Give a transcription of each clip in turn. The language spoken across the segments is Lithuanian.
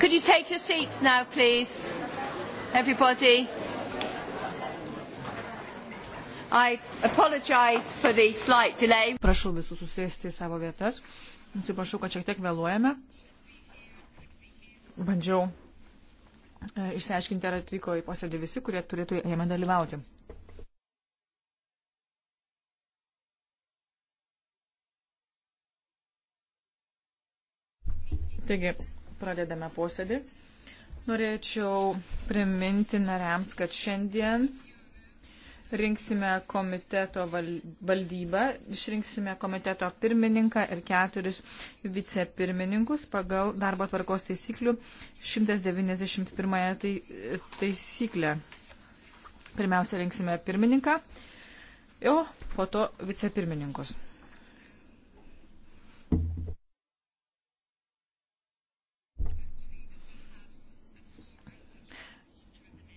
Could you take your seats now, please? Everybody. I apologize for the slight delay. Prašau visus susėsti į savo vietas. Atsiprašau, kad šiek tiek vėluojame. Bandžiau e, išsiaiškinti, ar atvyko į posėdį visi, kurie turėtų jame dalyvauti. Taigi, Pradedame posėdį. Norėčiau priminti nariams, kad šiandien rinksime komiteto valdybą, išrinksime komiteto pirmininką ir keturis vicepirmininkus pagal darbo tvarkos taisyklių 191 tai-, taisyklę. Pirmiausia, rinksime pirmininką, o po to vicepirmininkus.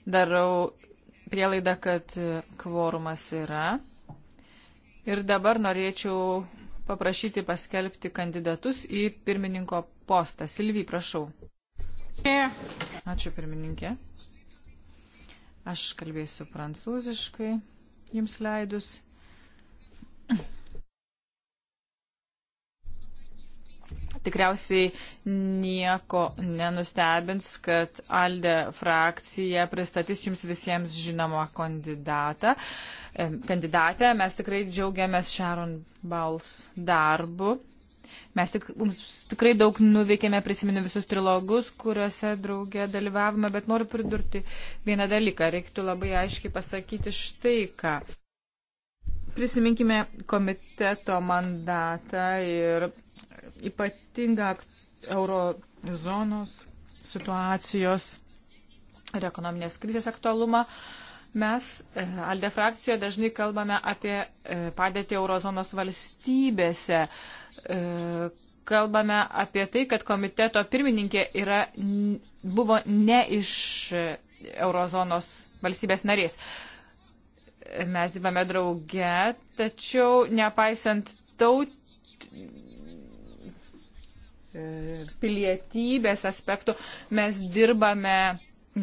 Darau prielaidą, kad kvorumas yra. Ir dabar norėčiau paprašyti paskelbti kandidatus į pirmininko postą. Silvy, prašau. Ačiū pirmininkė. Aš kalbėsiu prancūziškai, jums leidus. tikriausiai nieko nenustebins, kad Alde frakcija pristatys jums visiems žinomą kandidatą. Kandidatę mes tikrai džiaugiamės Sharon Bals darbu. Mes tik, tikrai daug nuveikėme, prisimenu visus trilogus, kuriuose draugė dalyvavome, bet noriu pridurti vieną dalyką. Reiktų labai aiškiai pasakyti štai ką. Prisiminkime komiteto mandatą ir ypatingą eurozonos situacijos ir ekonominės krizės aktualumą. Mes e, Alde frakcijoje dažnai kalbame apie e, padėtį eurozonos valstybėse. E, kalbame apie tai, kad komiteto pirmininkė yra, buvo ne iš eurozonos valstybės narės. Mes dirbame drauge, tačiau nepaisant taut, pilietybės aspektų mes dirbame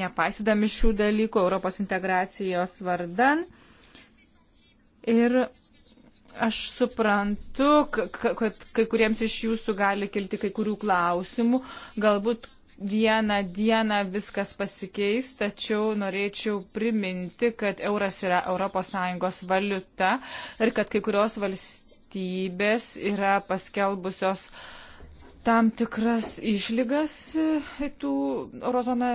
nepaisydami šių dalykų Europos integracijos vardan. Ir aš suprantu, kad kai kuriems iš jūsų gali kilti kai kurių klausimų. Galbūt vieną dieną viskas pasikeis, tačiau norėčiau priminti, kad euras yra ES valiuta ir kad kai kurios valstybės yra paskelbusios uh, tam tikras išlygas e, tų eurozoną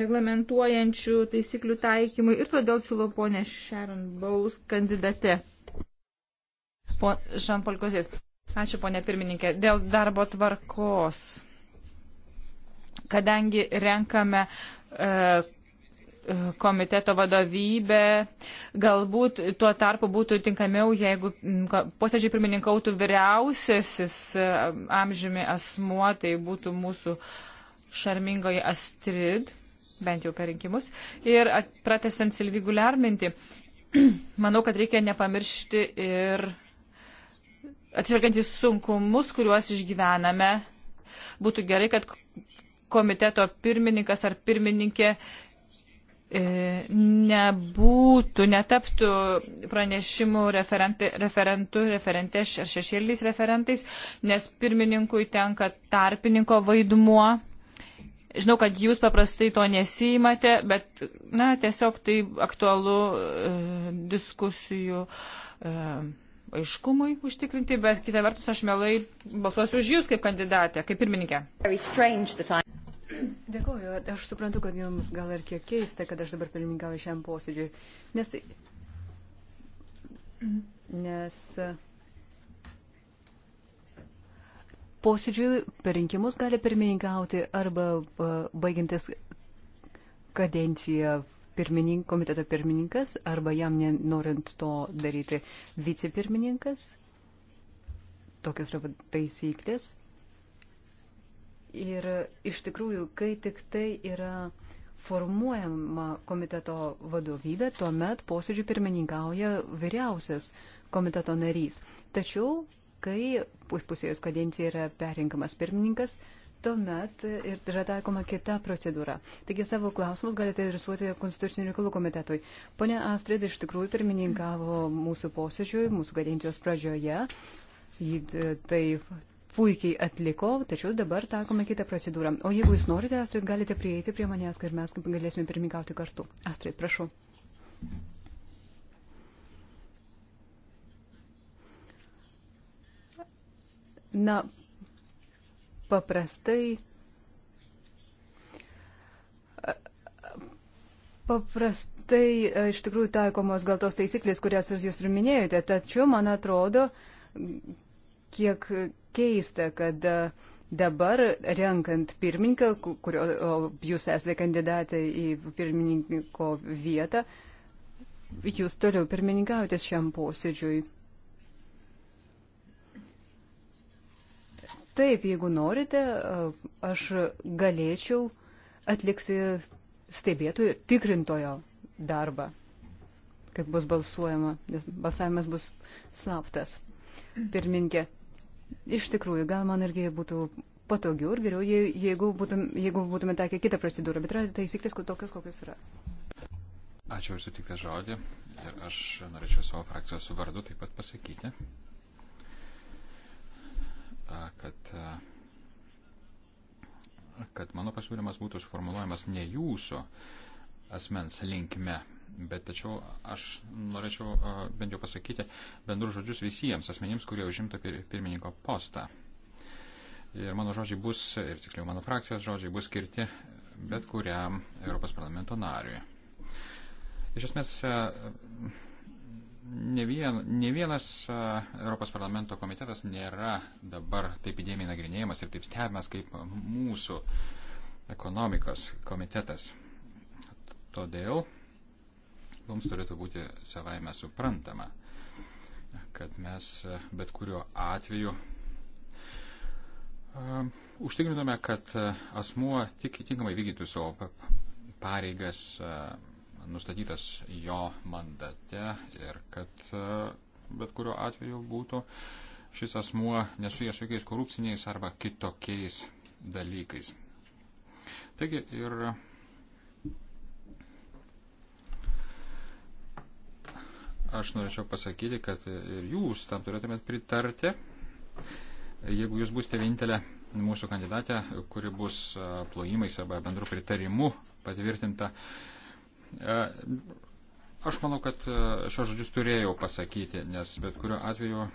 reglamentuojančių taisyklių taikymui ir todėl siūlau ponę Sharon Bowles kandidate. Po, Žan Polkozės. Ačiū, ponė pirmininkė. Dėl darbo tvarkos. Kadangi renkame e, komiteto vadovybė. Galbūt tuo tarpu būtų tinkamiau, jeigu posėdžiai pirmininkautų vyriausiasis e, amžiumi asmuo, tai būtų mūsų šarmingoji Astrid, bent jau per rinkimus. Ir pratesant Silvigų lerminti, manau, kad reikia nepamiršti ir atsižvelgiant į sunkumus, kuriuos išgyvename, būtų gerai, kad komiteto pirmininkas ar pirmininkė E, nebūtų, netaptų pranešimų referentų, referentė ar šešėliais referentais, nes pirmininkui tenka tarpininko vaidmuo. Žinau, kad jūs paprastai to nesijimate, bet, na, tiesiog tai aktualu e, diskusijų e, aiškumui užtikrinti, bet kitą vertus aš mielai balsuosiu už jūs kaip kandidatę, kaip pirmininkę. Dėkuoju, aš suprantu, kad jums gal ir kiek keista, kad aš dabar pirmininkauju šiam posėdžiui. Nes, nes posėdžiui per rinkimus gali pirmininkauti arba e, baigintis kadenciją pirmininko, komiteto pirmininkas arba jam nenorint to daryti vicepirmininkas. Tokios yra taisyklės. Ir iš tikrųjų, kai tik tai yra formuojama komiteto vadovybė, tuomet posėdžių pirmininkauja vyriausias komiteto narys. Tačiau, kai pusėjus kadencija yra perinkamas pirmininkas, tuomet ir yra taikoma kita procedūra. Taigi savo klausimus galite adresuoti Konstitucinių reikalų komitetui. Pone Astrid iš tikrųjų pirmininkavo mūsų posėdžiui, mūsų kadencijos pradžioje. Jį e, tai puikiai atliko, tačiau dabar takome kitą procedūrą. O jeigu jūs norite, Astrid, galite prieiti prie manęs ir mes galėsime pirmininkauti kartu. Astrid, prašau. Na, paprastai. Paprastai e, iš tikrųjų taikomos gal tos taisyklės, kurias jūs ir minėjote, tačiau man atrodo, kiek keista, kad e, dabar renkant pirmininką, kurio jūs esate kandidatai į pirmininko vietą, jūs toliau pirmininkaujatės šiam posėdžiui. Taip, jeigu norite, e, aš galėčiau atlikti stebėtojų ir tikrintojo darbą, kaip bus balsuojama, nes balsavimas bus slaptas. Pirminkė, Iš tikrųjų, gal man irgi būtų patogiau ir geriau, jeigu, būtum, jeigu būtume takę kitą procedūrą, bet yra taisyklės tokios, kokios yra. Ačiū už sutiktą žodį ir aš norėčiau savo frakcijos vardu taip pat pasakyti, kad, kad mano pasiūlymas būtų suformuluojamas ne jūsų asmens linkme, bet tačiau aš norėčiau bent jau pasakyti bendrus žodžius visiems asmenims, kurie užimta pirmininko postą. Ir mano žodžiai bus, ir tiksliau mano frakcijos žodžiai bus skirti bet kuriam Europos parlamento nariui. Iš esmės, ne, vien, ne vienas Europos parlamento komitetas nėra dabar taip įdėmiai nagrinėjamas ir taip stebimas kaip mūsų ekonomikos komitetas. Todėl mums turėtų būti savaime suprantama, kad mes e, bet kuriuo atveju e, užtikrintume, kad e, asmuo tik tinkamai vykdytų savo pareigas nustatytas jo mandate ir kad bet kuriuo atveju būtų šis asmuo nesujęs jokiais korupciniais arba kitokiais dalykais. Taigi ir Aš norėčiau pasakyti, kad ir jūs tam turėtumėt pritarti, jeigu jūs būsite vienintelė mūsų kandidatė, kuri bus plojimais arba bendru pritarimu patvirtinta. Aš manau, kad šios žodžius turėjau pasakyti, nes bet kuriuo atveju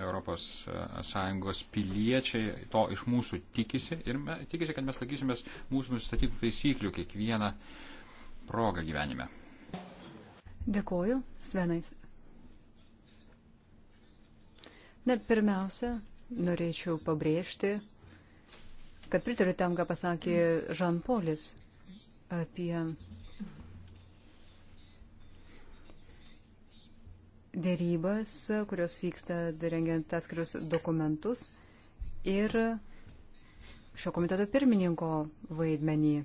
ES piliečiai to iš mūsų tikisi ir me, tikisi, kad mes laikysimės mūsų nustatytų taisyklių kiekvieną progą gyvenime. Dėkoju, Svenai. Na, pirmiausia, norėčiau pabrėžti, kad pritariu tam, ką pasakė Žan Polis apie dėrybas, kurios vyksta rengiant atskirius dokumentus ir šio komiteto pirmininko vaidmenį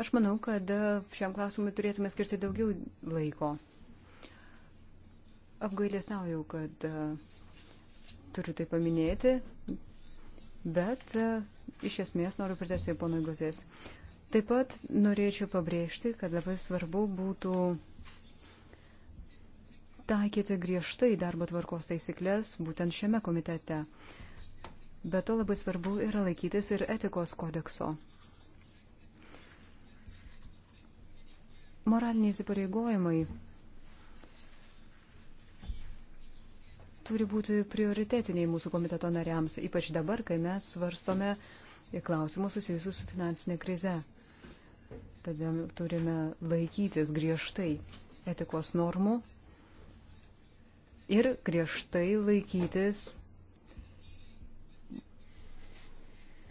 Aš manau, kad e, šiam klausimui turėtume skirti daugiau laiko. Apgailėsnauju, kad e, turiu tai paminėti, bet e, iš esmės noriu pritarti ponui Gozės. Taip pat norėčiau pabrėžti, kad labai svarbu būtų taikyti griežtai darbo tvarkos taisyklės būtent šiame komitete. Be to labai svarbu yra laikytis ir etikos kodekso. Moraliniai įsipareigojimai turi būti prioritetiniai mūsų komiteto nariams, ypač dabar, kai mes svarstome klausimus susijusius su finansinė krize. Todėl turime laikytis griežtai etikos normų ir griežtai laikytis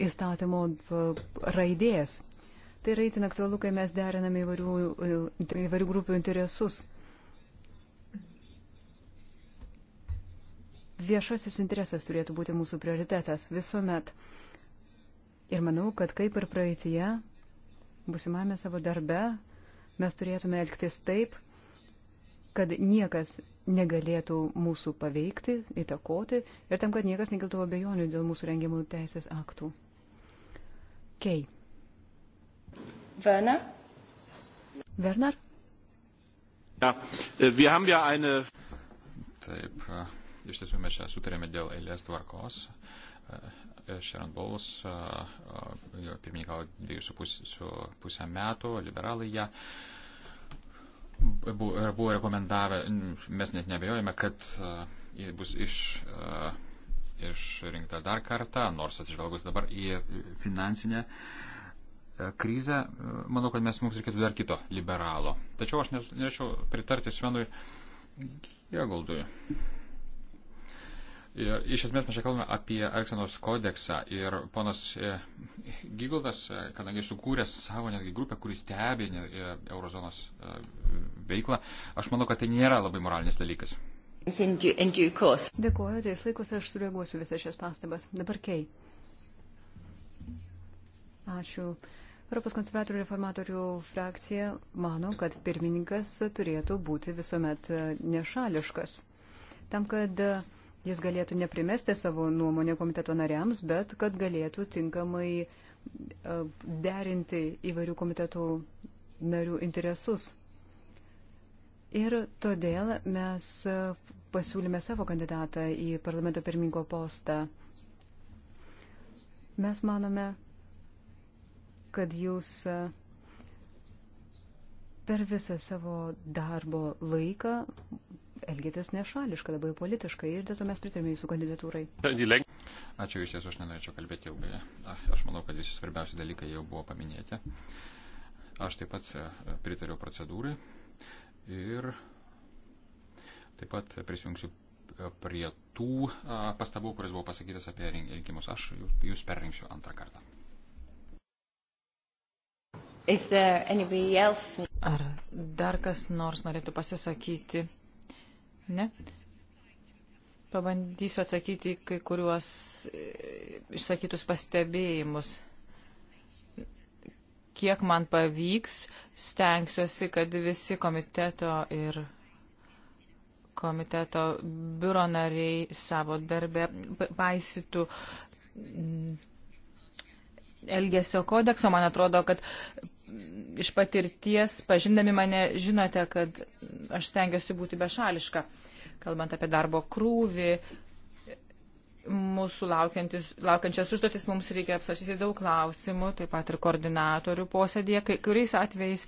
įstatymo raidės Tai yra įtin aktualu, kai mes deriname įvairių, e, įvairių grupių interesus. Viešasis interesas turėtų būti mūsų prioritetas visuomet. Ir manau, kad kaip ir praeitie, busimame savo darbe, mes turėtume elgtis taip, kad niekas negalėtų mūsų paveikti, įtakoti ir tam, kad niekas nekiltų abejonių dėl mūsų rengiamų teisės aktų. Kei. Okay. Werner? Werner? Ja, äh, wir haben ja eine. Taip, äh, iš tiesų mes čia sutarėme dėl eilės tvarkos. Äh, Sharon Bowles pirmininkavo dviejų su, pus, su pusę metų, liberalai ją buvo, buvo rekomendavę, mes net nebejojame, kad ji bus iš, išrinkta dar kartą, nors atsižvelgus dabar į finansinę uh, E, krizę, e, manau, kad mes mums reikėtų dar kito liberalo. Tačiau aš norėčiau pritarti Svenui Gieguldui. Ir iš esmės mes čia kalbame apie Elksenos kodeksą ir ponas e, Giguldas, kadangi sukūrė savo netgi grupę, kuris stebi eurozonos veiklą, aš manau, kad tai nėra labai moralinis dalykas. Dėkuoju, tais laikus aš sureaguosiu visas šias pastabas. Dabar kei. Ačiū. Europos konservatorių reformatorių frakcija mano, kad pirmininkas turėtų būti visuomet e, nešališkas. Tam, kad e, jis galėtų neprimesti savo nuomonę komiteto nariams, bet kad galėtų tinkamai e, derinti įvairių komitetų narių interesus. Ir todėl mes pasiūlėme savo kandidatą į parlamento pirmininko postą. Mes manome, kad jūs e, per visą savo darbo laiką elgėtės nešališkai, labai politiškai ir dėl to mes pritarėme jūsų kandidatūrai. Ačiū iš tiesų, aš nenorėčiau kalbėti ilgai. Aš manau, kad visi svarbiausi dalykai jau buvo paminėti. Aš taip pat e, pritariu procedūrai ir taip pat prisijungsiu e, prie tų pastabų, kuris buvo pasakytas apie rinkimus. Aš jūs perrinksiu antrą kartą. Ar dar kas nors norėtų pasisakyti? Ne? Pabandysiu atsakyti kai kuriuos e, išsakytus pastebėjimus. Kiek man pavyks, stengsiuosi, kad visi komiteto ir komiteto biuro nariai savo darbę paisytų mm, Elgesio kodekso. Man atrodo, kad iš patirties, pažindami mane, žinote, kad aš stengiuosi būti bešališka. Kalbant apie darbo krūvį, mūsų laukiančias užduotis mums reikia apsvarstyti daug klausimų, taip pat ir koordinatorių posėdėje, kai kuriais atvejais,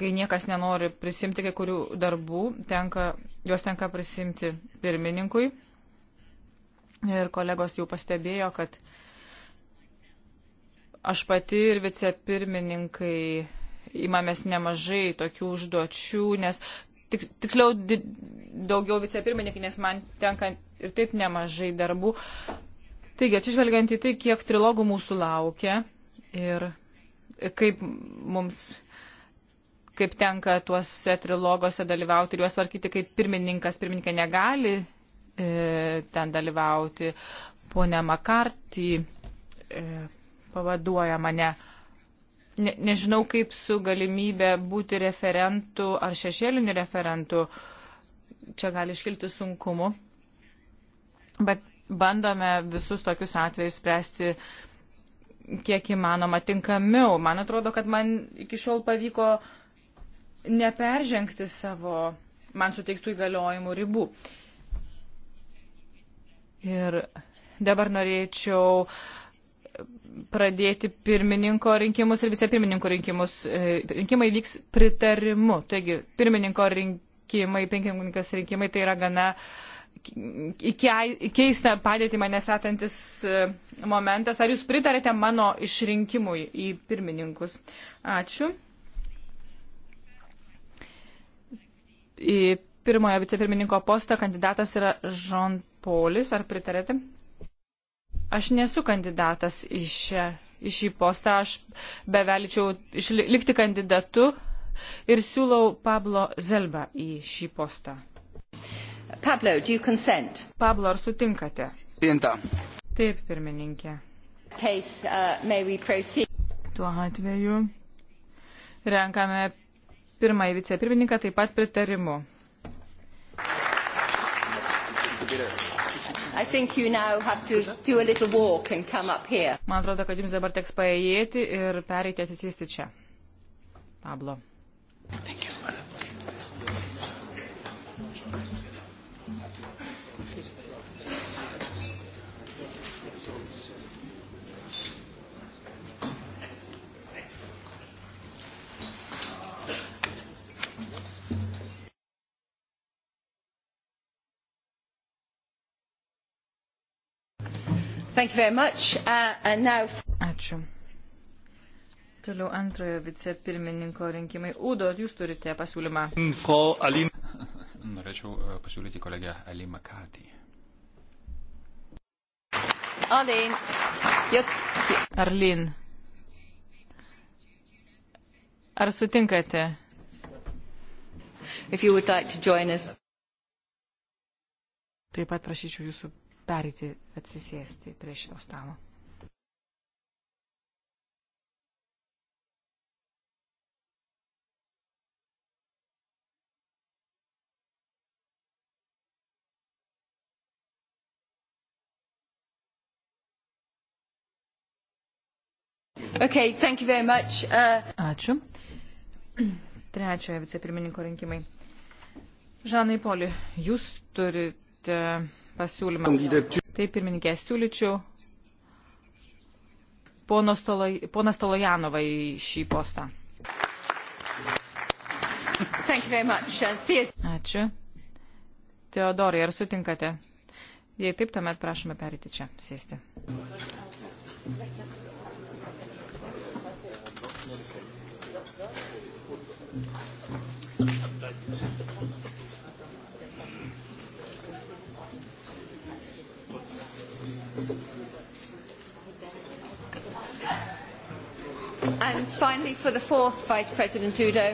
kai niekas nenori prisimti kai kurių darbų, tenka, juos tenka prisimti pirmininkui. Ir kolegos jau pastebėjo, kad uh, Aš pati ir vicepirmininkai imamės nemažai tokių užduočių, nes tik, tiksliau di, daugiau vicepirmininkai, nes man tenka ir taip nemažai darbų. Taigi, atsižvelgiant į tai, kiek trilogų mūsų laukia ir kaip mums kaip tenka tuose trilogose dalyvauti ir juos varkyti, kaip pirmininkas, pirmininkė negali e, ten dalyvauti. Pone Makartį e, pavaduoja mane. Ne, nežinau, kaip su galimybė būti referentu ar šešėliniu referentu. Čia gali iškilti sunkumu. Bet bandome visus tokius atvejus spręsti kiek įmanoma tinkamiau. Man atrodo, kad man iki šiol pavyko neperžengti savo man suteiktų įgaliojimų ribų. Ir dabar norėčiau uh, pradėti pirmininko rinkimus ir vicepirmininko rinkimus. E, rinkimai vyks pritarimu. Taigi, pirmininko rinkimai, penkininkas rinkimai tai yra gana keistą padėtį mane statantis e, momentas. Ar jūs pritarėte mano išrinkimui į pirmininkus? Ačiū. Į pirmojo vicepirmininko postą kandidatas yra Žon Polis. Ar pritarėte? Aš nesu kandidatas į, šią, į šį postą, aš bevelyčiau likti kandidatu ir siūlau Pablo Zelba į šį postą. Pablo, do you consent? Pablo, ar sutinkate? Pinta. Taip, pirmininkė. Case, uh, Tuo atveju renkame pirmąjį vicepirmininką taip pat pritarimu. Thank you. Man atrodo, kad jums dabar teks paėjėti ir pereiti atsisėsti čia. Pablo. Thank you. Thank you very much. Uh, and now... Ačiū. Toliau antrojo vicepirmininko rinkimai. Udo, jūs turite pasiūlymą. Frau Alin. Norėčiau e, pasiūlyti kolegę Alimą Katį. Alin. Arlin. Ar sutinkate? If you would like to join us. Taip pat prašyčiau jūsų perėti atsisėsti prie šito stalo. Okay, thank you very much. Uh... Ačiū. Trečiojo vicepirmininko rinkimai. Žanai Poli, jūs turite pasiūlymą. Taip, pirmininkė, siūlyčiau ponas Tolojanovą į šį postą. Uh, Ačiū. Teodorai, ar sutinkate? Jei taip, tuomet prašome perėti čia, sėsti. And finally for the fourth Vice President Udo.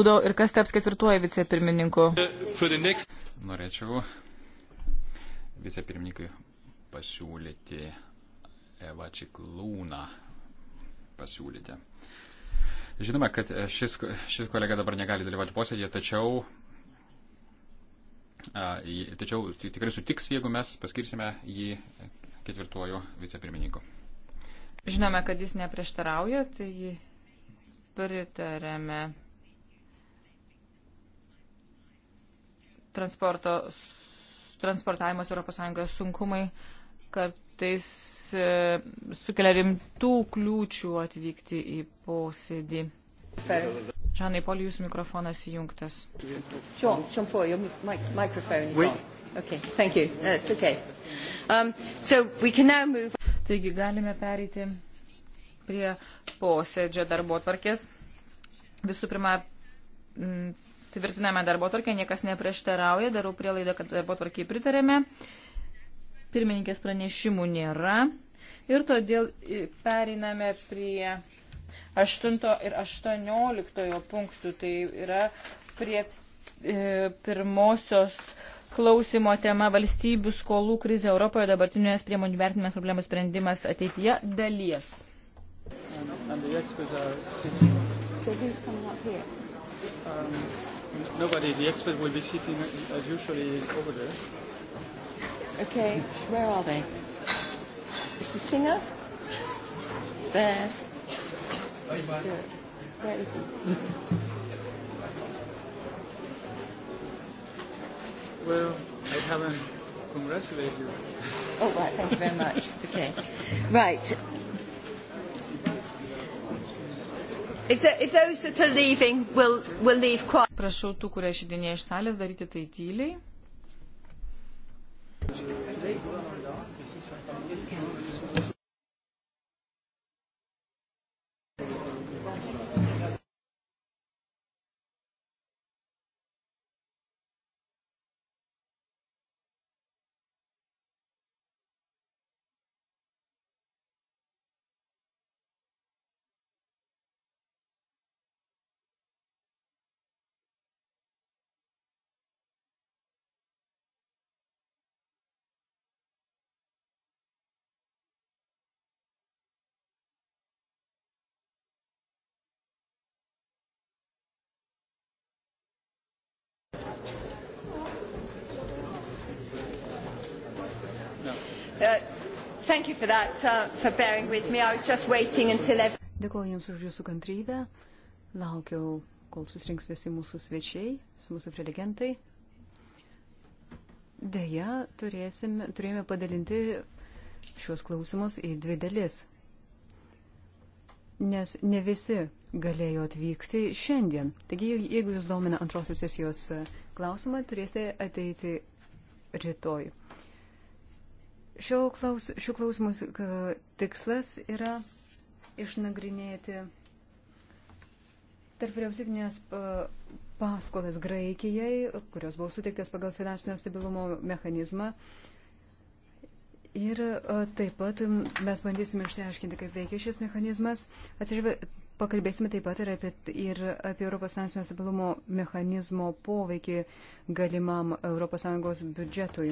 Udo ir kas taps ketvirtuoju vicepirmininku? Uh, next... Norėčiau vicepirmininkui pasiūlyti Eva Čiklūną. Pasiūlyti. Žinoma, kad e, šis, šis kolega dabar negali dalyvauti posėdėje, tačiau, tačiau tikrai sutiks, jeigu mes paskirsime jį ketvirtuoju vicepirmininku. Žinome, kad jis neprieštarauja, tai jį pritarėme transporto, transportavimas ES sunkumai kartais e, sukelia rimtų kliūčių atvykti į posėdį. Žanai, Poli, jūsų mikrofonas įjungtas. John, John Paul, your mic microphone is oui. on. Okay, thank you. That's okay. Um, so we can now move Taigi galime pereiti prie posėdžio darbo tvarkės. Visų pirma, tvirtiname darbo tvarkę, niekas neprieštarauja, darau prielaidą, kad darbo tvarkiai pritarėme. Pirmininkės pranešimų nėra. Ir todėl pereiname prie 8 ir 18 punktų, tai yra prie e, pirmosios klausimo tema valstybių skolų krizė Europoje, dabartinės priemonių vertinimas problemų sprendimas ateityje dalies. And, and Okay, where are they? Is the singer? There. Where is he? well, I haven't congratulated you. Oh, right, thank you very much. okay. Right. If, the, if those that are leaving will, will leave quiet. Prašau tų, kurie išidinėja iš salės, daryti tai tyliai. Uh, thank you for that, uh, for bearing with me. I was just waiting until every... Dėkuoju Jums už Jūsų kantrybę. Laukiau, kol susirinks visi mūsų svečiai, su mūsų prelegentai. Deja, turėsim, turėjome padalinti šios klausimus į dvi dalis, nes ne visi galėjo atvykti šiandien. Taigi, jeigu jūs domina antrosios sesijos uh, klausimą, turėsite ateiti rytoj. Šio klaus, šių klausimų e, tikslas yra išnagrinėti tarp vyriausybinės e, paskolas Graikijai, kurios buvo suteiktas pagal finansinio stabilumo mechanizmą. Ir e, taip pat mes bandysime išsiaiškinti, kaip veikia šis mechanizmas. Atsižvė, pakalbėsime taip pat ir apie, ir apie Europos finansinio stabilumo mechanizmo poveikį galimam ES biudžetui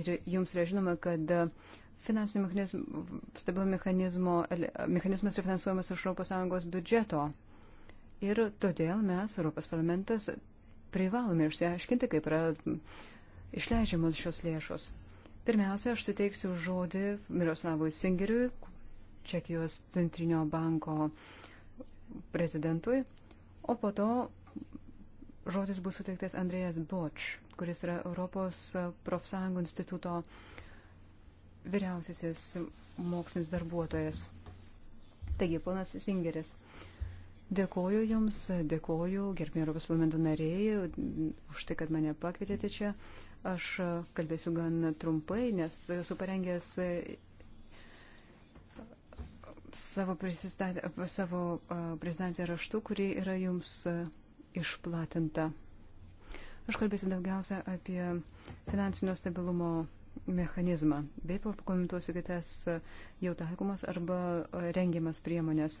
ir jums yra žinoma, kad finansinio mechanizmo, stabilumo mechanizmo, mechanizmas yra finansuojamas iš ES biudžeto. Ir todėl mes, Europos parlamentas, privalome išsiaiškinti, kaip yra išleidžiamos šios lėšos. Pirmiausia, aš suteiksiu žodį Miroslavui Singeriui, Čekijos centrinio banko prezidentui, o po to žodis bus suteiktas Andrėjas Boč, kuris yra Europos profsąjungų instituto vyriausiasis mokslinis darbuotojas. Taigi, ponas Singeris, dėkoju Jums, dėkoju gerbėjai Europos parlamento nariai už tai, kad mane pakvietėte čia. Aš kalbėsiu gan trumpai, nes esu parengęs savo, savo prezidentę raštu, kuri yra Jums išplatinta. Aš kalbėsiu daugiausia apie finansinio stabilumo mechanizmą, bei pakomentuosiu kitas jau taikomas arba rengiamas priemonės.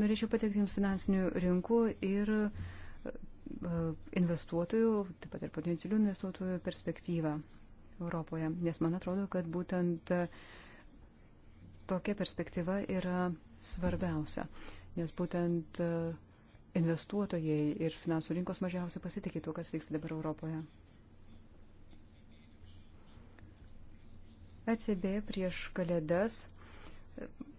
Norėčiau pateikti Jums finansinių rinkų ir e, investuotojų, taip pat ir potencialių investuotojų perspektyvą Europoje, nes man atrodo, kad būtent tokia perspektyva yra svarbiausia, nes būtent uh, investuotojai ir finansų rinkos mažiausiai pasitikė tuo, kas vyksta dabar Europoje. ECB prieš kalėdas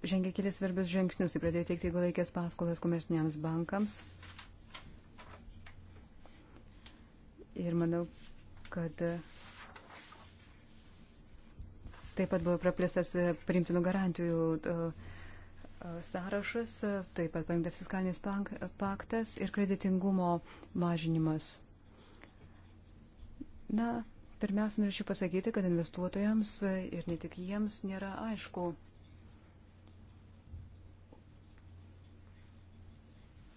žengė kelias svarbius žingsnius ir pradėjo teikti ilgalaikės paskolas komersiniams bankams. Ir manau, kad taip pat buvo praplėstas priimtinų garantijų uh, sąrašas, taip pat paimta fiskalinis paktas ir kreditingumo mažinimas. Na, pirmiausia, norėčiau pasakyti, kad investuotojams ir ne tik jiems nėra aišku,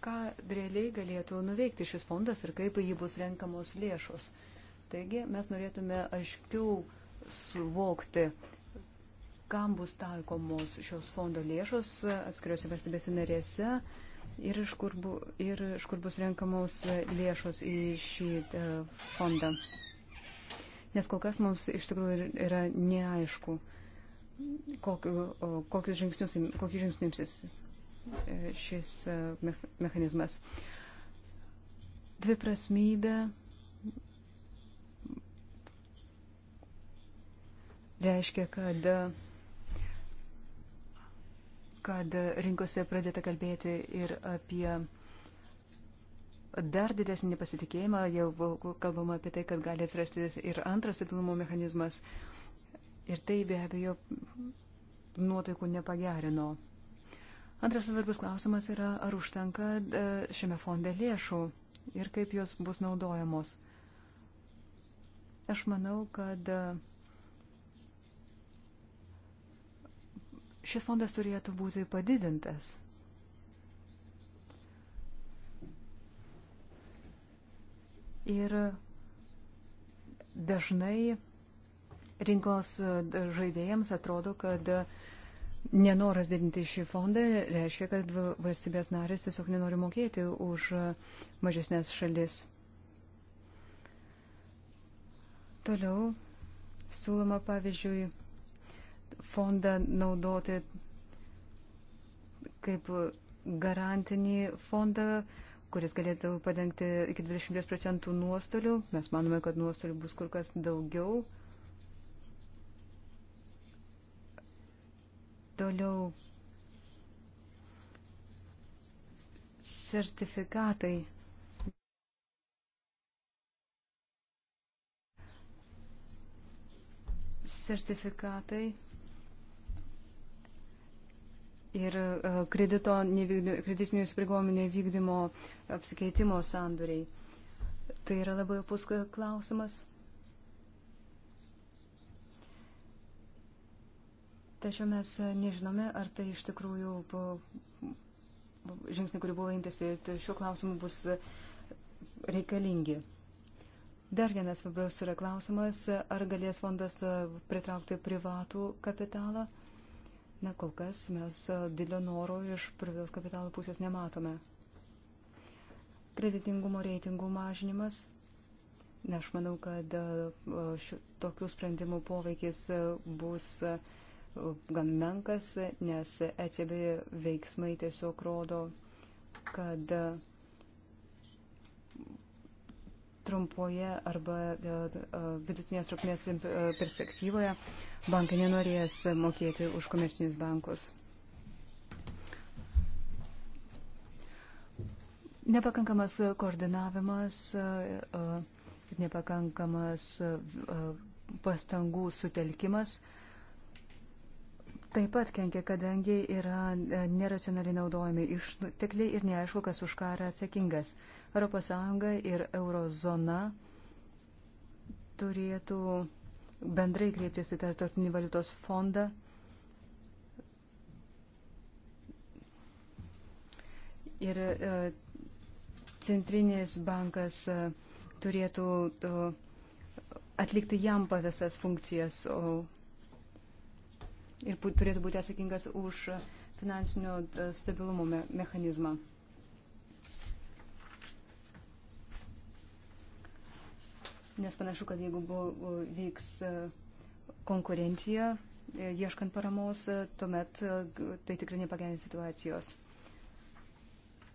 ką realiai galėtų nuveikti šis fondas ir kaip jį bus renkamos lėšos. Taigi mes norėtume aiškiau suvokti, kam bus taikomos šios fondo lėšos atskiriuose valstybėse narėse ir iš kur, bu, ir iš kur bus renkamos lėšos į šį e, fondą. Nes kol kas mums iš tikrųjų yra neaišku, kokiu, kokius žingsnius, kokius žingsnius e, šis e, mechanizmas. Dviprasmybė reiškia, kad kad rinkose pradėta kalbėti ir apie dar didesnį pasitikėjimą, jau kalbama apie tai, kad gali atsirasti ir antras stabilumo mechanizmas. Ir tai be abejo nuotaikų nepagerino. Antras svarbus klausimas yra, ar užtenka e, šiame fonde lėšų ir kaip jos bus naudojamos. Aš manau, kad e, šis fondas turėtų būti padidintas. Ir dažnai rinkos žaidėjams atrodo, kad nenoras didinti šį fondą reiškia, kad valstybės narės tiesiog nenori mokėti už mažesnės šalis. Toliau siūloma, pavyzdžiui, fondą naudoti kaip garantinį fondą, kuris galėtų padengti iki 20 procentų nuostolių. Mes manome, kad nuostolių bus kur kas daugiau. Toliau sertifikatai. Sertifikatai ir e, kredito, kreditinių įsipareigojimų nevykdymo apsikeitimo sandoriai. Tai yra labai opus klausimas. Tačiau mes nežinome, ar tai iš tikrųjų žingsniai, kurių buvo imtasi šiuo klausimu, bus reikalingi. Dar vienas svarbus yra klausimas, ar galės fondas e, pritraukti privatų kapitalą. Na, kol kas mes e, didelio noro iš privataus kapitalo pusės nematome. Kreditingumo reitingų mažinimas. Na, aš manau, kad e, šių, tokių sprendimų poveikis e, bus gan menkas, nes ECB veiksmai tiesiog rodo, kad trumpoje arba e, e, vidutinės trukmės e, perspektyvoje bankai nenorės mokėti už komercinius bankus. Nepakankamas koordinavimas, nepakankamas pastangų sutelkimas taip pat kenkia, kadangi yra neracionaliai naudojami ištekliai ir neaišku, kas už ką yra atsakingas. ES ir eurozona turėtų bendrai kreiptis į Tartotinį valiutos fondą. Ir e, centrinis bankas e, turėtų e, atlikti jam pavestas funkcijas ir turėtų būti atsakingas už finansinio stabilumo mechanizmą. nes panašu, kad jeigu buvo, vyks e, konkurencija, e, ieškant paramos, e, tuomet tai tikrai nepagerins situacijos.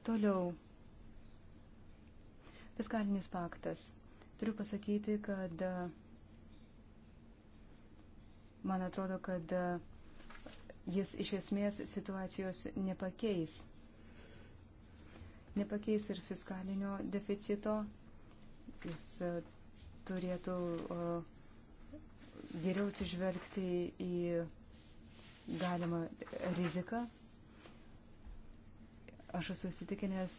Toliau. Fiskalinis paktas. Turiu pasakyti, kad man atrodo, kad jis iš esmės situacijos nepakeis. Nepakeis ir fiskalinio deficito. Jis turėtų geriau atsižvelgti į galimą riziką. Aš esu įsitikinęs,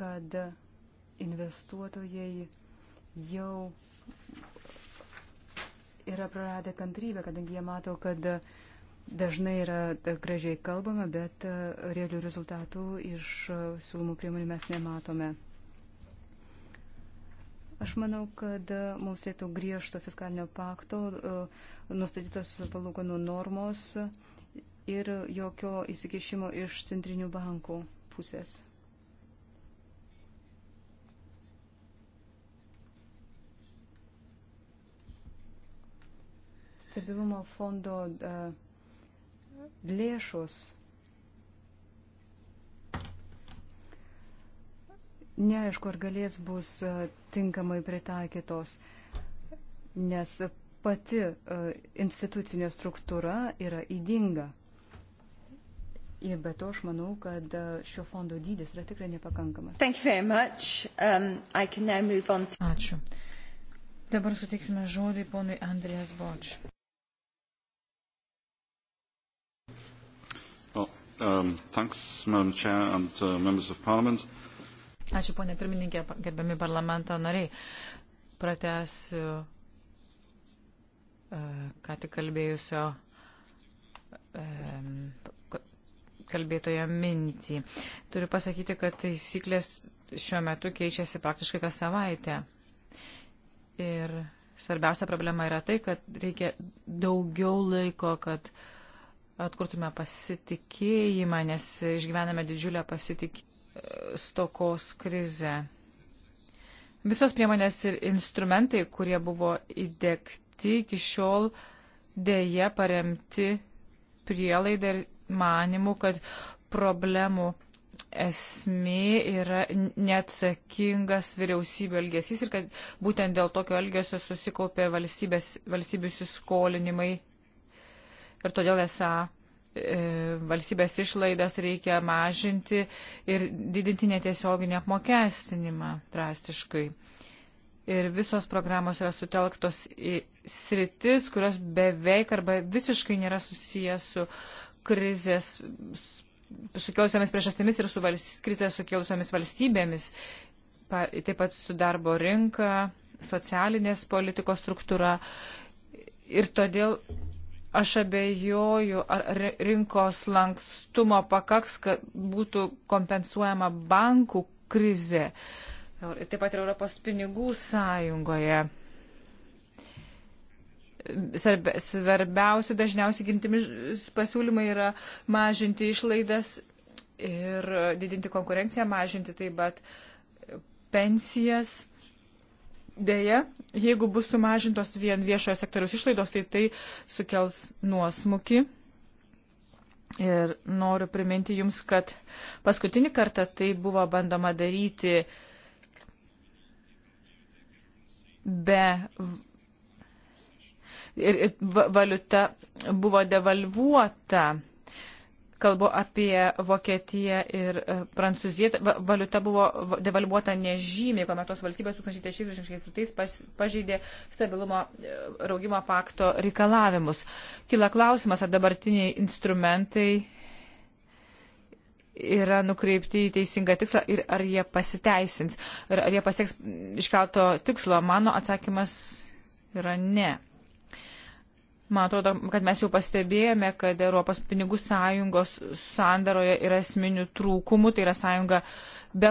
kad investuotojai jau yra praradę kantrybę, kadangi jie mato, kad dažnai yra gražiai kalbama, bet e, realių rezultatų iš e, siūlomų priemonių mes nematome. Aš manau, kad e, mums reikėtų griežto fiskalinio pakto, e, nustatytos palūkanų normos ir jokio įsikešimo iš centrinių bankų pusės. Stabilumo fondo e, lėšos neaišku, ar galės bus e, tinkamai pritaikytos, nes pati e, institucinė struktūra yra įdinga. Ir be to aš manau, kad e, šio fondo dydis yra tikrai nepakankamas. Um, to... Ačiū. Dabar suteiksime žodį ponui Andrijas Boč. Oh, um, thanks, Madam Chair and uh, members of Parliament. Uh, Ačiū, ponė pirmininkė, gerbiami parlamento nariai. Pratesiu e, ką tik kalbėjusio e, kalbėtojo mintį. Turiu pasakyti, kad taisyklės šiuo metu keičiasi praktiškai kas savaitę. Ir svarbiausia problema yra tai, kad reikia daugiau laiko, kad atkurtume pasitikėjimą, nes išgyvename didžiulę pasitikėjimą stokos krizę. Visos priemonės ir instrumentai, kurie buvo įdėkti iki šiol, dėje paremti prielaidą ir manimų, kad problemų esmė yra neatsakingas vyriausybių elgesys ir kad būtent dėl tokio elgesio susikaupė valstybių įsiskolinimai ir todėl esą E, valstybės išlaidas reikia mažinti ir didinti netiesioginį apmokestinimą drastiškai. Ir visos programos yra sutelktos į sritis, kurios beveik arba visiškai nėra susijęs su krizės sukėlusiamis priežastimis ir su valst, krizės sukėlusiamis valstybėmis, pa, taip pat su darbo rinka, socialinės politikos struktūra. Ir todėl Aš abejoju, ar rinkos lankstumo pakaks, kad būtų kompensuojama bankų krizė. Taip pat ir Europos pinigų sąjungoje. Svarbiausi, dažniausiai gimtimi pasiūlymai yra mažinti išlaidas ir didinti konkurenciją, mažinti taip pat pensijas Deja, jeigu bus sumažintos vien viešojo sektoriaus išlaidos, tai tai sukels nuosmukį. Ir noriu priminti Jums, kad paskutinį kartą tai buvo bandoma daryti be. Ir, ir valiuta buvo devalvuota. Kalbu apie Vokietiją ir e, Prancūziją. Valiuta buvo devalvuota nežymiai, kuomet tos valstybės 2064 pažeidė stabilumo e, raugimo pakto reikalavimus. Kila klausimas, ar dabartiniai instrumentai yra nukreipti į teisingą tikslą ir ar jie pasiteisins, ir ar jie pasieks iškelto tikslo. Mano atsakymas yra ne. Man atrodo, kad mes jau pastebėjome, kad Europos pinigų sąjungos sandaroje yra esminių trūkumų, tai yra sąjunga be,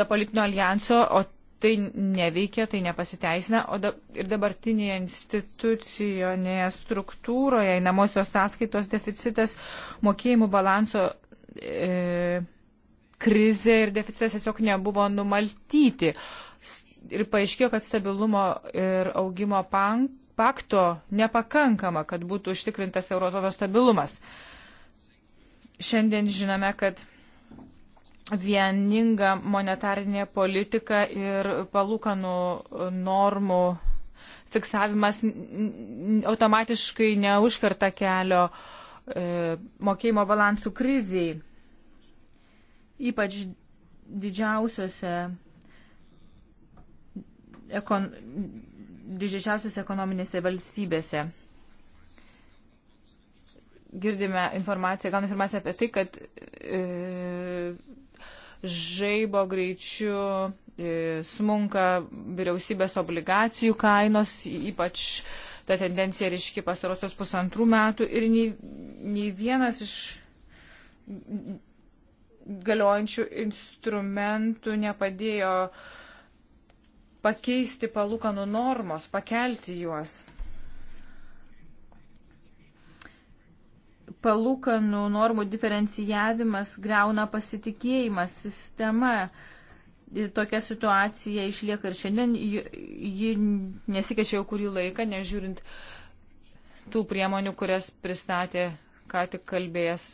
be politinio alijanso, o tai neveikia, tai nepasiteisina. O da, ir dabartinėje institucijonėje struktūroje įnamosios sąskaitos deficitas, mokėjimų balanso. E, krizė ir deficitas tiesiog nebuvo numaltyti ir paaiškėjo, kad stabilumo ir augimo pank, pakto nepakankama, kad būtų užtikrintas eurozonos stabilumas. Šiandien žinome, kad vieninga monetarinė politika ir palūkanų normų fiksavimas automatiškai neužkarta kelio e, mokėjimo balansų kriziai. Ypač didžiausiose ekon, didžiausiose ekonominėse valstybėse. Girdime informaciją, gauname informaciją apie tai, kad e, žaibo greičiu e, smunka vyriausybės obligacijų kainos, ypač ta tendencija ryški pastarosios pusantrų metų ir nei, nei vienas iš galiojančių instrumentų nepadėjo uh, pakeisti palūkanų normos, pakelti juos. Palūkanų normų diferencijavimas greuna pasitikėjimą sistema. Tokia situacija išlieka ir šiandien, ji nesikeičia jau kurį laiką, nežiūrint tų priemonių, kurias pristatė ką tik kalbėjęs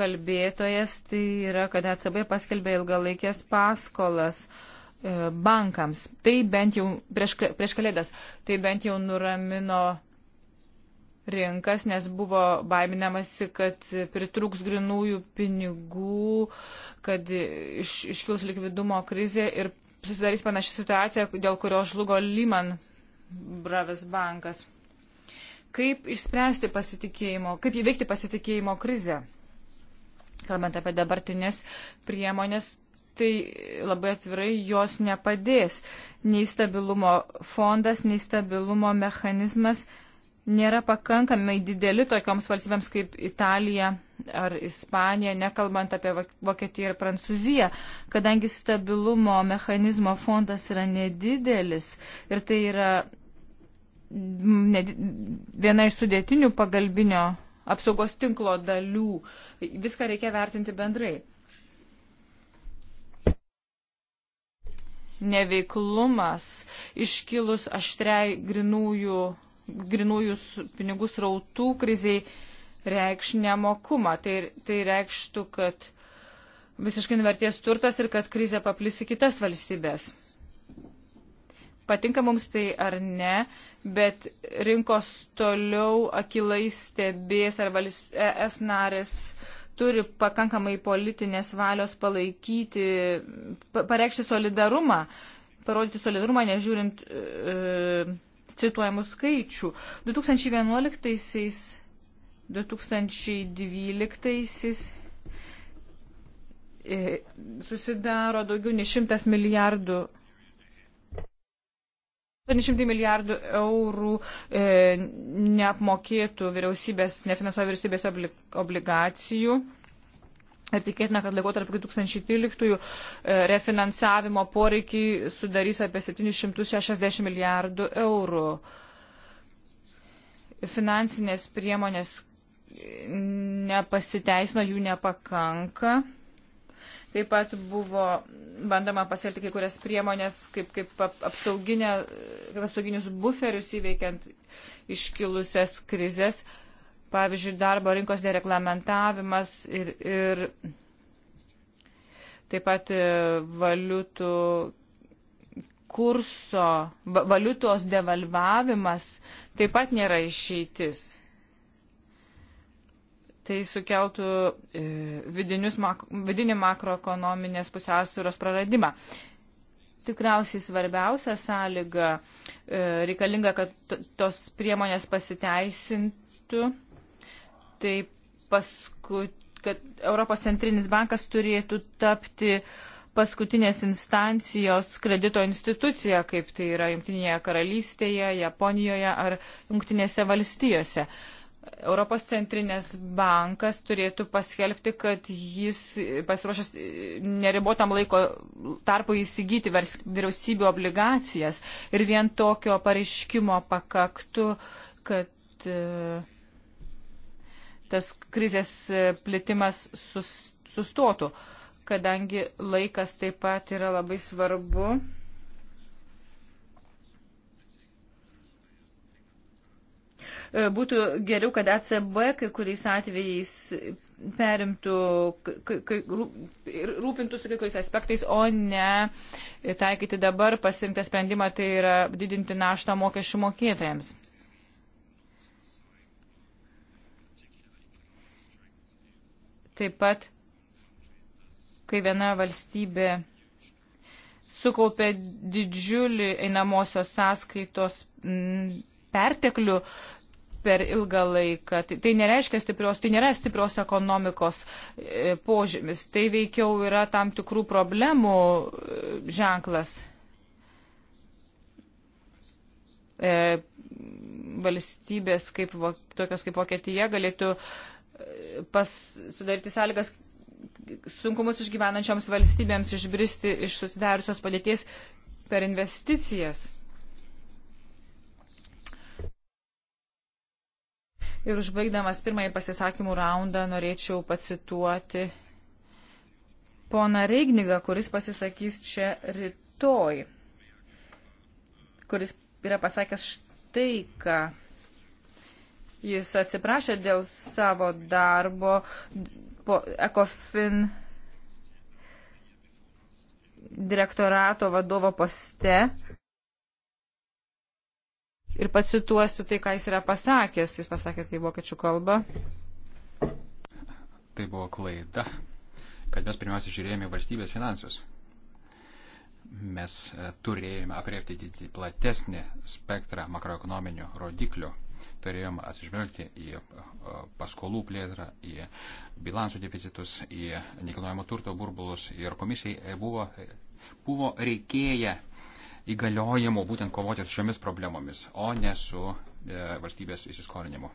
kalbėtojas, tai yra, kad ECB paskelbė ilgalaikės paskolas. Uh, E, bankams. Tai bent jau prieš, prieš kalėdas, tai bent jau nuramino rinkas, nes buvo baiminamasi, kad pritrūks grinųjų pinigų, kad iš, iškils likvidumo krizė ir susidarys panaši situacija, dėl kurios žlugo Lehman Brothers bankas. Kaip išspręsti pasitikėjimo, kaip įveikti pasitikėjimo krizę? Kalbant apie dabartinės priemonės, tai labai atvirai jos nepadės. Nei stabilumo fondas, nei stabilumo mechanizmas nėra pakankamai dideli tokioms valstybėms kaip Italija ar Ispanija, nekalbant apie Vokietiją ir Prancūziją, kadangi stabilumo mechanizmo fondas yra nedidelis ir tai yra viena iš sudėtinių pagalbinio apsaugos tinklo dalių. Viską reikia vertinti bendrai. neveiklumas, iškilus aštriai grinųjų, grinųjų pinigų srautų kriziai reikš nemokumą. Tai, tai reikštų, kad visiškai nuverties turtas ir kad krizė paplis į kitas valstybės. Patinka mums tai ar ne, bet rinkos toliau akilai stebės ar e-, es narės turi pakankamai politinės valios palaikyti, pareikšti solidarumą, parodyti solidarumą, nežiūrint e, cituojamų skaičių. 2011-aisiais, 2012-aisiais e, susidaro daugiau nei 100 milijardų 800 milijardų eurų e, neapmokėtų vyriausybės, nefinansuoja vyriausybės obligacijų. Ir tikėtina, kad laikotarp 2013 e, refinansavimo poreikiai sudarys apie 760 milijardų eurų. Finansinės priemonės nepasiteisino, jų nepakanka. Taip pat buvo bandoma pasielti kai kurias priemonės, kaip, kaip apsauginius buferius įveikiant iškilusias krizės. Pavyzdžiui, darbo rinkos dereglamentavimas ir, ir taip pat e, valiutų kurso, valiutos devalvavimas taip pat nėra išeitis tai sukeltų e, makro, vidinį makroekonominės pusiausvėros praradimą. Tikriausiai svarbiausia sąlyga e, reikalinga, kad tos priemonės pasiteisintų, tai paskui, kad Europos centrinis bankas turėtų tapti paskutinės instancijos kredito institucija, kaip tai yra Junktinėje karalystėje, Japonijoje ar Junktinėse valstijose. Uh, Europos centrinės bankas turėtų paskelbti, kad jis pasiruošęs e, neribotam laiko tarpu įsigyti vyriausybių obligacijas ir vien tokio pareiškimo pakaktų, kad e, tas krizės e, plitimas sustotų, kadangi laikas taip pat yra labai svarbu. E, būtų geriau, kad ECB kai kuriais atvejais perimtų ir rūpintųsi kai kuriais aspektais, o ne taikyti dabar pasirinktą sprendimą, tai yra didinti naštą mokesčių mokėtojams. Taip pat, kai viena valstybė sukaupė didžiulį einamosios sąskaitos perteklių, per ilgą laiką. Tai, tai nereiškia stiprios, tai nėra stiprios ekonomikos e, požymis, tai veikiau yra tam tikrų problemų e, ženklas. E, valstybės kaip, tokios kaip Vokietija galėtų e, pas, sudaryti sąlygas sunkumus išgyvenančioms valstybėms išbristi iš susidariusios padėties per investicijas. Ir užbaigdamas pirmąjį pasisakymų raundą norėčiau pacituoti poną Reignigą, kuris pasisakys čia rytoj, kuris yra pasakęs štai ką. Jis atsiprašė dėl savo darbo po ECOFIN direktorato vadovo poste Ir pacituosiu tai, ką jis yra pasakęs. Jis pasakė tai vokiečių kalba. Tai buvo klaida, kad mes pirmiausia žiūrėjome valstybės finansus. Mes e, turėjome apriepti platesnį spektrą makroekonominių rodiklių. Turėjom atsižvelgti į e, paskolų plėtrą, į bilansų deficitus, į nekilnojamo turto burbulus ir komisijai e, buvo, buvo reikėję įgaliojimų būtent kovoti su šiomis problemomis, o ne su e, valstybės įsiskolinimu.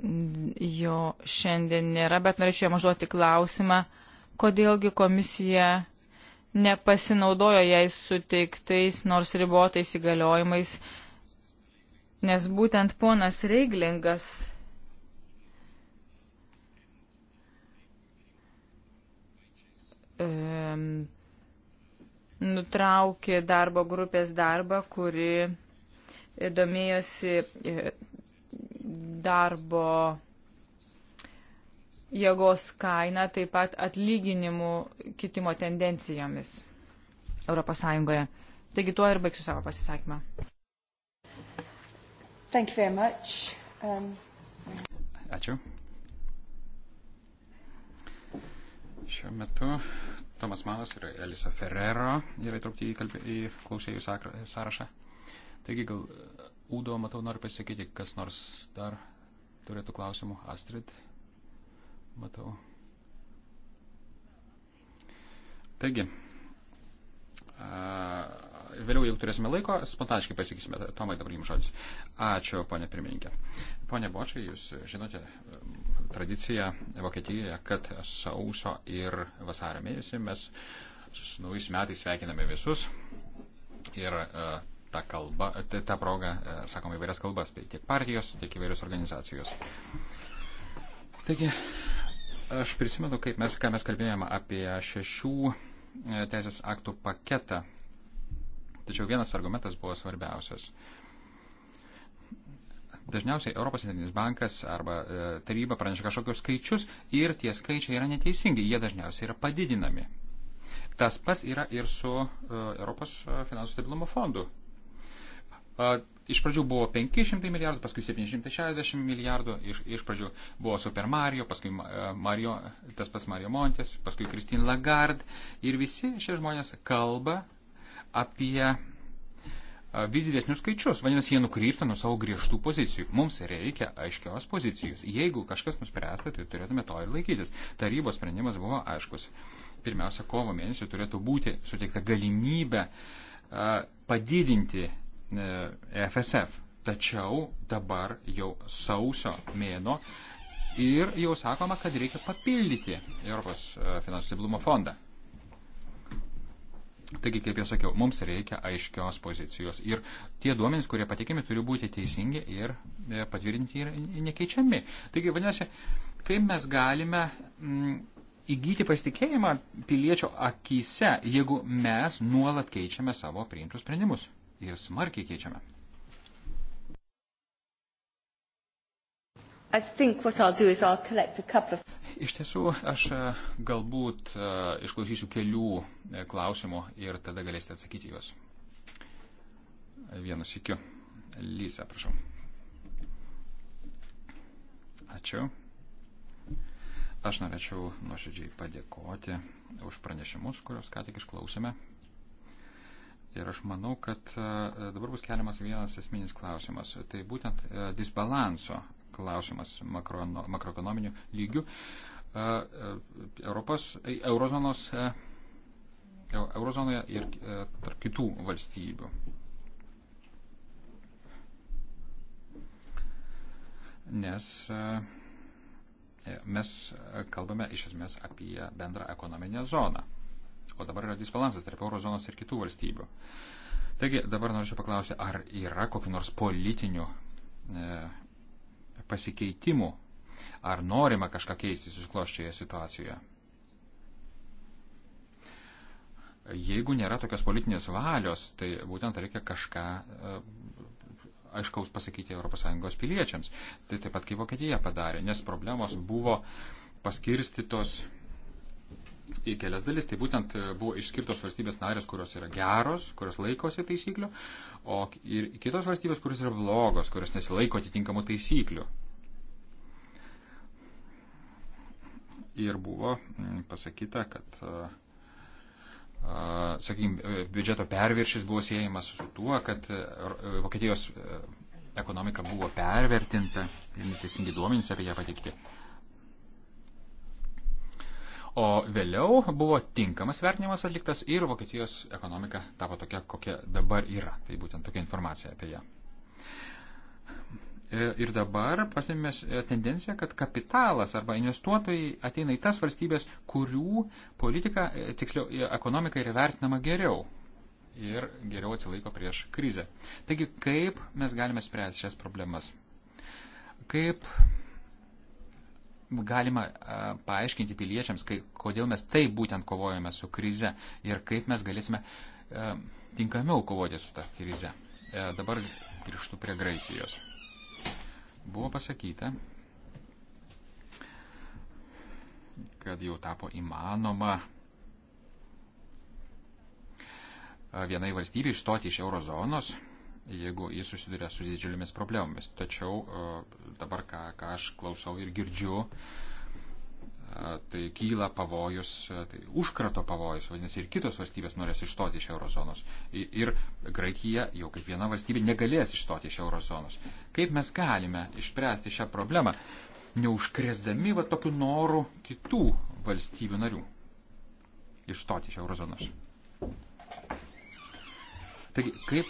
Uh, jo šiandien nėra, bet norėčiau jam užduoti klausimą, kodėlgi komisija nepasinaudojo jai suteiktais nors ribotais įgaliojimais, nes būtent ponas Reiglingas e, nutraukė darbo grupės darbą, kuri e, domėjosi e, darbo jėgos kaina, taip pat atlyginimų kitimo tendencijomis ES. Taigi tuo ir baigsiu savo pasisakymą. Um... Ačiū. Šiuo metu Tomas Manas ir Elisa Ferrero yra įtraukti į, kalbė, į klausėjų sąrašą. Taigi gal e, Udo, matau, nori pasakyti, kas nors dar turėtų klausimų. Astrid, matau. Taigi, vėliau jau turėsime laiko, spontaniškai pasakysime. Tomai, dabar jums žodis. Ačiū, ponė pirmininkė. Pone Bočiai, jūs žinote, tradicija Vokietijoje, kad sausio ir vasario mėnesį mes su naujais metais sveikiname visus ir e, tą kalbą, tą progą e, sakome įvairias kalbas, tai tiek partijos, tiek įvairios organizacijos. Taigi, aš prisimenu, kaip mes, ką mes kalbėjome apie šešių e, teisės aktų paketą, tačiau vienas argumentas buvo svarbiausias. Uh, dažniausiai Europos centrinis bankas arba e, taryba praneša kažkokius skaičius ir tie skaičiai yra neteisingi, jie dažniausiai yra padidinami. Tas pats yra ir su e, Europos e, finansų stabilumo fondu. Iš pradžių buvo 500 milijardų, paskui 760 milijardų, iš, iš pradžių buvo Super Mario, paskui Mario, tas pats Mario Montes, paskui Kristin Lagarde ir visi šie žmonės kalba apie vis didesnius skaičius. Vadinasi, jie nukrypsta nuo savo griežtų pozicijų. Mums reikia aiškios pozicijos. Jeigu kažkas nuspręsta, tai turėtume to ir laikytis. Tarybos sprendimas buvo aiškus. Pirmiausia, kovo mėnesį turėtų būti suteikta galimybė padidinti FSF. E, Tačiau dabar jau sausio mėno ir jau sakoma, kad reikia papildyti Europos e, finansų stabilumo fondą. Taigi, kaip jau sakiau, mums reikia aiškios pozicijos ir tie duomenys, kurie patikimi, turi būti teisingi ir e, patvirtinti ir nekeičiami. Taigi, vadinasi, kaip mes galime m, mm, įgyti pasitikėjimą piliečio akise, jeigu mes nuolat keičiame savo priimtus sprendimus ir smarkiai keičiame. Of... Iš tiesų, aš e, galbūt e, išklausysiu kelių e, klausimų ir tada galėsite atsakyti juos. Vienu sikiu. Lysa, prašau. Ačiū. Aš norėčiau nuoširdžiai padėkoti už pranešimus, kuriuos ką tik išklausėme. Ir aš manau, kad dabar bus keliamas vienas esminis klausimas. Tai būtent disbalanso klausimas makro, makroekonominių lygių. Europos, e, eurozonos, e, e, eurozonoje ir tarp kitų valstybių. Nes mes kalbame iš esmės apie bendrą ekonominę zoną. O dabar yra disbalansas tarp eurozonos ir kitų valstybių. Taigi dabar norėčiau paklausti, ar yra kokiu nors politiniu e, pasikeitimų, ar norima kažką keisti susikloščioje situacijoje. Jeigu nėra tokios politinės valios, tai būtent reikia kažką e, aiškaus pasakyti ES piliečiams. Tai taip pat kaip Vokietija padarė, nes problemos buvo paskirstytos į kelias dalis. Tai būtent e, buvo išskirtos valstybės narės, kurios yra geros, kurios laikosi taisyklių, o ir kitos valstybės, kurios yra blogos, kurios nesilaiko atitinkamų taisyklių. Ir buvo mm, pasakyta, kad e, e, sakykime, biudžeto perviršis buvo siejamas su tuo, kad Vokietijos ekonomika buvo pervertinta ir neteisingi duomenys apie ją patikti. O vėliau buvo tinkamas vertinimas atliktas ir Vokietijos ekonomika tapo tokia, kokia dabar yra. Tai būtent tokia informacija apie ją. E, ir dabar pastebime tendenciją, kad kapitalas arba investuotojai ateina į tas valstybės, kurių politika, e, tiksliau, e, ekonomika yra vertinama geriau ir geriau atsilaiko prieš krizę. Taigi, kaip mes galime spręsti šias problemas? Kaip galima paaiškinti piliečiams, kai, kodėl mes taip būtent kovojame su krize ir kaip mes galėsime tinkamiau kovoti su tą krize. E, dabar grįžtu prie Graikijos. Buvo pasakyta, kad jau tapo įmanoma vienai valstybei išstoti iš eurozonos jeigu jis susiduria su didžiulėmis problemomis. Tačiau e, dabar, ką, ką aš klausau ir girdžiu, e, tai kyla pavojus, e, tai užkrato pavojus, vadinasi, ir kitos valstybės norės išstoti iš eurozonos. Ir Graikija jau kaip viena valstybė negalės išstoti iš eurozonos. Kaip mes galime išspręsti šią problemą, neužkresdami va tokių norų kitų valstybių narių išstoti iš eurozonos? Taigi, kaip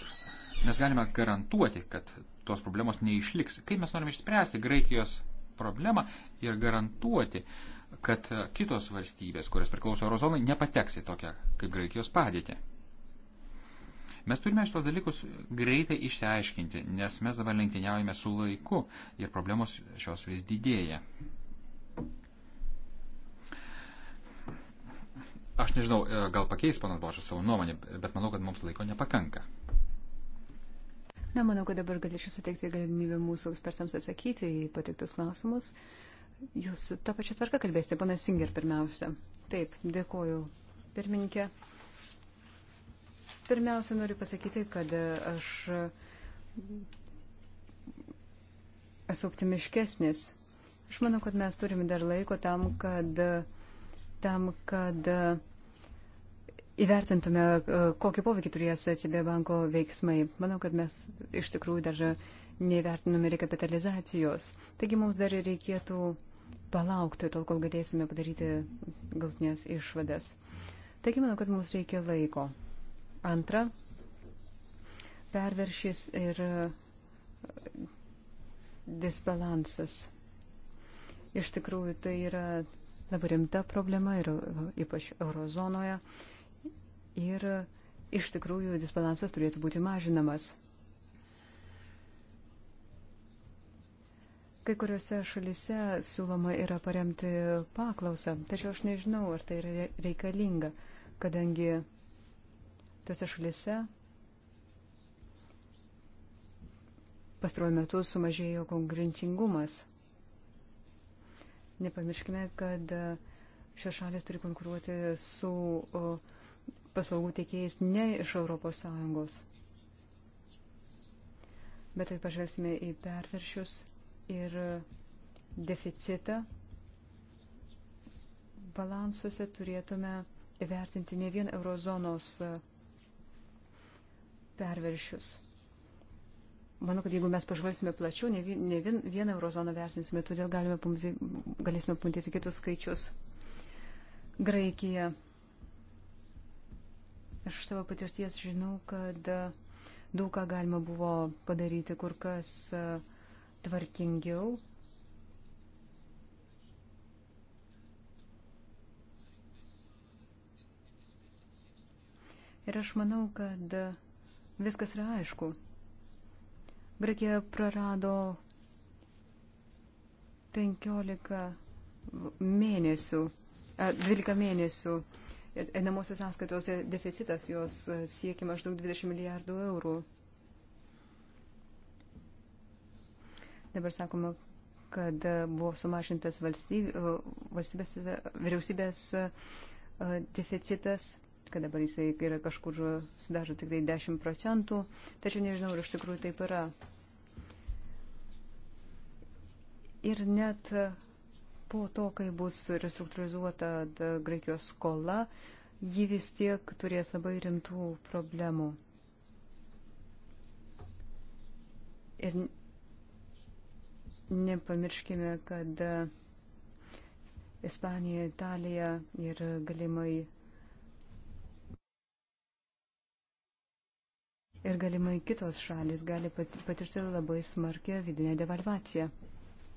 mes galime garantuoti, kad tos problemos neišliks. Kaip mes norime išspręsti Graikijos problemą ir garantuoti, kad kitos valstybės, kurios priklauso eurozonai, nepateks į tokią kaip Graikijos padėtį. Mes turime šitos dalykus greitai išsiaiškinti, nes mes dabar lenktyniaujame su laiku ir problemos šios vis didėja. Aš nežinau, e, gal pakeis panas Blašas savo nuomonę, bet manau, kad mums laiko nepakanka. Nemanau, kad dabar galėčiau suteikti galimybę mūsų ekspertams atsakyti į patiktus klausimus. Jūs tą pačią tvarką kalbėsite, panas Singer pirmiausia. Taip, dėkoju, pirmininkė. Pirmiausia, noriu pasakyti, kad aš esu optimiškesnis. Aš manau, kad mes turime dar laiko tam, kad, tam, kad įvertintume, e, kokį poveikį turės ECB banko veiksmai. Manau, kad mes iš tikrųjų dar nevertinome rekapitalizacijos. Taigi mums dar reikėtų palaukti, tol kol galėsime padaryti galtinės išvadas. Taigi manau, kad mums reikia laiko. Antra, perveršys ir e, disbalansas. Iš tikrųjų, tai yra labai rimta problema ir e, ypač eurozonoje ir iš tikrųjų disbalansas turėtų būti mažinamas. Kai kuriuose šalise siūloma yra paremti paklausą, tačiau aš nežinau, ar tai yra reikalinga, kadangi tose šalise pastaruoju metu sumažėjo konkurencingumas. Nepamirškime, kad šios šalės turi konkuruoti su. O, paslaugų teikėjais ne iš ES. Bet tai pažvelgsime į perviršius ir deficitą. Balansuose turėtume vertinti ne vien eurozonos perviršius. Manau, kad jeigu mes pažvelgsime plačiau, ne, vien, ne vien, vieną eurozoną vertinsime, todėl galime, galėsime pamatyti kitus skaičius. Graikija Aš savo patirties žinau, kad e, daug ką galima buvo padaryti kur kas e, tvarkingiau. Ir aš manau, kad e, viskas yra aišku. Graikija prarado 15 mėnesių, 12 mėnesių Einamosios sąskaitos deficitas jos e, siekia maždaug 20 milijardų eurų. Dabar sakoma, kad e, buvo sumažintas valstybė, e, valstybės, vyriausybės deficitas, kad dabar jisai yra kažkur sudaro tik tai 10 procentų, tačiau nežinau, ar iš tikrųjų taip yra. Ir net po to, kai bus restruktūrizuota Graikijos skola, ji vis tiek turės labai rimtų problemų. Ir nepamirškime, kad Ispanija, Italija ir galimai ir galimai kitos šalis gali patirti labai smarkę vidinę devalvaciją.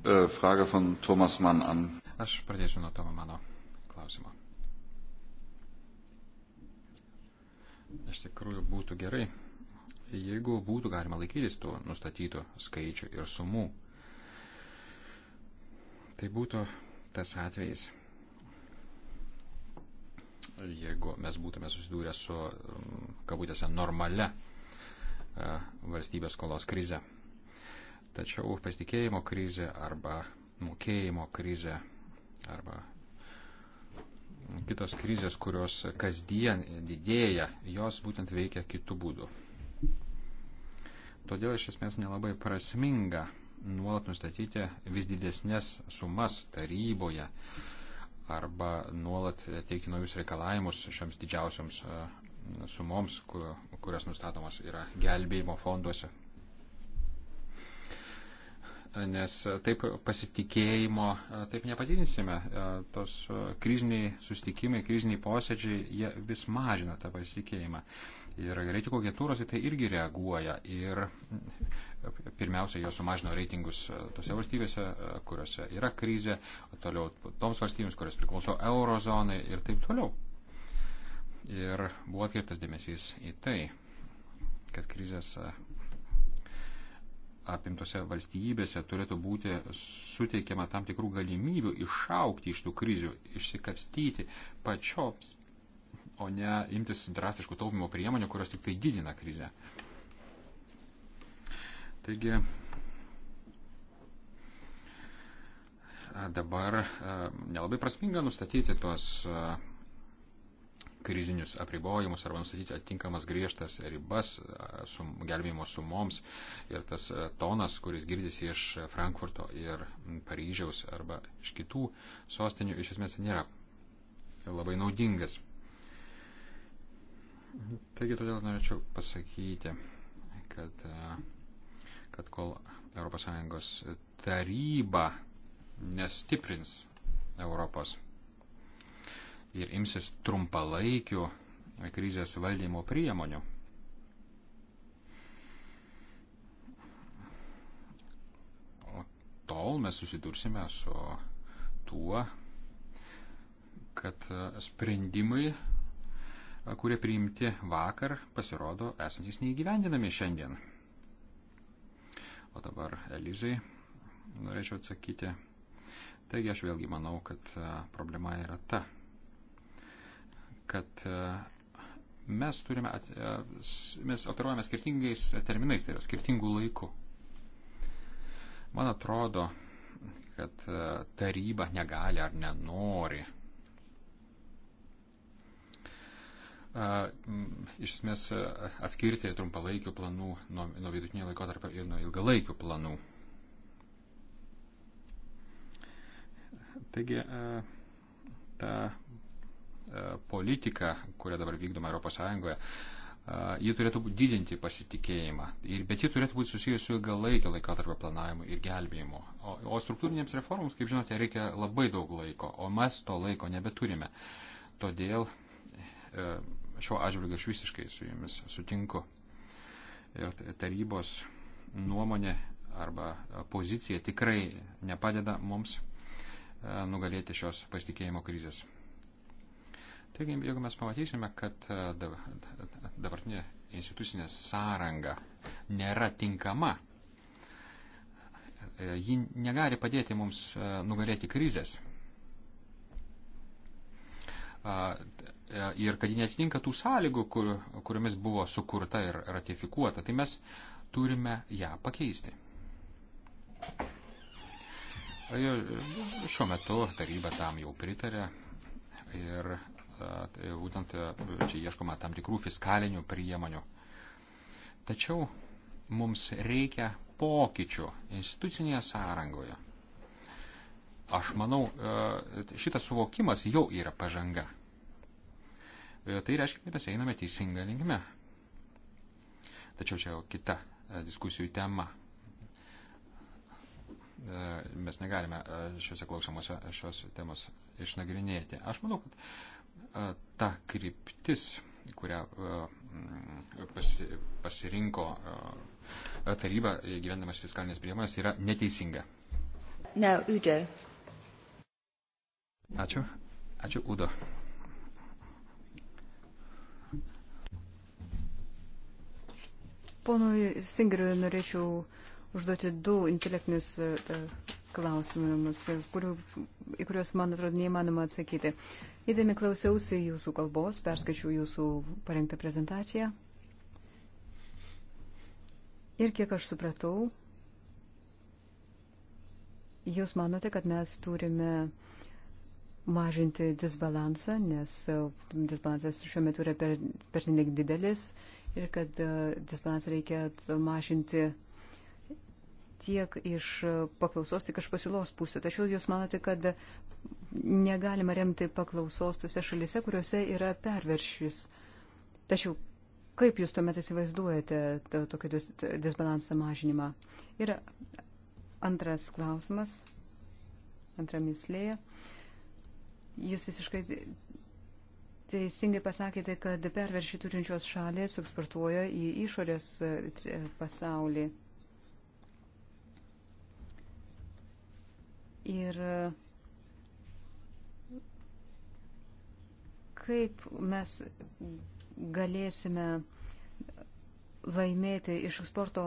Äh, Frage von Thomas Mann an. Aš pradėsiu nuo tavo mano klausimo. Iš tikrųjų būtų gerai, jeigu būtų galima laikytis tų nustatytų skaičių ir sumų. Tai būtų tas atvejis, jeigu mes būtume susidūrę su, mm, kabutėse, normale valstybės skolos krize. Tačiau pasitikėjimo krizė arba mokėjimo krizė arba kitos krizės, kurios kasdien didėja, jos būtent veikia kitų būdų. Todėl iš esmės nelabai prasminga nuolat nustatyti vis didesnės sumas taryboje arba nuolat teikti naujus reikalavimus šiams didžiausiams e, sumoms, kurios nustatomas yra gelbėjimo fonduose nes taip pasitikėjimo e, taip nepadidinsime. E, tos e, kriziniai sustikimai, kriziniai posėdžiai, jie vis mažina tą pasitikėjimą. Ir reitingų agentūros į tai irgi reaguoja. Ir pirmiausia, jos sumažino reitingus tose valstybėse, kuriuose yra krizė, toliau toms valstybėms, kurios priklauso eurozonai ir taip toliau. Ir buvo atkreiptas dėmesys į tai, kad krizės apimtose valstybėse turėtų būti suteikiama tam tikrų galimybių išaukti iš tų krizių, išsikapstyti pačioms, o ne imtis drastiškų taupimo priemonių, kurios tik tai didina krizę. Taigi dabar nelabai prasminga nustatyti tuos krizinius apribojimus arba nustatyti atitinkamas griežtas ribas sum, gelbėjimo sumoms ir tas tonas, kuris girdisi iš Frankfurto ir Paryžiaus arba iš kitų sostinių, iš esmės nėra labai naudingas. Taigi todėl norėčiau pasakyti, kad, kad kol ES taryba nestiprins Europos ir imsis trumpalaikių krizės valdymo priemonių. O tol mes susidursime su tuo, kad sprendimai, kurie priimti vakar, pasirodo esantis neįgyvendinami šiandien. O dabar Elizai norėčiau atsakyti. Taigi aš vėlgi manau, kad problema yra ta, kad e, mes turime, at, e, mes operuojame skirtingais terminais, tai yra skirtingų laikų. Man atrodo, kad e, taryba negali ar nenori. Iš esmės atskirti trumpalaikių planų nuo, nuo vidutinio laikotarpio ir nuo ilgalaikių planų. Taigi, ta E, politika, kurią dabar vykdoma ES, e, ji turėtų didinti pasitikėjimą, ir, bet ji turėtų būti susijusi su ilgalaikio laikotarpio planavimu ir gelbėjimu. O, o struktūrinėms reformoms, kaip žinote, reikia labai daug laiko, o mes to laiko nebeturime. Todėl e, šiuo atžvilgiu aš visiškai su jumis sutinku. Ir tarybos nuomonė arba pozicija tikrai nepadeda mums nugalėti šios pasitikėjimo krizės. Taigi, jeigu mes pamatysime, kad e, dabartinė institucinė sąranga nėra tinkama, e, ji negali padėti mums e, nugalėti krizės. Ir kad ji netitinka tų sąlygų, kur, kuriomis buvo sukurta ir ratifikuota, tai mes turime ją pakeisti. Šiuo metu taryba tam jau pritarė ir tai būtent e, čia ieškoma tam tikrų fiskalinių priemonių. Tačiau mums reikia pokyčių institucinėje sąrangoje. Aš manau, e, šitas suvokimas jau yra pažanga. Tai reiškia, kad mes einame teisinga linkme. Tačiau čia jau kita diskusijų tema mes negalime šiuose klausimuose šios temos išnagrinėti. Aš manau, kad ta kryptis, kurią pasirinko taryba gyvendamas fiskalinės priemonės, yra neteisinga. Now, Udo. Ačiū. Ačiū, Udo. Ponui Singeriui norėčiau užduoti du intelektinius e, klausimus, kurių, į kuriuos, man atrodo, neįmanoma atsakyti. Uh, Įdėmi klausiausi jūsų kalbos, perskaičiau jūsų parengtą prezentaciją. Ir kiek aš supratau, jūs manote, kad mes turime mažinti disbalansą, nes e, disbalansas šiuo metu yra per, per didelis ir kad e, disbalansą reikia mažinti tiek iš paklausos, tiek iš pasiūlos pusių. Tačiau jūs manote, kad negalima remti paklausos tose šalise, kuriuose yra perveršys. Tačiau kaip jūs tuomet įsivaizduojate tokio dis disbalansą mažinimą? Ir antras klausimas, antra mislėja. Jūs visiškai teisingai pasakėte, kad perveršį turinčios šalės eksportuoja į išorės e, pasaulį. ir kaip mes galėsime laimėti iš eksporto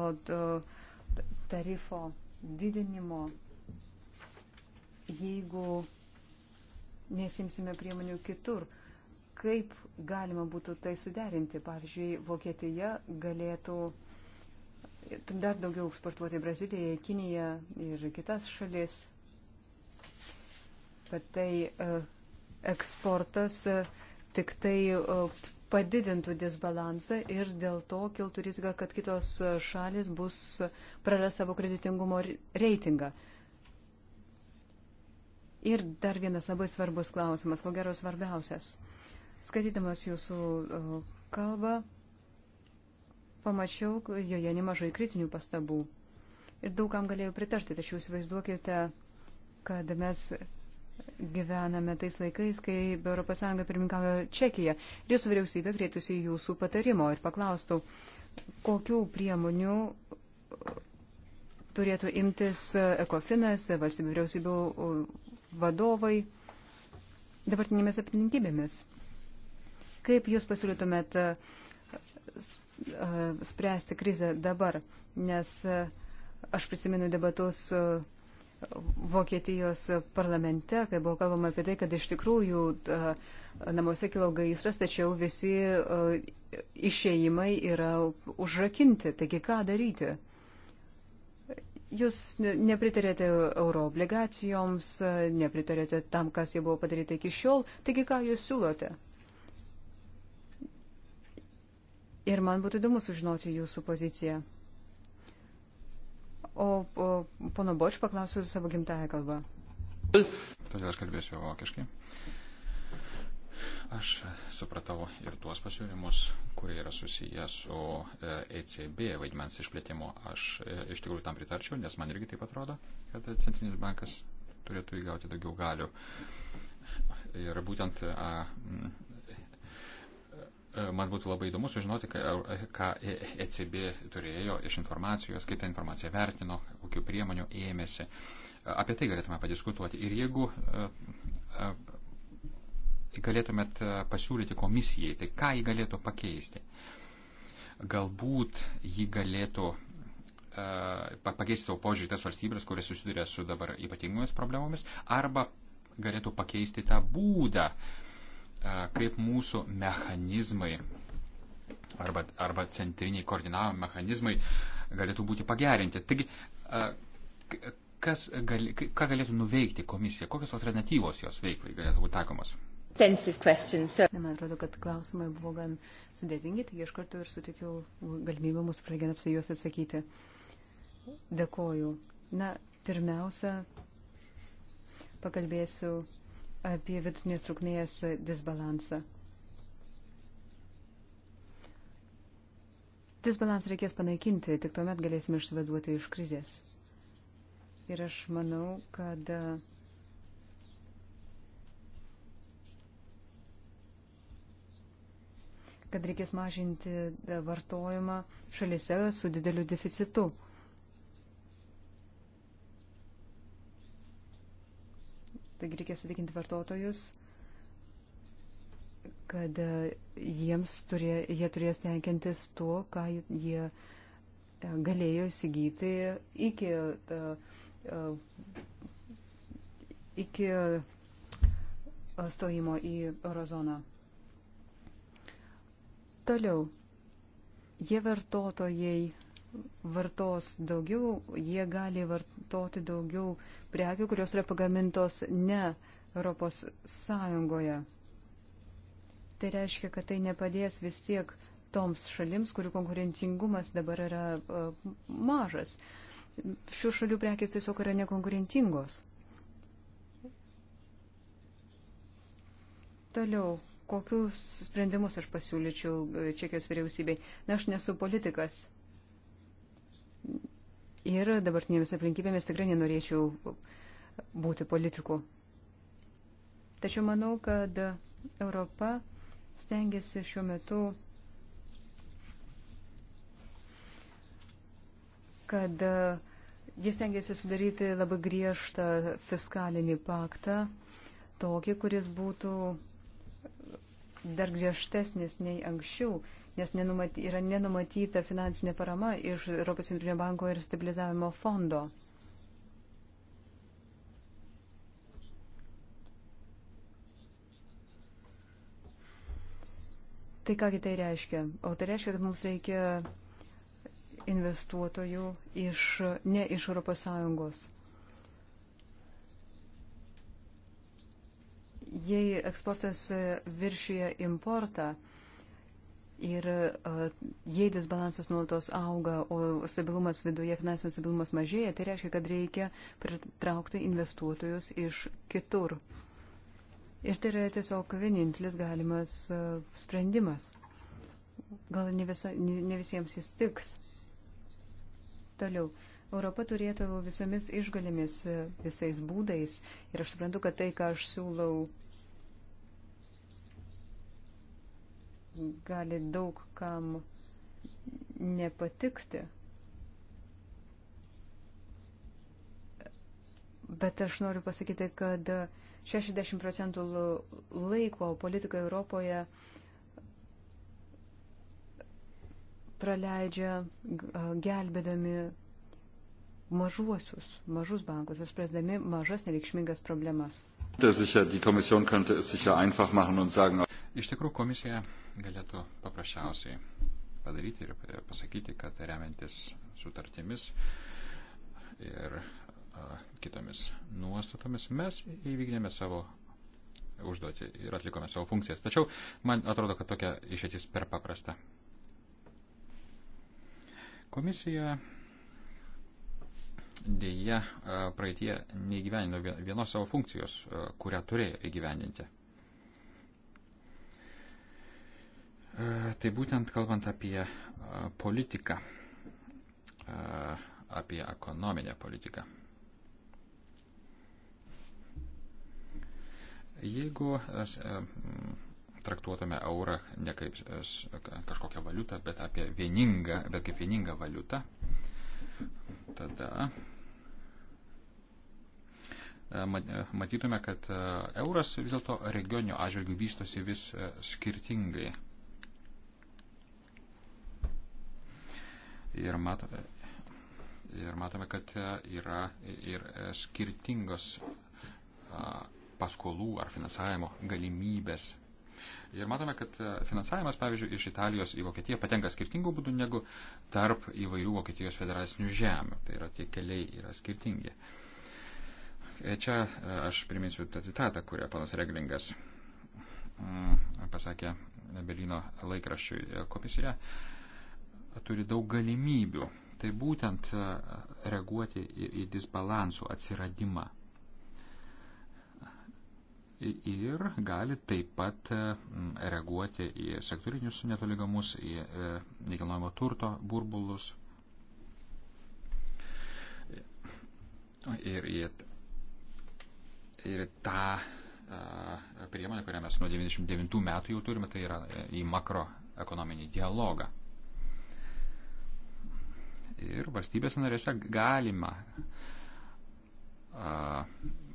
tarifo didinimo, jeigu nesimsime priemonių kitur. Kaip galima būtų tai suderinti? Pavyzdžiui, Vokietija galėtų dar daugiau eksportuoti Braziliją, Kiniją ir kitas šalis kad tai e, eksportas e, tik tai e, padidintų disbalansą ir dėl to kiltų rizika, kad kitos šalis bus praras savo kreditingumo reitingą. Ir dar vienas labai svarbus klausimas, ko gero svarbiausias. Skaitydamas jūsų kalbą, pamačiau joje nemažai kritinių pastabų. Ir daugam galėjau pritarti, tačiau įsivaizduokite, kad mes gyvename tais laikais, kai ES pirmininkavo Čekija. Ir jūsų vyriausybė kreiptųsi jūsų patarimo ir paklaustų, kokių priemonių turėtų imtis ekofinas, valstybių vyriausybių vadovai dabartinėmis aplinkybėmis. Kaip jūs pasiūlytumėt spręsti krizę dabar? Nes aš prisimenu debatus Vokietijos parlamente, kai buvo kalbama apie tai, kad iš tikrųjų namuose kilo gaisras, tačiau visi išėjimai yra užrakinti. Taigi ką daryti? Jūs nepritarėte euroobligacijoms, nepritarėte tam, kas jie buvo padaryta iki šiol. Taigi ką jūs siūlote? Ir man būtų įdomu sužinoti jūsų poziciją o, o pono Boč paklausiu savo gimtają kalbą. Todėl aš kalbėsiu vokiškai. Aš supratau ir tuos pasiūlymus, kurie yra susiję su ECB e vaidmens išplėtimu. Aš e, iš tikrųjų tam pritarčiau, nes man irgi taip atrodo, kad Centrinis bankas turėtų įgauti daugiau galių. Ir būtent Man būtų labai įdomu sužinoti, ką ECB e- e turėjo iš informacijos, kaip tą informaciją vertino, kokiu priemonių ėmėsi. Apie tai galėtume padiskutuoti. Ir jeigu e, galėtumėt pasiūlyti komisijai, tai ką jį galėtų pakeisti? Galbūt jį galėtų pakeisti savo požiūrį tas valstybės, kurias susiduria su dabar ypatingomis problemomis, arba galėtų pakeisti tą būdą, uh, kaip mūsų mechanizmai arba, arba centriniai koordinavimo mechanizmai galėtų būti pagerinti. Taigi, kas gali, ką galėtų nuveikti komisija, kokios alternatyvos jos veiklai galėtų būti taikomos? Man atrodo, kad klausimai buvo gan sudėtingi, taigi iš karto ir sutikiau galimybę mūsų pragenapsai juos atsakyti. Dėkoju. Na, pirmiausia, pakalbėsiu apie vidutinės trukmės disbalansą. Disbalansą reikės panaikinti, tik tuomet galėsime išsivaduoti iš krizės. Ir aš manau, kad kad reikės mažinti vartojimą šalise su dideliu deficitu. Taigi reikės įtikinti vartotojus, kad e, jiems turė, jie turės tenkintis tuo, ką jie e, galėjo įsigyti iki, e, iki stojimo į eurozoną. Toliau, jie vartotojai vartos daugiau, jie gali vartoti daugiau prekių, kurios yra pagamintos ne Europos Sąjungoje. Tai reiškia, kad tai nepadės vis tiek toms šalims, kurių konkurencingumas dabar yra uh, mažas. Šių šalių prekės tiesiog yra nekonkurencingos. Toliau, kokius sprendimus aš pasiūlyčiau e, Čekijos vyriausybei? Na, aš nesu politikas. Ir dabartinėmis aplinkybėmis tikrai nenorėčiau būti politiku. Tačiau manau, kad Europa stengiasi šiuo metu, kad jis stengiasi sudaryti labai griežtą fiskalinį paktą, tokį, kuris būtų dar griežtesnis nei anksčiau nes nenumat, yra nenumatyta finansinė parama iš Europos centrinio banko ir stabilizavimo fondo. Tai kągi tai reiškia? O tai reiškia, kad mums reikia investuotojų iš, ne iš ES. Jei eksportas viršyje importą, Ir jei disbalansas nuolatos auga, o stabilumas viduje, finansinis stabilumas mažėja, tai reiškia, kad reikia pritraukti investuotojus iš kitur. Ir tai yra tiesiog vienintelis galimas sprendimas. Gal ne, visa, ne visiems jis tiks. Toliau. Europa turėtų visomis išgalėmis, visais būdais. Ir aš suprantu, kad tai, ką aš siūlau gali daug kam nepatikti. Bet aš noriu pasakyti, kad 60 procentų laiko politikai Europoje praleidžia gelbėdami mažuosius, mažus bankus, spręsdami mažas nereikšmingas problemas. Iš tikrųjų, komisija galėtų paprasčiausiai padaryti ir e, pasakyti, kad remiantis sutartimis ir kitomis nuostatomis mes įvykdėme savo užduotį ir atlikome savo funkcijas. Tačiau man atrodo, kad tokia išėtis per paprasta. Komisija dėja praeitie neįgyvenino vienos savo funkcijos, kurią turėjo įgyvendinti. E, tai būtent kalbant apie e, politiką, e, apie ekonominę politiką. Jeigu traktuotume eurą ne kaip kažkokią valiutą, bet, vieningą, bet kaip vieningą valiutą, tada matytume, kad euras vis dėlto regioninio atžvilgių vystosi vis skirtingai. Ir matome, ir matome kad e, yra ir e, skirtingos paskolų ar finansavimo galimybės. Ir matome, kad e, finansavimas, pavyzdžiui, iš Italijos į Vokietiją patenka skirtingų būdų negu tarp įvairių Vokietijos federacinių žemių. Tai yra tie keliai yra skirtingi. Čia aš priminsiu tą citatą, kurią panas Reglingas mm, pasakė Berlyno laikraščiui komisijoje turi daug galimybių. Tai būtent e, reaguoti į disbalansų atsiradimą. Ir gali taip pat e, reaguoti į sektorinius netolygamus, į e, nekilnojamo turto burbulus. Ir, į, ir tą priemonę, kurią mes nuo 99 metų jau turime, tai yra į makroekonominį dialogą ir valstybės narėse galima a,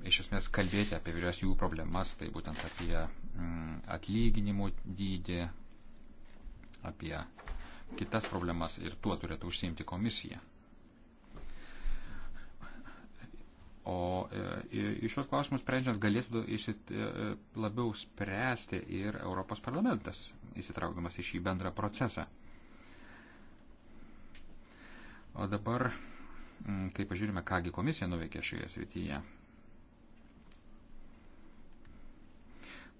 iš esmės kalbėti apie vyrios jų problemas, tai būtent apie m, mm, atlyginimų dydį, apie kitas problemas ir tuo turėtų užsiimti komisija. O e, iš šios klausimus sprendžiant galėtų įsit, e, e, labiau spręsti ir Europos parlamentas, įsitraukdamas į šį bendrą procesą. O dabar, mm, kai pažiūrime, kągi komisija nuveikė šioje srityje,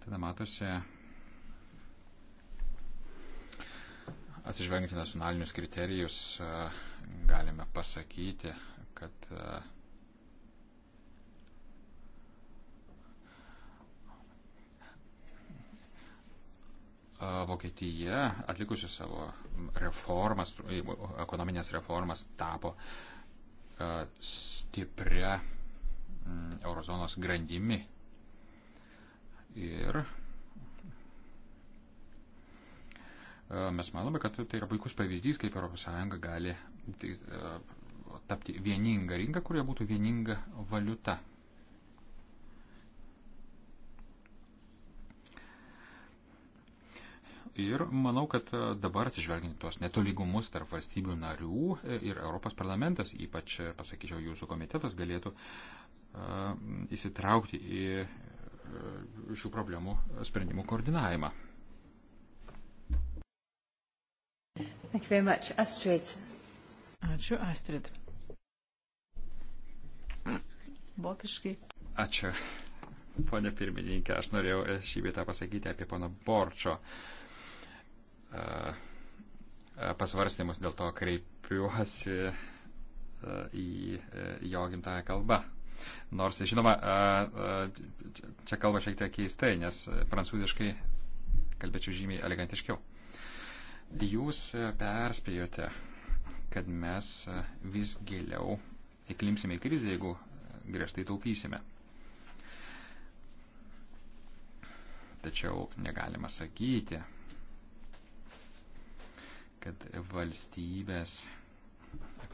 tada matosi, atsižvelgiant į nacionalinius kriterijus, e, galime pasakyti, kad e, e, Vokietija atlikusi savo reformas, ekonominės reformas tapo e, stipria mm, eurozonos grandimi. Ir e, mes manome, kad tai yra puikus pavyzdys, kaip ES gali tai, e, tapti vieninga rinka, kurie būtų vieninga valiuta. ir manau, kad e, dabar atsižvelgiant tuos netolygumus tarp valstybių narių e, ir Europos parlamentas, ypač, e, pasakyčiau, jūsų komitetas galėtų įsitraukti į šių problemų sprendimų koordinavimą. Astrid. Ačiū, Astrid. Vokiškai. Ačiū, ponė pirmininkė. Aš norėjau šį vietą pasakyti apie pono Borčio. Uh, E, e, pasvarstymus, dėl to kreipiuosi e, į jo gimtąją kalbą. Nors, žinoma, čia kalba šiek tiek keistai, nes prancūziškai kalbėčiau žymiai elegantiškiau. Jūs perspėjote, kad mes vis giliau įklimsime į krizę, jeigu griežtai taupysime. Tačiau negalima sakyti, kad valstybės,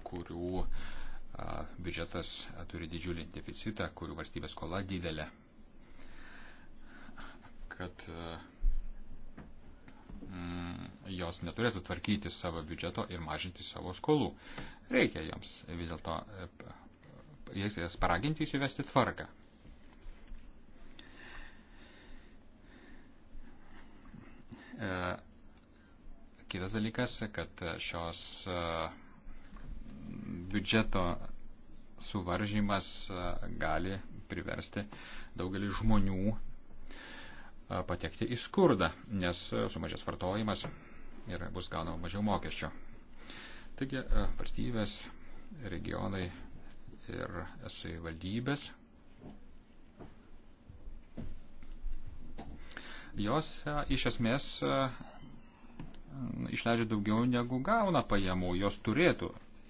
kurių a, biudžetas turi didžiulį deficitą, kurių valstybės skola didelė, kad a, mm, jos neturėtų tvarkyti savo biudžeto ir mažinti savo skolų. Reikia joms vis dėlto, e, jas paraginti įsivesti tvarką. E, Kitas dalykas, kad šios e, biudžeto suvaržymas e, gali priversti daugelį žmonių e, patekti į skurdą, nes sumažės vartojimas ir bus gaunama mažiau mokesčio. Taigi valstybės, regionai ir savivaldybės jos iš esmės išleidžia daugiau negu gauna pajamų, jos turėtų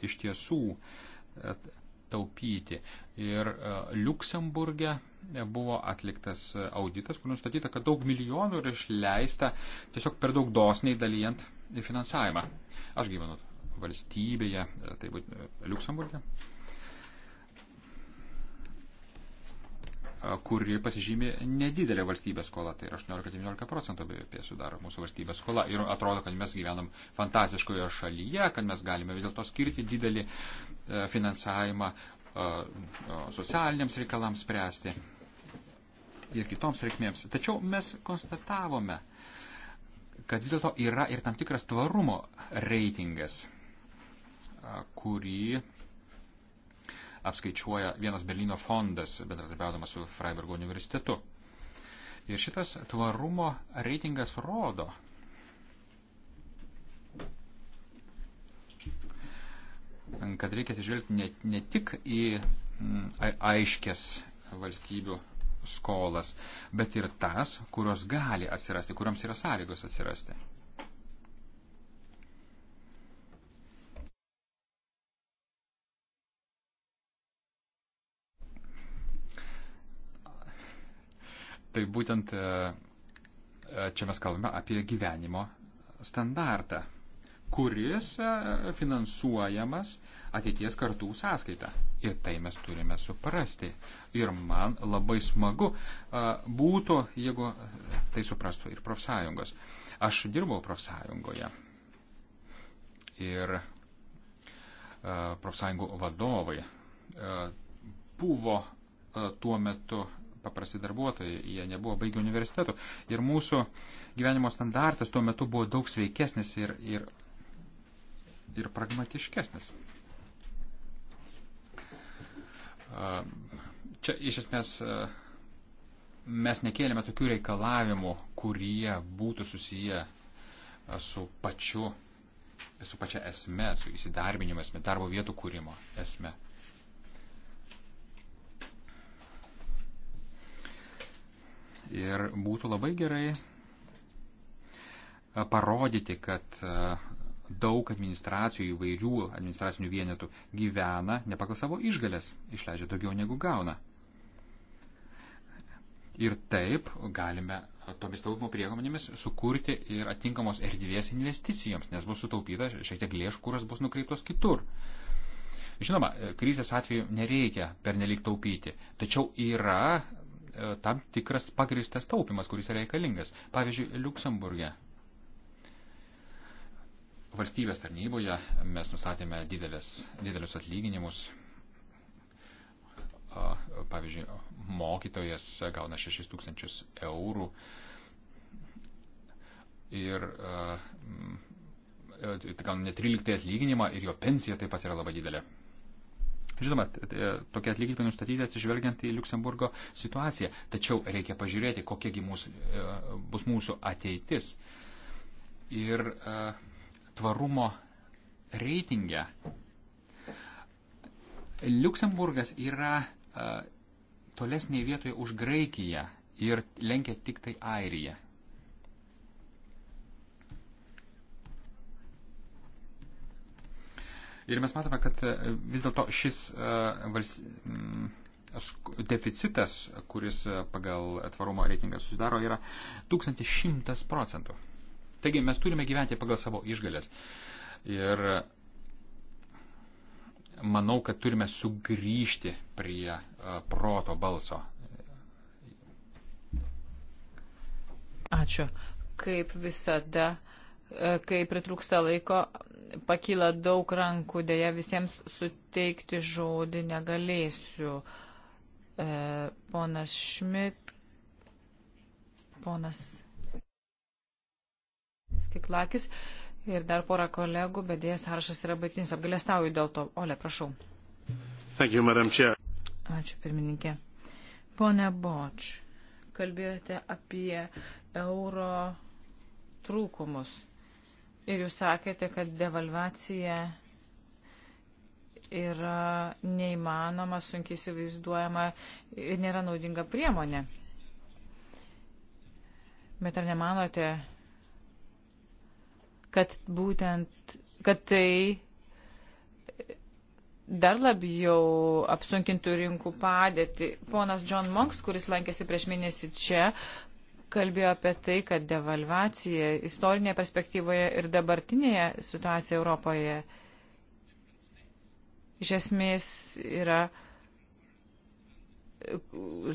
iš tiesų e, taupyti. Ir e, Luksemburgė buvo atliktas auditas, kur nustatyta, kad daug milijonų yra išleista tiesiog per daug dosniai dalyjant finansavimą. Aš gyvenu valstybėje, e, tai būtų Luksemburgė. kuri pasižymė nedidelė valstybės skola, tai yra 18-19 procentų BVP sudaro mūsų valstybės skola. Ir atrodo, kad mes gyvenam fantastiškoje šalyje, kad mes galime vis dėlto skirti didelį e, finansavimą e, e, socialiniams reikalams spręsti ir kitoms reikmėms. Tačiau mes konstatavome, kad vis dėlto yra ir tam tikras tvarumo reitingas, kurį apskaičiuoja vienas Berlyno fondas, bendradarbiaudamas su Freiburgo universitetu. Ir šitas tvarumo reitingas rodo, kad reikia atsižvelgti ne, ne tik į mm, aiškės valstybių skolas, bet ir tas, kurios gali atsirasti, kuriams yra sąlygos atsirasti. Tai būtent e, e, čia mes kalbame apie gyvenimo standartą, kuris e, finansuojamas ateities kartų sąskaita. Ir tai mes turime suprasti. Ir man labai smagu būtų, jeigu tai suprastų ir profsąjungos. Aš dirbau profsąjungoje. Ir profsąjungų vadovai buvo tuo metu paprasti darbuotojai, jie nebuvo baigę universitetų. Ir mūsų gyvenimo standartas tuo metu buvo daug sveikesnis ir, ir, ir pragmatiškesnis. Čia iš esmės mes nekėlėme tokių reikalavimų, kurie būtų susiję su pačiu, su pačia esme, su įsidarbinimo esme, darbo vietų kūrimo esme. Ir būtų labai gerai parodyti, kad daug administracijų, įvairių administracinių vienetų gyvena ne pagal savo išgalės, išleidžia daugiau negu gauna. Ir taip galime tomis taupimo priemonėmis sukurti ir atinkamos erdvės investicijoms, nes bus sutaupyta šiek tiek lėšų, kurios bus nukreiptos kitur. Žinoma, krizės atveju nereikia pernelik taupyti, tačiau yra E, tam tikras pagristas taupimas, kuris yra reikalingas. Pavyzdžiui, Luksemburgė valstybės tarnyboje mes nustatėme didelis, didelius atlyginimus. Pavyzdžiui, mokytojas gauna 6000 eurų ir e, gauna ne 13 atlyginimą ir jo pensija taip pat yra labai didelė. Žinoma, tokie atlyginimai nustatyti atsižvelgiant į Luksemburgo situaciją, tačiau reikia pažiūrėti, kokiegi mūsų, e, bus mūsų ateitis. Ir e, tvarumo reitinge Luksemburgas yra e, tolesnėje vietoje už Graikiją ir lenkia tik tai Airiją. Ir mes matome, kad e, vis dėlto šis e, mm, deficitas, kuris e, pagal tvarumo reitingą susidaro, yra 1100 procentų. Taigi mes turime gyventi pagal savo išgalės. Ir manau, kad turime sugrįžti prie proto balso. Ačiū. Kaip visada, kai pritrūksta laiko, pakyla daug rankų, dėja visiems suteikti žodį negalėsiu. E, ponas Šmit, ponas Skiklakis ir dar pora kolegų, bet dėja sąrašas yra baigtinis. Apgalėstauju dėl to. Ole, prašau. Thank you, Ačiū, pirmininkė. Pone Boč, kalbėjote apie euro trūkumus Ir jūs sakėte, kad devalvacija yra neįmanoma, sunkiai įsivaizduojama ir nėra naudinga priemonė. Bet ar nemanote, kad būtent, kad tai dar labiau apsunkintų rinkų padėtį. Ponas John Monks, kuris lankėsi prieš mėnesį čia, kalbėjo apie tai, kad devalvacija istorinėje perspektyvoje ir dabartinėje situacijoje Europoje iš esmės yra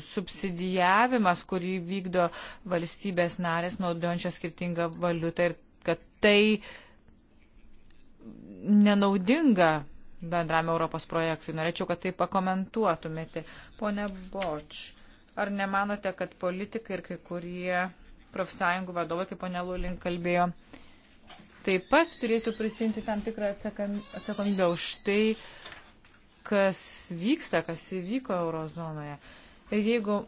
subsidijavimas, kurį vykdo valstybės narės, naudojančios skirtingą valiutą ir kad tai nenaudinga bendram Europos projektui. Norėčiau, kad tai pakomentuotumėte. Pone Boč Ar nemanote, kad politikai ir kai kurie profsąjungų vadovai, kaip ponė Lulin kalbėjo, taip pat turėtų prisimti tam tikrą atsakomybę už tai, kas vyksta, kas įvyko eurozonoje. Ir jeigu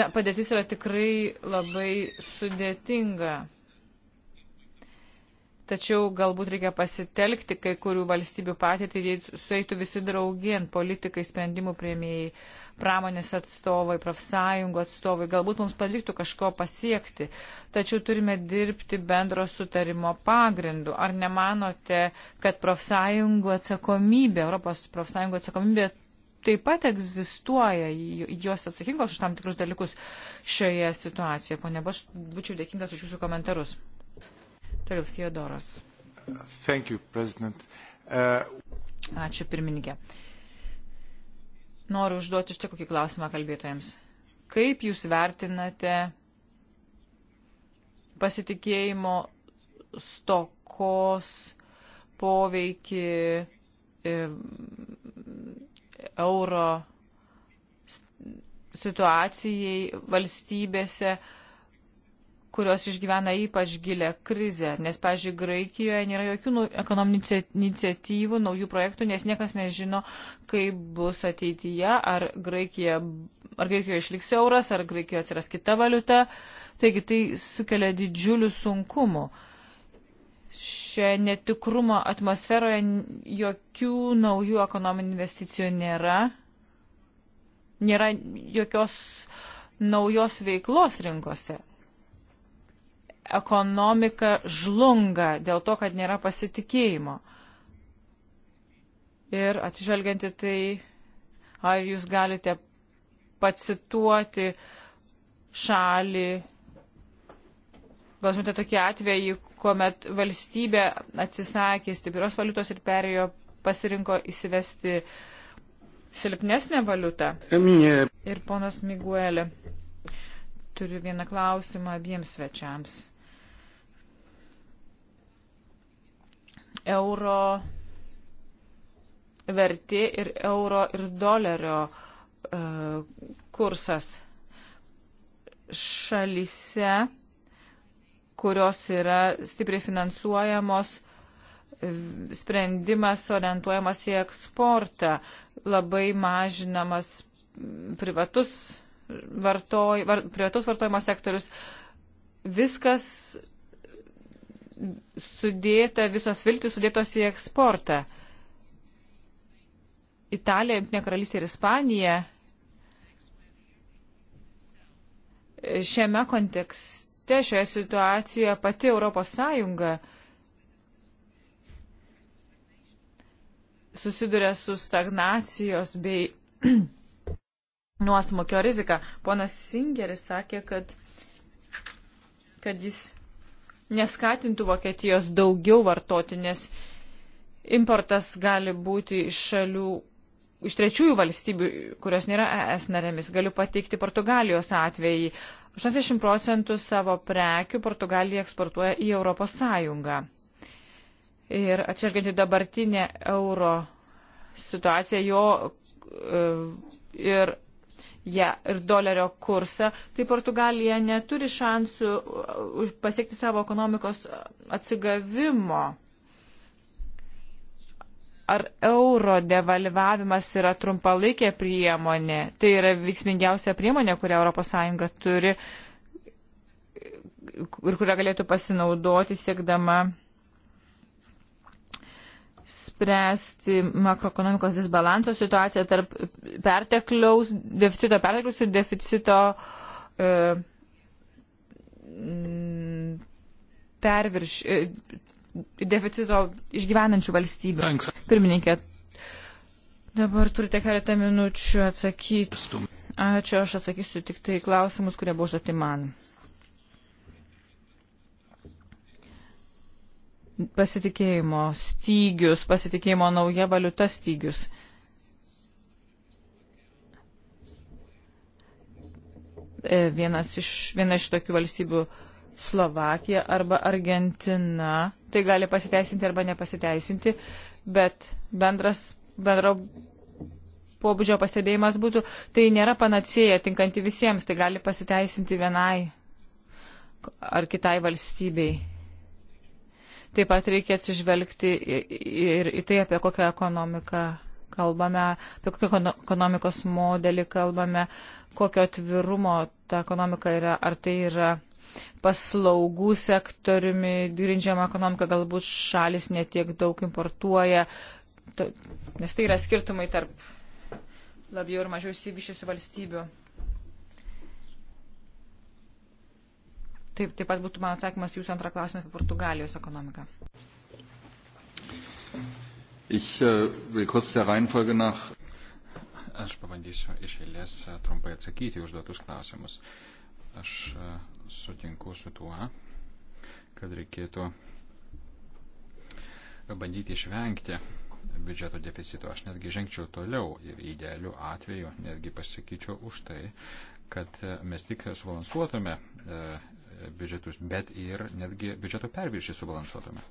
na, padėtis yra tikrai labai sudėtinga, tačiau galbūt reikia pasitelkti kai kurių valstybių patirtį ir jei sueitų visi draugien, politikai, sprendimų prieimėjai, pramonės atstovai, profsąjungų atstovai, galbūt mums pavyktų kažko pasiekti, tačiau turime dirbti bendro sutarimo pagrindu. Ar nemanote, kad profsąjungų atsakomybė, Europos profsąjungų atsakomybė taip pat egzistuoja, jos atsakingos už tam tikrus dalykus šioje situacijoje. Pone, aš būčiau dėkingas už jūsų komentarus. Toliau Theodoras. Thank you, President. Uh... Ačiū, pirmininkė. Noriu užduoti štai kokį klausimą kalbėtojams. Kaip jūs vertinate pasitikėjimo stokos poveikį e, euro situacijai valstybėse, kurios išgyvena ypač gilę krizę, nes, pažiūrėjau, Graikijoje nėra jokių ekonominių iniciatyvų, naujų projektų, nes niekas nežino, kaip bus ateityje, ar, Graikija, ar Graikijoje išliks euras, ar Graikijoje atsiras kita valiuta. Taigi tai sukelia didžiulių sunkumų. Šią netikrumo atmosferoje jokių naujų ekonominių investicijų nėra. Nėra jokios naujos veiklos rinkose ekonomika žlunga dėl to, kad nėra pasitikėjimo. Ir atsižvelgianti tai, ar jūs galite pacituoti šalį, gal žinote tokį atvejį, kuomet valstybė atsisakė stiprios valiutos ir perėjo pasirinko įsivesti silpnesnę valiutą. Ir ponas Miguelė, turiu vieną klausimą abiems svečiams. euro vertė ir euro ir dolerio uh, kursas šalyse, kurios yra stipriai finansuojamos, sprendimas orientuojamas į eksportą, labai mažinamas privatus, vartoj, var, privatus vartojimo sektorius. Viskas sudėta visos viltis sudėtos į eksportą. Italija, Junktinė karalystė ir Ispanija šiame kontekste, šioje situacijoje pati Europos Sąjunga susiduria su stagnacijos bei nuosmukio rizika. Ponas Singeris sakė, kad, kad jis neskatintų Vokietijos daugiau vartoti, nes importas gali būti iš šalių, iš trečiųjų valstybių, kurios nėra ES narėmis. Galiu pateikti Portugalijos atvejį. 80 procentų savo prekių Portugalija eksportuoja į Europos Sąjungą. Ir atsižvelgiant į dabartinę euro situaciją, jo e, ir ja, ir dolerio kursą, tai Portugalija neturi šansų uh, pasiekti savo ekonomikos atsigavimo. Ar euro devalvavimas yra trumpalaikė priemonė? Tai yra veiksmingiausia priemonė, kurią ES turi ir kurią galėtų pasinaudoti siekdama spręsti makroekonomikos disbalanso situaciją tarp pertekliaus, deficito pertekliaus ir deficito e, mm, pervirš, e, deficito išgyvenančių valstybių. Thanks. Pirmininkė, dabar turite keletą minučių atsakyti. Ačiū, aš atsakysiu tik tai klausimus, kurie buvo užduoti man. pasitikėjimo stygius, pasitikėjimo nauja valiuta stygius. E, vienas iš, viena iš tokių valstybių Slovakija arba Argentina. Tai gali pasiteisinti arba nepasiteisinti, bet bendras, bendro pobūdžio pastebėjimas būtų, tai nėra panacėja tinkanti visiems, tai gali pasiteisinti vienai ar kitai valstybei. Taip pat reikia atsižvelgti ir į tai, apie kokią ekonomiką kalbame, apie kokį ekonomikos modelį kalbame, kokio atvirumo ta ekonomika yra, ar tai yra paslaugų sektoriumi grindžiama ekonomika, galbūt šalis netiek daug importuoja, nes tai yra skirtumai tarp labiau ir mažiau įsivyšiusių valstybių. Taip, taip pat būtų mano atsakymas jūsų antrą klausimą apie Portugalijos ekonomiką. Ich, uh, nach... Aš pabandysiu iš eilės äh, trumpai atsakyti užduotus klausimus. Aš uh, sutinku su tuo, kad reikėtų bandyti išvengti biudžeto deficito. Aš netgi žengčiau toliau ir idealiu atveju netgi pasakyčiau už tai, kad mes tik subalansuotume biudžetus, bet ir netgi biudžeto perviršį subalansuotume.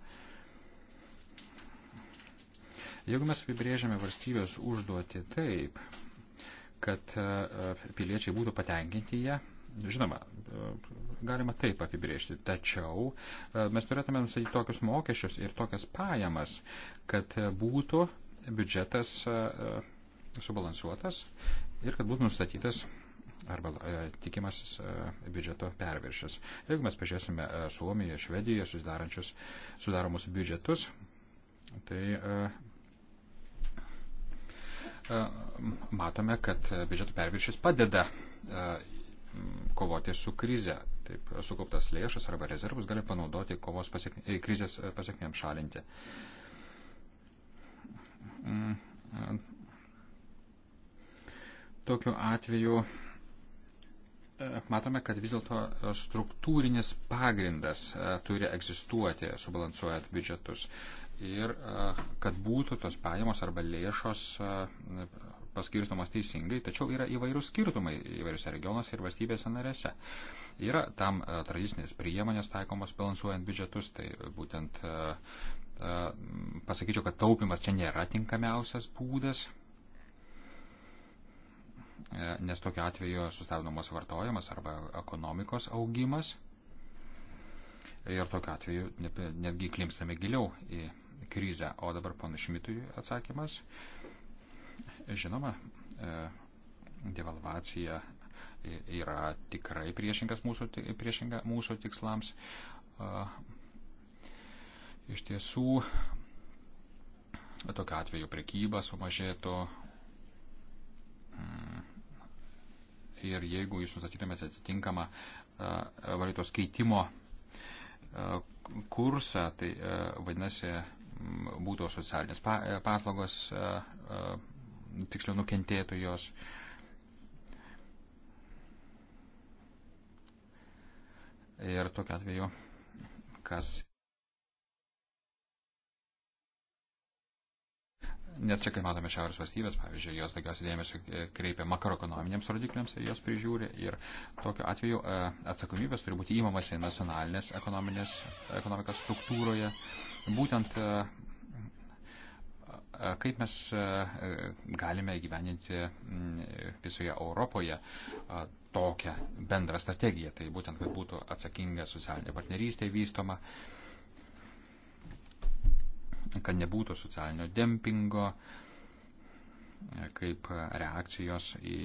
Jeigu mes apibrėžiame valstybės užduoti taip, kad e, piliečiai būtų patenkinti ją, žinoma, e, galima taip apibrėžti, tačiau e, mes turėtume nustatyti tokius mokesčius ir tokias pajamas, kad būtų biudžetas subalansuotas ir kad būtų nustatytas arba e, tikimasis e, biudžeto perviršis. Jeigu mes pažiūrėsime e, Suomijoje, Švedijoje sudaromus biudžetus, tai matome, kad biudžeto perviršis padeda kovoti su krize. Taip, sukauptas lėšas arba rezervus gali panaudoti kovos pasiek, krizės pasiekmėm šalinti. Mm, tokiu atveju Matome, kad vis dėlto e, struktūrinis pagrindas e, turi egzistuoti, subalansuojant biudžetus. Ir e, kad būtų tos pajamos arba lėšos paskirstomas teisingai, tačiau yra įvairūs skirtumai įvairiose regionuose ir valstybėse narėse. Yra tam tradicinės priemonės taikomos balansuojant biudžetus, tai būtent pasakyčiau, kad taupimas čia nėra tinkamiausias būdas, E, nes tokiu atveju sustabdomas vartojimas arba ekonomikos augimas. Ir tokiu atveju netgi klimpstame giliau į krizę. O dabar pana Šmitui atsakymas. Žinoma, e, devalvacija yra tikrai priešingas mūsų, priešinga mūsų tikslams. E, iš tiesų, tokiu atveju prekyba sumažėtų, ir jeigu jūs nustatytumėte atitinkamą e, valiutos keitimo e, kursą, tai e, vadinasi būtų socialinės paslaugos, tiksliau nukentėtų jos. Ir tokiu atveju, kas Nes čia, kai matome šiaurės valstybės, pavyzdžiui, jos daugiausiai dėmesio e, kreipia makroekonominiams rodikliams ir jos prižiūri. Ir tokiu atveju e, atsakomybės turi būti įmamasi nacionalinės ekonomikos struktūroje. Būtent e, kaip mes galime įgyveninti visoje Europoje tokią bendrą strategiją. Tai būtent, kad būtų atsakinga socialinė partnerystė vystoma kad nebūtų socialinio dempingo, e, kaip reakcijos į,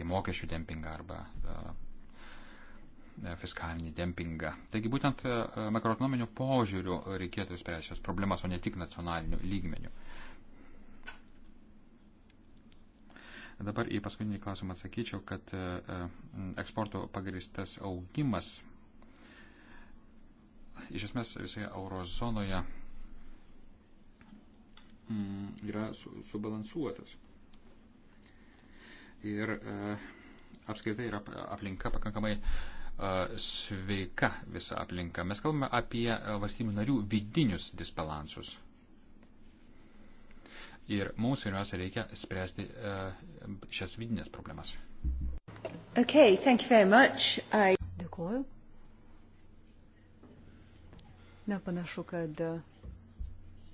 į mokesčių dempingą arba e, fiskalinį dempingą. Taigi būtent e, makroekonominių požiūrių reikėtų spręsti šias problemas, o ne tik nacionalinių lygmenių. Dabar į paskutinį klausimą atsakyčiau, kad eksporto pagristas augimas iš esmės visoje eurozonoje Mm, yra subalansuotas. Ir e, apskritai yra aplinka pakankamai e, sveika visa aplinka. Mes kalbame apie e, valstybių narių vidinius disbalansus. Ir mums pirmiausia reikia spręsti šias vidinės problemas. Okay, thank you very much. I... Dėkuoju. Na, panašu, kad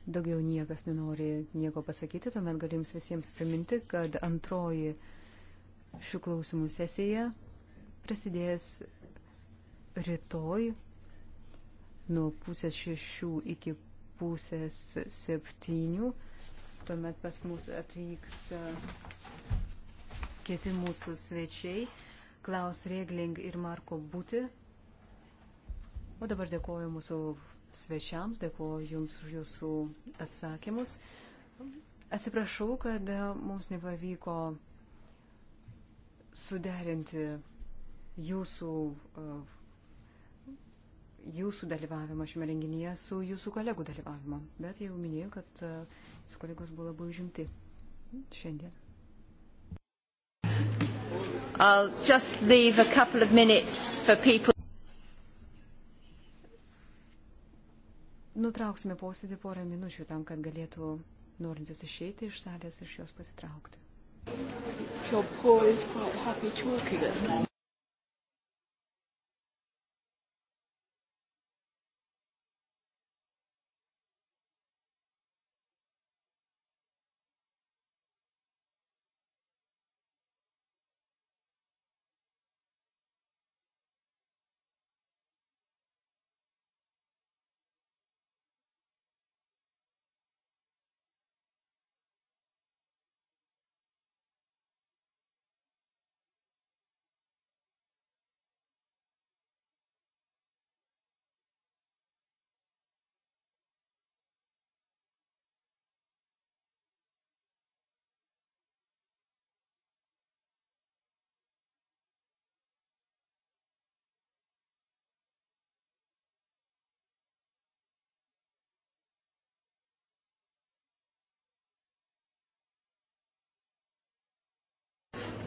daugiau niekas nenori nieko pasakyti, tuomet galiu jums visiems priminti, kad antroji šių klausimų sesija prasidės rytoj nuo pusės šešių iki pusės septynių. Tuomet pas mus atvyks e, kiti mūsų svečiai, Klaus Regling ir Marko Būti. O dabar dėkoju mūsų svečiams, dėkuoju Jums už Jūsų atsakymus. Atsiprašau, kad mums nepavyko suderinti Jūsų, uh, jūsų dalyvavimą šiame renginyje su Jūsų kolegų dalyvavimu, bet jau minėjau, kad uh, Jūsų kolegos buvo labai užimti šiandien. I'll just leave a couple of minutes for people. Nutrauksime posėdį porą minučių tam, kad galėtų norintis išeiti iš salės iš jos pasitraukti. Your poor is quite happy talking at the moment.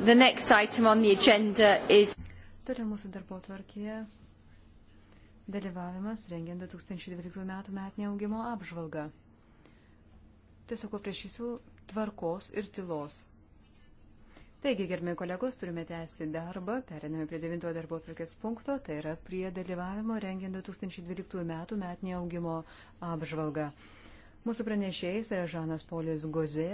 The next item on the agenda is. Toliau mūsų darbo tvarkėje dalyvavimas rengiant 2012 metų metinę augimo apžvalgą. Tiesiog paprašysiu tvarkos ir tylos. Taigi, gerbėjai kolegos, turime tęsti darbą, periname prie 9 darbo tvarkės punkto, tai yra prie dalyvavimo rengiant 2012 metų metinį augimo apžvalgą. Mūsų pranešėjas yra Žanas Polis Gozė,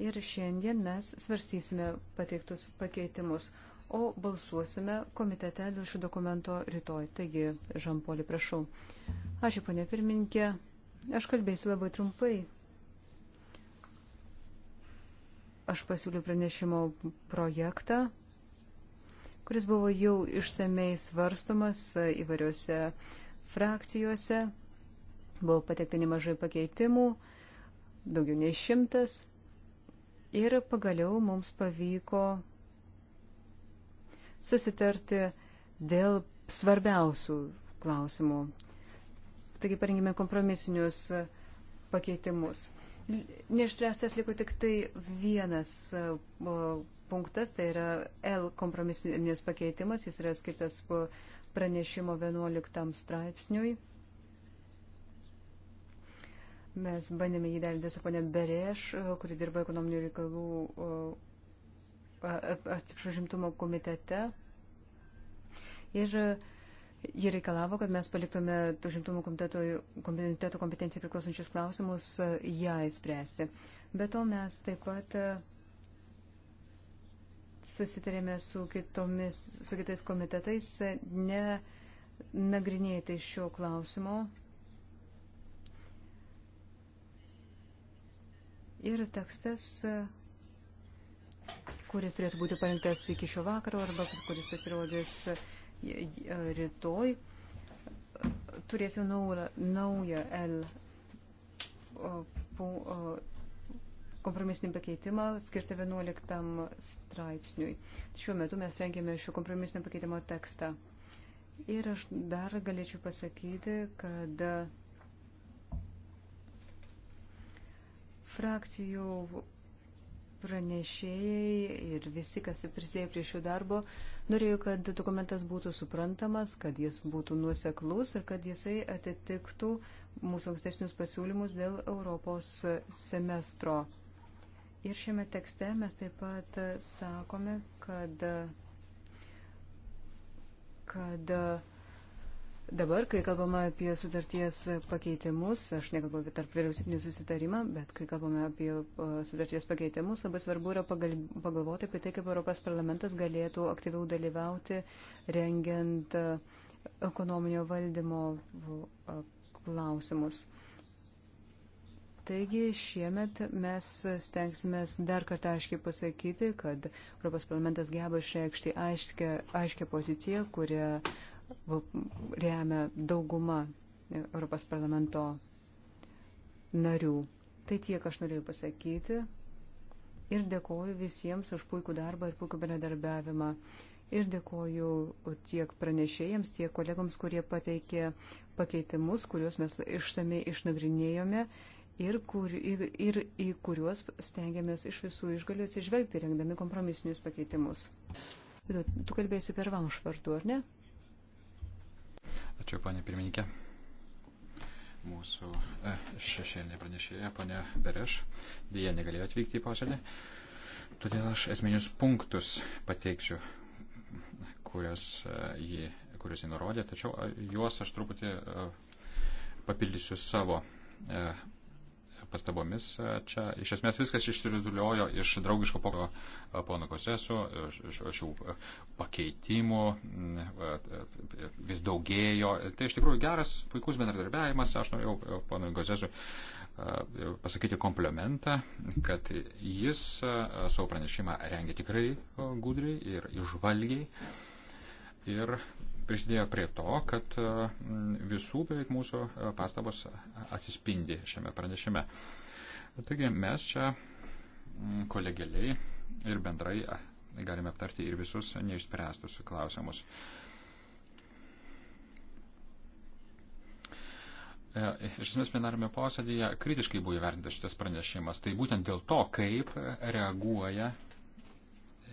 Ir šiandien mes svarstysime pateiktus pakeitimus, o balsuosime komitete dėl šio dokumento rytoj. Taigi, Žampolį, prašau. Ačiū, ponė pirmininkė. Aš kalbėsiu labai trumpai. Aš pasiūliu pranešimo projektą, kuris buvo jau išsamei svarstomas įvairiose frakcijose. Buvo patekta nemažai pakeitimų, daugiau nei šimtas. Ir pagaliau mums pavyko susitarti dėl svarbiausių klausimų. Taigi parengėme kompromisinius pakeitimus. Neištręstas liko tik tai vienas e, punktas, tai yra L kompromisinis pakeitimas, jis yra skirtas pranešimo 11 straipsniui. Mes bandėme jį derinti su ponia Bereš, kuri dirba ekonominių reikalų, atsiprašau, žimtumo komitete. Ir jie reikalavo, kad mes paliktume žimtumo komiteto, komiteto kompetenciją priklausančius klausimus ją įspręsti. Be to mes taip pat susitarėme su, kitomis, su kitais komitetais ne nagrinėti šio klausimo Ir tekstas, kuris turėtų būti parinktas iki šio vakaro arba kuris pasirodys e, e, e, rytoj, turėsiu naują, naują L kompromisinį pakeitimą skirtą 11 straipsniui. Šiuo metu mes rengėme šio kompromisinio pakeitimo tekstą. Ir aš dar galėčiau pasakyti, kad frakcijų pranešėjai ir visi, kas prisidėjo prie šio darbo, norėjo, kad dokumentas būtų suprantamas, kad jis būtų nuoseklus ir kad jisai atitiktų mūsų ankstesnius pasiūlymus dėl Europos semestro. Ir šiame tekste mes taip pat sakome, kad, kad Dabar, kai kalbame apie sutarties pakeitimus, aš nekalbu apie tarp vyriausybinį susitarimą, bet kai kalbame apie sutarties pakeitimus, labai svarbu yra pagal, pagalvoti apie tai, kaip Europos parlamentas galėtų aktyviau dalyvauti rengiant ekonominio valdymo klausimus. Taigi šiemet mes stengsime dar kartą aiškiai pasakyti, kad Europos parlamentas geba išreikšti aiškę, aiškę poziciją, kurią remia dauguma Europos parlamento narių. Tai tiek aš norėjau pasakyti ir dėkoju visiems už puikų darbą ir puikų bendradarbiavimą. Ir dėkoju tiek pranešėjams, tiek kolegams, kurie pateikė pakeitimus, kuriuos mes išsamei išnagrinėjome ir, kur, ir, ir į kuriuos stengiamės iš visų išgalių atsižvelgti, rengdami kompromisinius pakeitimus. Tu kalbėsi per Vanšvartų, ar ne? Ačiū, panė pirmininkė. Mūsų e, šešėlinė pranešėja, panė Bereš, dėja negalėjo atvykti į posėdį. Todėl aš esminius punktus pateiksiu, kurias e, jį, kuriuos jį nurodė, tačiau e, juos aš truputį papildysiu savo pastabomis. Čia iš esmės viskas išsiriduliojo iš draugiško pokalbio pono Kosesu, iš šių pakeitimų mm, vis daugėjo. Tai iš tikrųjų geras, puikus bendradarbiavimas. Aš norėjau e, pono Kosesu e, pasakyti komplementą, kad jis e, savo pranešimą rengia tikrai gudriai ir išvalgiai. Ir prisidėjo prie to, kad mm, visų beveik mūsų e, pastabos atsispindi šiame pranešime. Taigi mes čia mm, kolegialiai ir bendrai galime aptarti ir visus neišspręstus klausimus. E, iš esmės plenarime posėdėje kritiškai buvo įvertintas šitas pranešimas. Tai būtent dėl to, kaip reaguoja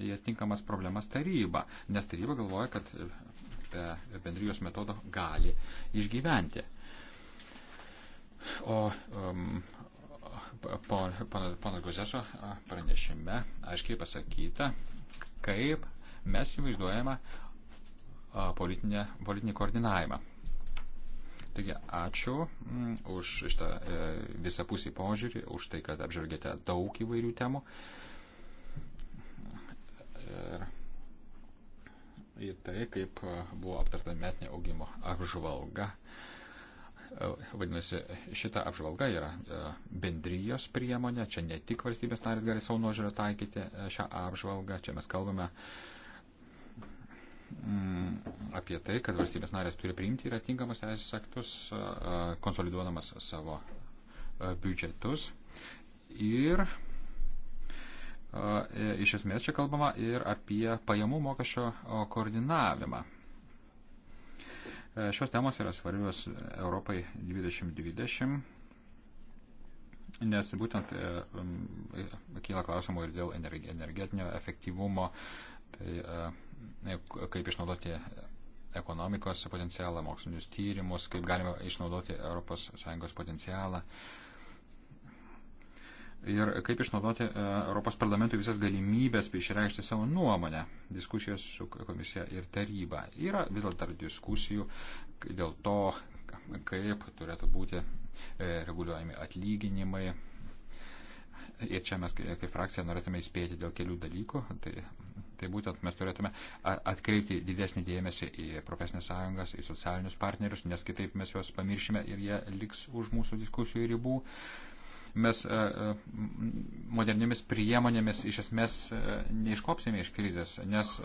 į atinkamas problemas taryba. Nes taryba galvoja, kad bendrijos metodo gali išgyventi. O um, pana Gozešo pranešime aiškiai pasakyta, kaip mes įvaizduojame politinę, politinį koordinavimą. Taigi ačiū m, mm, už šitą e, visapusį požiūrį, už tai, kad apžvelgėte daug įvairių temų. Ir į tai, kaip e, buvo aptarta metinė augimo apžvalga. E, vadinasi, šita apžvalga yra e, bendrijos priemonė, čia ne tik valstybės narės gali savo nuožiūrę taikyti šią apžvalgą, čia mes kalbame mm, apie tai, kad valstybės narės turi priimti ir atinkamus teisės aktus, konsoliduodamas savo biudžetus. Ir E, iš esmės čia kalbama ir apie pajamų mokesčio koordinavimą. E, šios temos yra svarbios Europai 2020, nes būtent e, kyla klausimų ir dėl energetinio efektyvumo, tai kaip išnaudoti ekonomikos potencialą, mokslinius tyrimus, kaip galima išnaudoti ES potencialą. Uh, ir kaip išnaudoti e, Europos parlamentui visas galimybės išreikšti savo nuomonę diskusijas su komisija ir taryba. Yra vis dėlto dar diskusijų dėl to, kaip turėtų būti e, reguliuojami atlyginimai. Ir čia mes kaip frakcija norėtume įspėti dėl kelių dalykų. Tai, tai būtent mes turėtume atkreipti didesnį dėmesį į profesinės sąjungas, į socialinius partnerius, nes kitaip mes juos pamiršime ir jie liks už mūsų diskusijų ribų. Uh, mes e, e, moderniomis priemonėmis iš esmės e, neiškopsime iš krizės, nes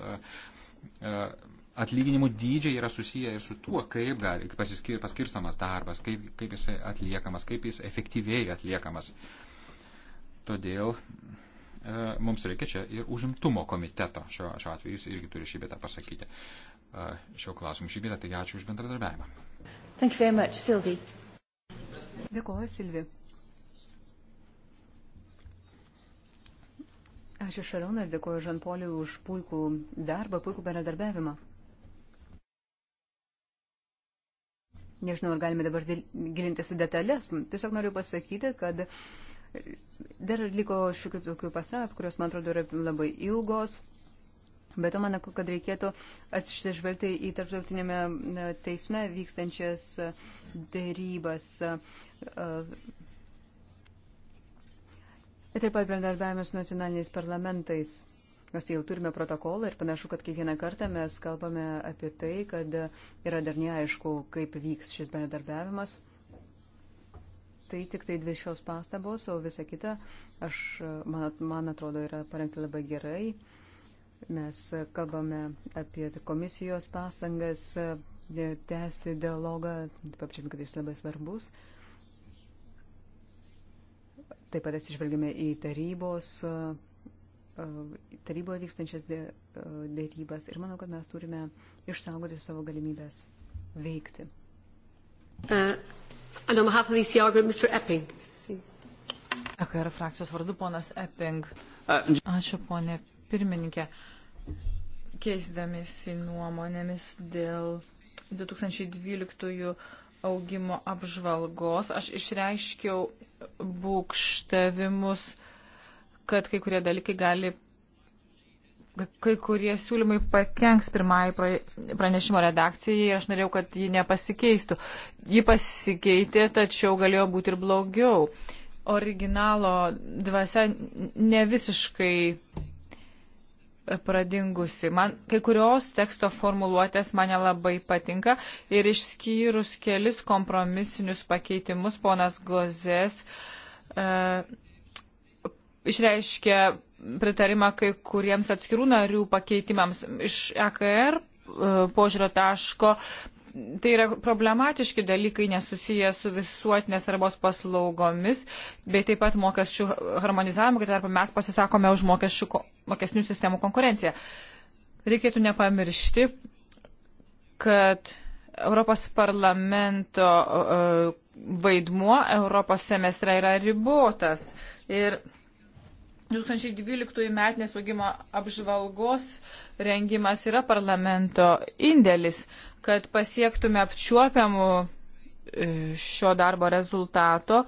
atlyginimų dydžiai yra susiję ir su tuo, kaip gali, pasiskir, paskirstamas darbas, kaip, kaip jis atliekamas, kaip jis efektyviai atliekamas. Todėl e, mums reikia čia ir užimtumo komiteto. Šiuo, šiuo atveju jūs irgi turi šį bitą pasakyti. E, šio klausimu šį bitą, taigi ačiū už bendradarbiavimą. Much, Sylvie. Dėkuoju, Silvi. Ačiū Šarona, dėkuoju Žanpoliui už puikų darbą, puikų bendradarbiavimą. Nežinau, ar galime dabar gilintis į detalės. Tiesiog noriu pasakyti, kad dar liko šiokių tokių pasrap, kurios, man atrodo, yra labai ilgos. Bet to manau, kad reikėtų atsižvelgti į tarptautinėme teisme vykstančias dėrybas. Uh, Ir taip pat bendarbiavimas su nacionaliniais parlamentais. Mes tai jau turime protokolą ir panašu, kad kiekvieną kartą mes kalbame apie tai, kad yra dar neaišku, kaip vyks šis bendradarbiavimas. Tai tik tai dvi šios pastabos, o visa kita, aš, man, man atrodo, yra parengta labai gerai. Mes kalbame apie komisijos pastangas e, tęsti dialogą, paprasčiausiai, kad jis labai svarbus. Taip pat atsižvelgime į tarybos, e, e, taryboje vykstančias e, dėrybas ir manau, kad mes turime išsaugoti savo galimybės veikti. Uh, AKR frakcijos vardu ponas Epping. Uh, Ačiū ponė pirmininkė. Keisdamėsi nuomonėmis dėl 2012 augimo apžvalgos aš išreiškiau būkštavimus, kad kai kurie dalykai gali, kai kurie siūlymai pakenks pirmai pranešimo redakcijai ir aš norėjau, kad ji nepasikeistų. Ji pasikeitė, tačiau galėjo būti ir blogiau. Originalo dvasia ne visiškai pradingusi. Man kai kurios teksto formuluotės mane labai patinka ir išskyrus kelis kompromisinius pakeitimus ponas Gozės e, išreiškė pritarimą kai kuriems atskirų narių pakeitimams iš EKR e, požiūrio taško Tai yra problematiški dalykai nesusiję su visuotinės arbos paslaugomis, bei taip pat mokesčių harmonizavimu, kad arba mes pasisakome už mokesčių, mokesnių sistemų konkurenciją. Reikėtų nepamiršti, kad Europos parlamento e, vaidmuo Europos semestre yra ribotas. Ir 2012 metinės augimo apžvalgos rengimas yra parlamento indėlis, kad pasiektume apčiuopiamų e, šio darbo rezultato.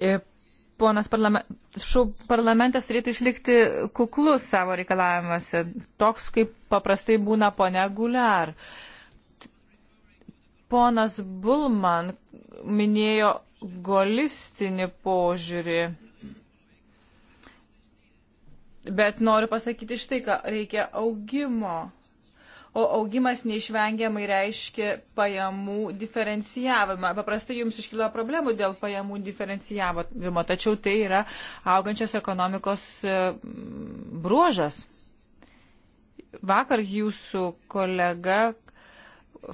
E, ponas parlament, šau, parlamentas turėtų išlikti kuklus savo reikalavimuose, toks kaip paprastai būna ponia Guliar. Ponas Bulman minėjo golistinį požiūrį Bet noriu pasakyti štai, ką reikia augimo. O augimas neišvengiamai reiškia pajamų diferencijavimą. Paprastai jums iškilo problemų dėl pajamų diferencijavimo, tačiau tai yra augančios ekonomikos e, bruožas. Vakar jūsų kolega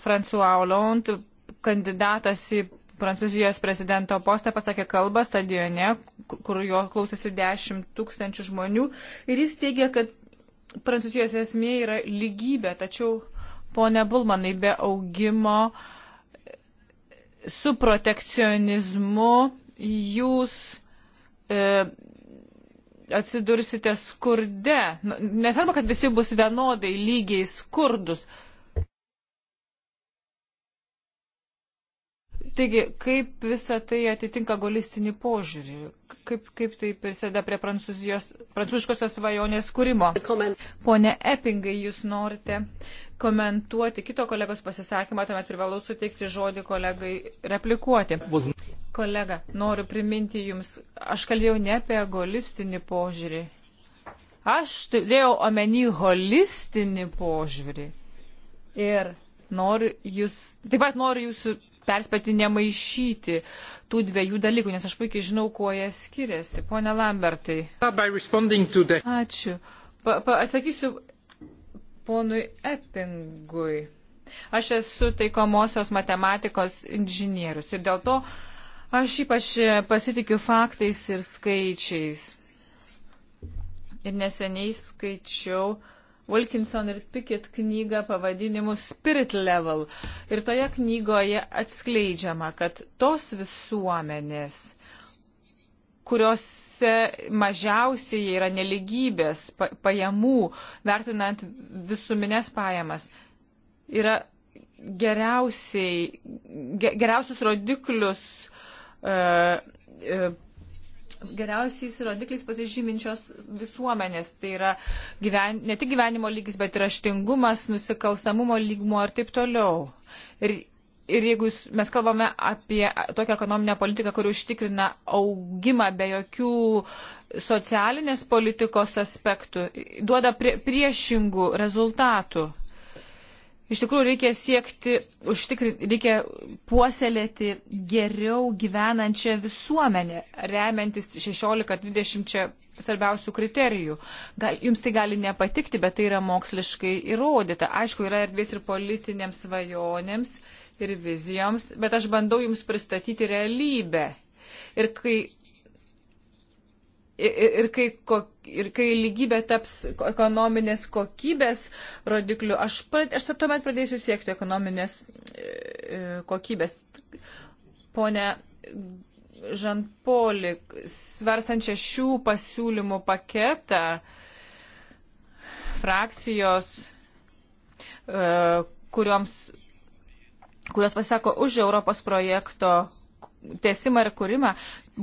François Hollande, kandidatas į Prancūzijos prezidento postą pasakė kalbą stadione, kur jo klausėsi 10 tūkstančių žmonių ir jis teigia, kad Prancūzijos esmė yra lygybė, tačiau ponia Bulmanai be augimo su protekcionizmu jūs e, atsidursite skurde. Nesvarbu, kad visi bus vienodai lygiai skurdus. Taigi, kaip visa tai atitinka golistinį požiūrį? Kaip, kaip tai prisėda prie prancūziškosios svajonės kūrimo? Pone Epingai, jūs norite komentuoti kito kolegos pasisakymą, tuomet privalau suteikti žodį kolegai replikuoti. Kolega, noriu priminti jums, aš kalbėjau ne apie golistinį požiūrį. Aš turėjau omeny holistinį požiūrį. Ir noriu jūs, taip pat noriu jūsų perspėti nemaišyti tų dviejų dalykų, nes aš puikiai žinau, kuo jie skiriasi. Pone Lambertai. Ačiū. Pa, pa, atsakysiu ponui Eppingui. Aš esu taikomosios matematikos inžinierius ir dėl to aš ypač pasitikiu faktais ir skaičiais. Ir neseniai skaičiau Wilkinson ir Pickett knygą pavadinimu Spirit Level. Ir toje knygoje atskleidžiama, kad tos visuomenės, kuriuose mažiausiai yra neligybės pajamų, vertinant visuminės pajamas, yra geriausiai, geriausius rodiklius e, e, geriausiais rodikliais pasižyminčios visuomenės. Tai yra gyven, ne tik gyvenimo lygis, bet ir aštingumas, nusikalstamumo lygmo ir taip toliau. Ir, ir jeigu mes kalbame apie tokią ekonominę politiką, kuri užtikrina augimą be jokių socialinės politikos aspektų, duoda prie, priešingų rezultatų. Iš tikrųjų, reikia siekti, užtikrinti, reikia puoselėti geriau gyvenančią visuomenę, remiantis 16-20 svarbiausių kriterijų. Gal, jums tai gali nepatikti, bet tai yra moksliškai įrodyta. Aišku, yra erdvės ir politinėms svajonėms, ir vizijoms, bet aš bandau jums pristatyti realybę. Ir kai ir kai, ir kai lygybė taps ekonominės kokybės rodikliu, aš, aš tuomet pradėsiu siekti ekonominės e, kokybės. Pone Žanpolį, svarstant šešių pasiūlymų paketą, frakcijos, e, kurioms, kurios pasisako už Europos projekto tesimą ir kūrimą,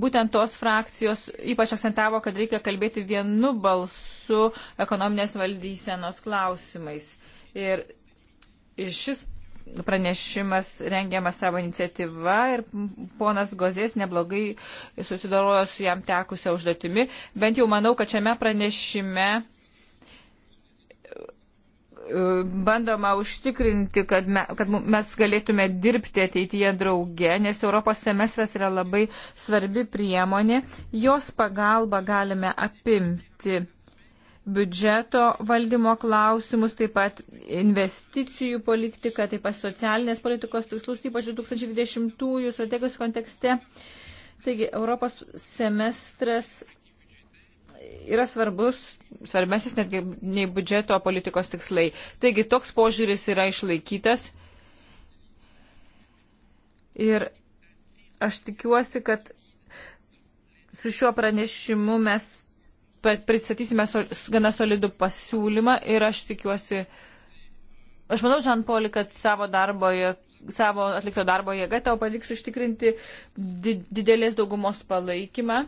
būtent tos frakcijos ypač akcentavo, kad reikia kalbėti vienu balsu ekonominės valdysenos klausimais. Ir šis pranešimas rengiamas savo iniciatyva ir ponas Gozės neblogai susidorojo su jam tekusią užduotimi. Bent jau manau, kad šiame pranešime E, bandoma užtikrinti, kad, me, kad mes galėtume dirbti ateityje drauge, nes Europos semestras yra labai svarbi priemonė. Jos pagalba galime apimti biudžeto valdymo klausimus, taip pat investicijų politiką, taip pat socialinės politikos tikslus, ypač 2020-ųjų strategijos kontekste. Taigi, Europos semestras yra svarbus, svarbesnis netgi nei biudžeto politikos tikslai. Taigi toks požiūris yra išlaikytas. Ir aš tikiuosi, kad su šiuo pranešimu mes pristatysime sol, gana solidų pasiūlymą ir aš tikiuosi, aš manau, Žanpoli, kad savo darboje savo atlikto darbo jėga tau pavyks užtikrinti didelės daugumos palaikymą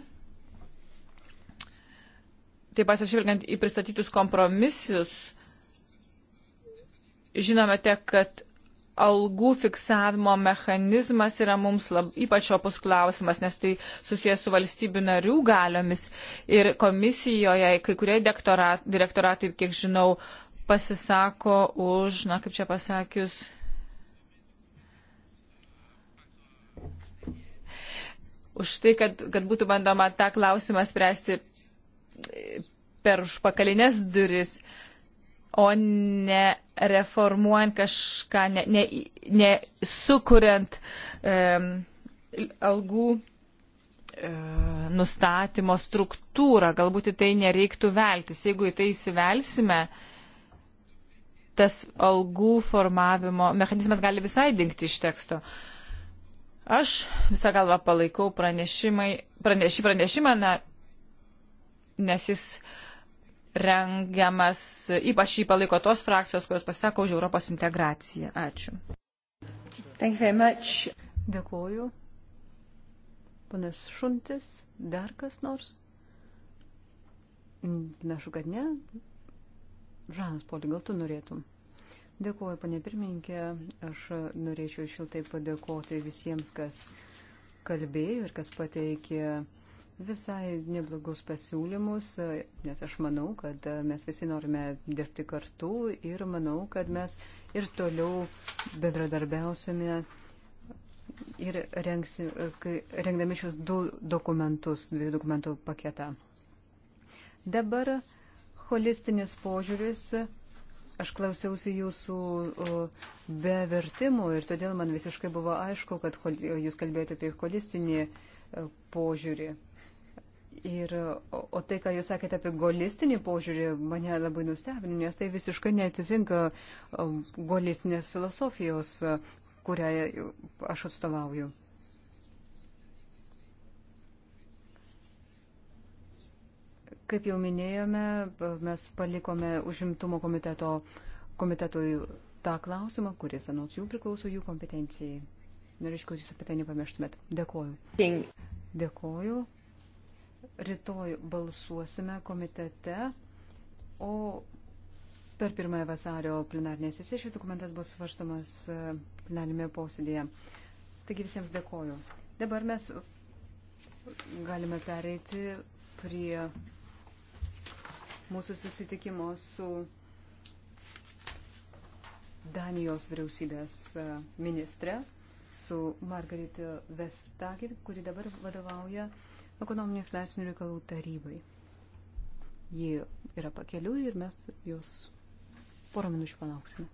Taip pasižvelgiant į pristatytus kompromisus, žinomete, kad algų fiksavimo mechanizmas yra mums lab, ypač opus klausimas, nes tai susijęs su valstybių narių galiomis ir komisijoje kai kurie direktoratai, direktoratai kiek žinau, pasisako už, na kaip čia pasakius, už tai, kad, kad būtų bandoma tą klausimą spręsti per užpakalinės duris, o ne reformuojant kažką, ne, ne, ne sukuriant um, algų um, nustatymo struktūrą, galbūt į tai nereiktų veltis. Jeigu į tai įsivelsime, tas algų formavimo mechanizmas gali visai dinkti iš teksto. Aš visą galvą palaikau pranešimą, pranešimą na, nes jis rengiamas, ypač jį palaiko tos frakcijos, kurios pasisako už Europos integraciją. Ačiū. Dėkuoju. Panas Šuntis, dar kas nors? Panašu, kad ne. Žanas Poli, gal tu norėtum? Dėkuoju, panė pirmininkė. Aš norėčiau šiltai padėkoti visiems, kas kalbėjo ir kas pateikė uh, visai neblogus pasiūlymus, nes aš manau, kad mes visi norime dirbti kartu ir manau, kad mes ir toliau bendradarbiausime ir rengsi, rengdami šius du dokumentus, dvi dokumentų paketą. Dabar holistinis požiūris. Aš klausiausi jūsų be vertimų ir todėl man visiškai buvo aišku, kad jūs kalbėjote apie holistinį uh, požiūrį. Ir, o, o tai, ką jūs sakėte apie golistinį požiūrį, mane labai nustebino, nes tai visiškai netitinka golistinės filosofijos, kurią aš atstovauju. Kaip jau minėjome, mes palikome užimtumo komiteto komitetui tą klausimą, kuris anot jų priklauso jų kompetencijai. Norėčiau, kad jūs apie tai nepamirštumėt. Dėkoju. Dėkoju. Rytoj balsuosime komitete, o per pirmąją vasario plenarinę sesiją šis dokumentas bus svarstamas e, plenarinėme posėdėje. Taigi visiems dėkoju. Dabar mes galime pereiti prie mūsų susitikimo su Danijos vyriausybės e, ministre su Margaret Vestager, kuri dabar vadovauja ekonominio finansinių reikalų tarybai. Ji yra pakeliui ir mes jos porą minučių palauksime.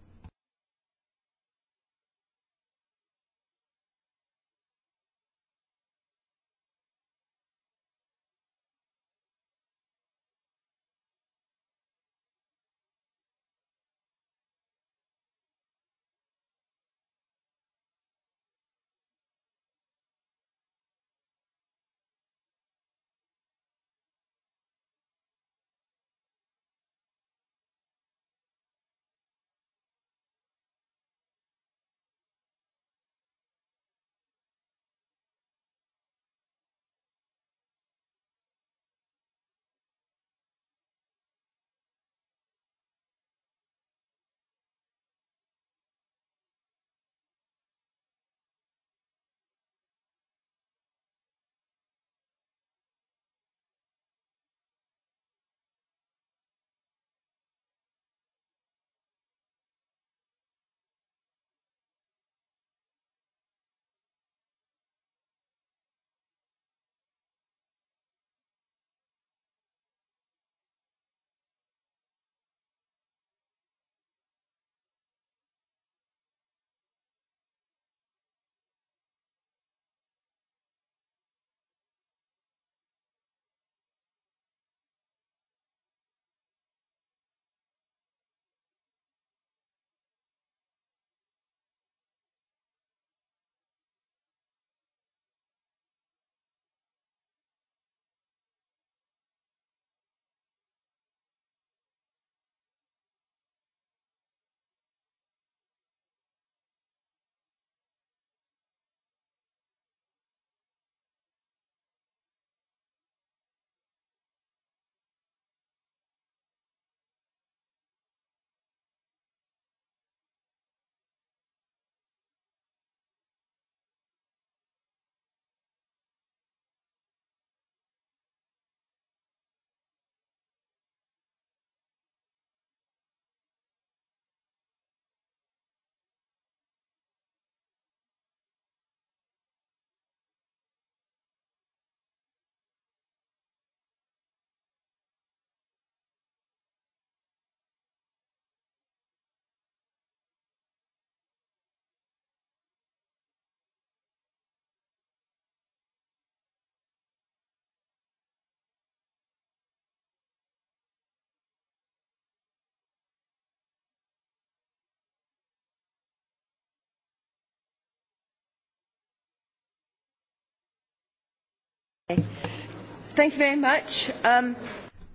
Um...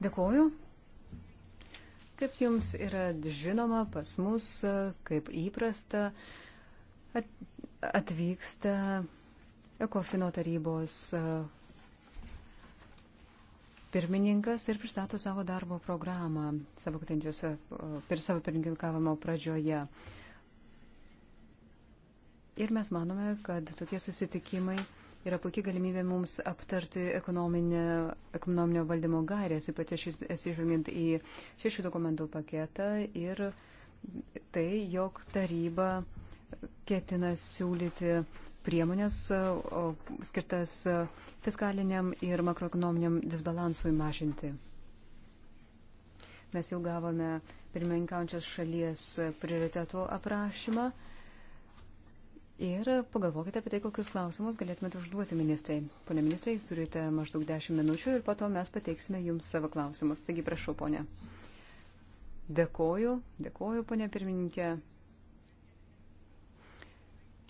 Dėkuoju. Kaip jums yra žinoma, pas mus, e, kaip įprasta, atvyksta Ekofino tarybos e, pirmininkas ir pristato savo darbo programą savo e, per savo pirmininkavimo pradžioje. Ir mes manome, kad tokie susitikimai yra puikia galimybė mums aptarti ekonominio valdymo gairės, ypač atsižvelgiant į šešių dokumentų paketą ir tai, jog taryba ketina siūlyti priemonės skirtas fiskaliniam ir makroekonominiam disbalansui mažinti. Mes jau gavome pirmininkaujančios šalies prioritetų aprašymą Ir pagalvokite apie tai, kokius klausimus galėtumėte užduoti ministrai. Pone ministrai, jūs turite maždaug 10 minučių ir po to mes pateiksime jums savo klausimus. Taigi prašau, ponė. Dėkoju, dėkoju, ponė pirmininkė.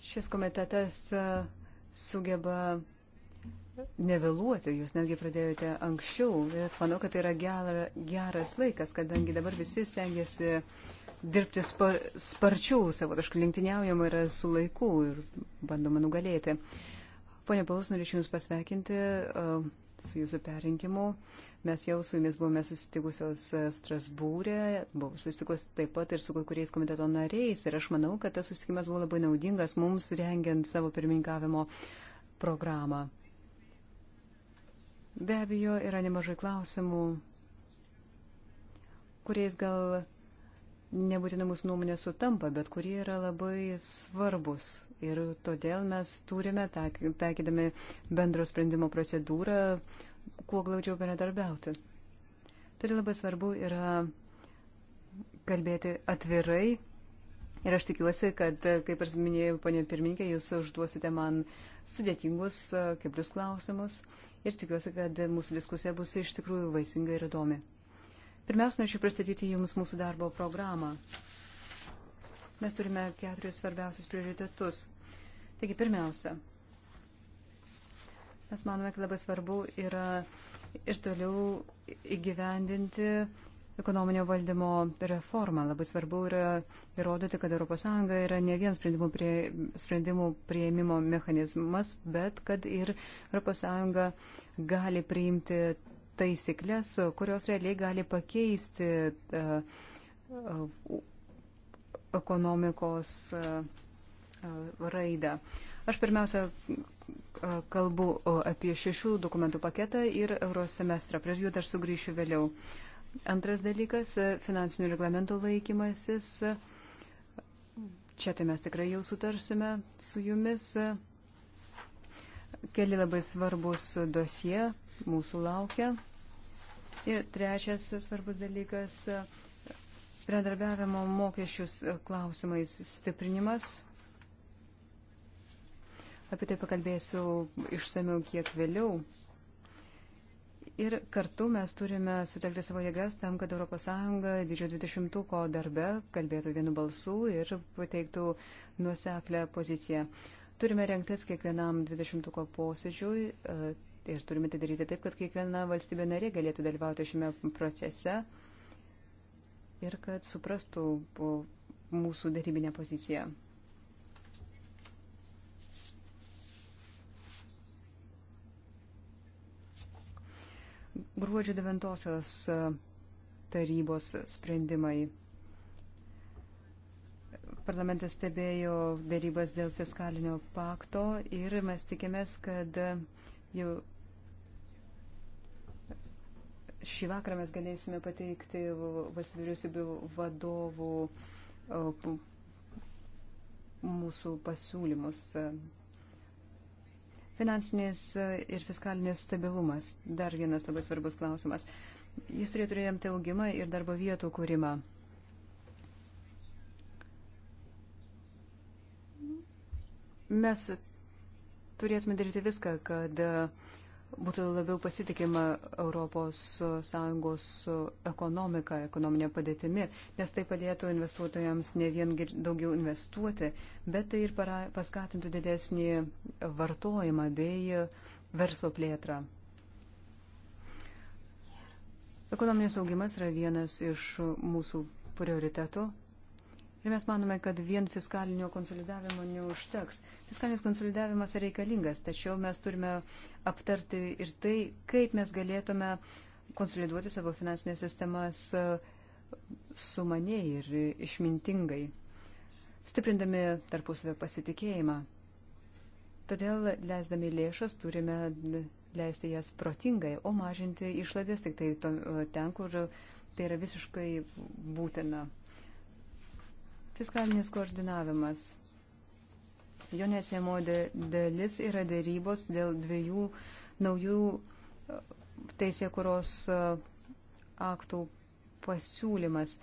Šis komitetas e, sugeba nevėluoti, jūs netgi pradėjote anksčiau. Ir manau, kad tai yra geras laikas, kadangi dabar visi stengiasi uh, dirbti spar, sparčiau, savotiškai linktyniaujama yra su laiku ir bandoma nugalėti. Pone Paulus, norėčiau Jūs pasveikinti uh, su Jūsų perinkimu. Mes jau su Jumis buvome susitikusios Strasbūrė, buvome susitikus taip pat ir su kai kuriais komiteto nariais ir aš manau, kad tas susitikimas buvo labai naudingas mums rengiant savo pirmininkavimo programą. Be abejo, yra nemažai klausimų, kuriais gal nebūtinai mūsų nuomonė sutampa, bet kurie yra labai svarbus. Ir todėl mes turime, taikydami bendro sprendimo procedūrą, kuo glaudžiau bendradarbiauti. Todėl labai svarbu yra kalbėti atvirai. Ir aš tikiuosi, kad, kaip ir minėjau, ponė pirmininkė, jūs užduosite man sudėtingus, keblius klausimus. Ir tikiuosi, kad mūsų diskusija bus iš tikrųjų vaisinga ir įdomi. Pirmiausia, norėčiau pristatyti Jums mūsų darbo programą. Mes turime keturis svarbiausius prioritetus. Taigi, pirmiausia, mes manome, kad labai svarbu yra ir toliau įgyvendinti ekonominio valdymo reformą. Labai svarbu yra įrodyti, kad ES yra ne vien sprendimų, prie, sprendimų prieimimo mechanizmas, bet kad ir ES gali priimti taisyklės, kurios realiai gali pakeisti e, e, ekonomikos e, raidą. Aš pirmiausia kalbu apie šešių dokumentų paketą ir eurosemestrą. Prie jų dar sugrįšiu vėliau. Antras dalykas - finansinių reglamentų laikymasis. Čia tai mes tikrai jau sutarsime su jumis. Keli labai svarbus dosie mūsų laukia. Ir trečias svarbus dalykas - bendradarbiavimo mokesčius klausimais stiprinimas. Apie tai pakalbėsiu išsamiau kiek vėliau. Ir kartu mes turime sutelkti savo jėgas tam, kad ES didžiojo 20-ko darbe kalbėtų vienu balsu ir pateiktų nuoseklę poziciją. Turime renktis kiekvienam 20-ko posėdžiui Tai ir turime tai daryti taip, kad kiekviena valstybė narė galėtų dalyvauti šiame procese ir kad suprastų mūsų darybinę poziciją. Gruodžio 9 e, tarybos sprendimai. Parlamentas stebėjo darybas dėl fiskalinio pakto ir mes tikėmės, kad jau šį vakarą mes galėsime pateikti valstybių vadovų mūsų pasiūlymus. Finansinės ir fiskalinės stabilumas - dar vienas labai svarbus klausimas. Jis turėtų remti augimą ir darbo vietų kūrimą. Mes turėtume daryti viską, kad uh, būtų labiau pasitikima ES ekonomika, ekonominė padėtimi, nes tai padėtų investuotojams ne vien daugiau investuoti, bet tai ir para, paskatintų didesnį vartojimą bei verslo plėtrą. Ekonominis augimas yra vienas iš mūsų prioritetų Ir mes manome, kad vien fiskalinio konsolidavimo neužteks. Fiskalinis konsolidavimas reikalingas, tačiau mes turime aptarti ir tai, kaip mes galėtume konsoliduoti savo finansinės sistemas e, sumaniai ir išmintingai, stiprindami tarpusavio pasitikėjimą. Todėl, leisdami lėšas, turime leisti jas protingai, o mažinti išladės tik tai to, e, ten, kur tai yra visiškai būtina. Fiskalinis koordinavimas. Jo nesėmo dalis yra dėrybos dėl dviejų naujų e, teisėkuros e, aktų pasiūlymas,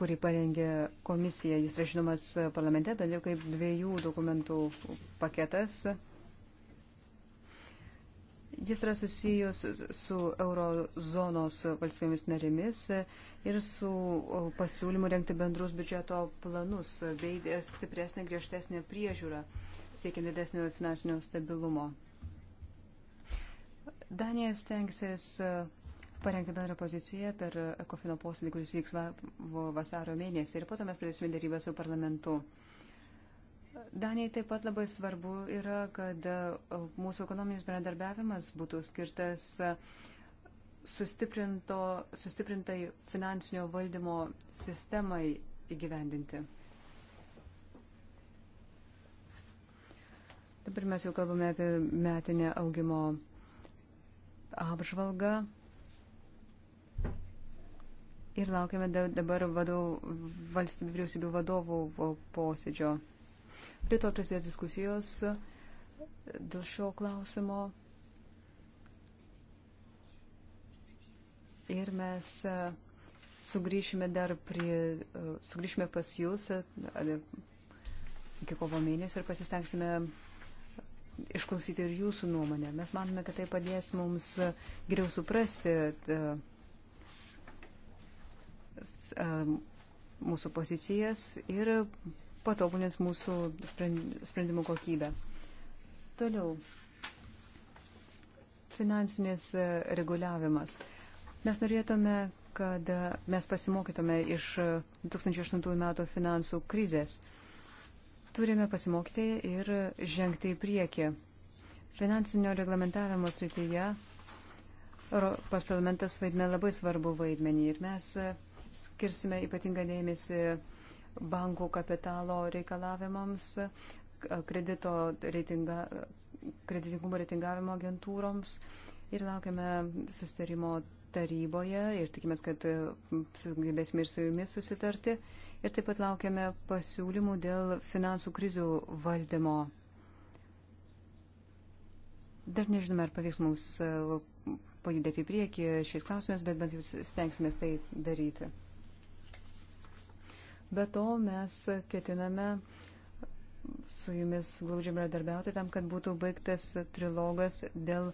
kurį parengė komisija. Jis yra žinomas e, parlamente, bent jau kaip dviejų dokumentų paketas Jis yra susijęs su eurozonos valstybėmis narėmis ir su pasiūlymu renkti bendrus biudžeto planus bei stipresnė, griežtesnė priežiūra, siekiant didesnio finansinio stabilumo. Danija stengsis e, parengti bendrą poziciją per ekofino posėdį, kuris vyks vasario mėnesį ir po to mes pradėsime darybą su parlamentu. Danijai taip pat labai svarbu yra, kad e, mūsų ekonominis bendradarbiavimas būtų skirtas e, sustiprintai finansinio valdymo sistemai įgyvendinti. Dabar mes jau kalbame apie metinę augimo apžvalgą. Ir laukiame dabar vadovų, valstybių vyriausybių vadovų posėdžio. Po Rytoj prasidės diskusijos dėl šio klausimo. Ir mes e, sugrįšime dar prie, e, sugrįšime pas jūs e, iki kovo mėnesio ir pasistengsime išklausyti ir jūsų nuomonę. Mes manome, kad tai padės mums geriau suprasti mūsų pozicijas ir patobulins mūsų sprendimų kokybę. Toliau. Finansinis e, reguliavimas. Mes norėtume, kad e, mes pasimokytume iš 2008 e, metų finansų krizės. Turime pasimokyti ir žengti į priekį. Finansinio reglamentavimo srityje Europos parlamentas vaidina labai svarbu vaidmenį ir mes skirsime ypatingą dėmesį bankų kapitalo reikalavimams, kredito reitinga, kreditingumo reitingavimo agentūroms ir laukiame sustarimo taryboje ir tikimės, kad sugebėsime ir su jumis susitarti. Ir taip pat laukiame pasiūlymų dėl finansų krizių valdymo. Dar nežinome, ar pavyks mums pajudėti į priekį šiais klausimais, bet bent jau stengsimės tai daryti. Be to mes ketiname su jumis glaudžiai bendradarbiauti tam, kad būtų baigtas trilogas dėl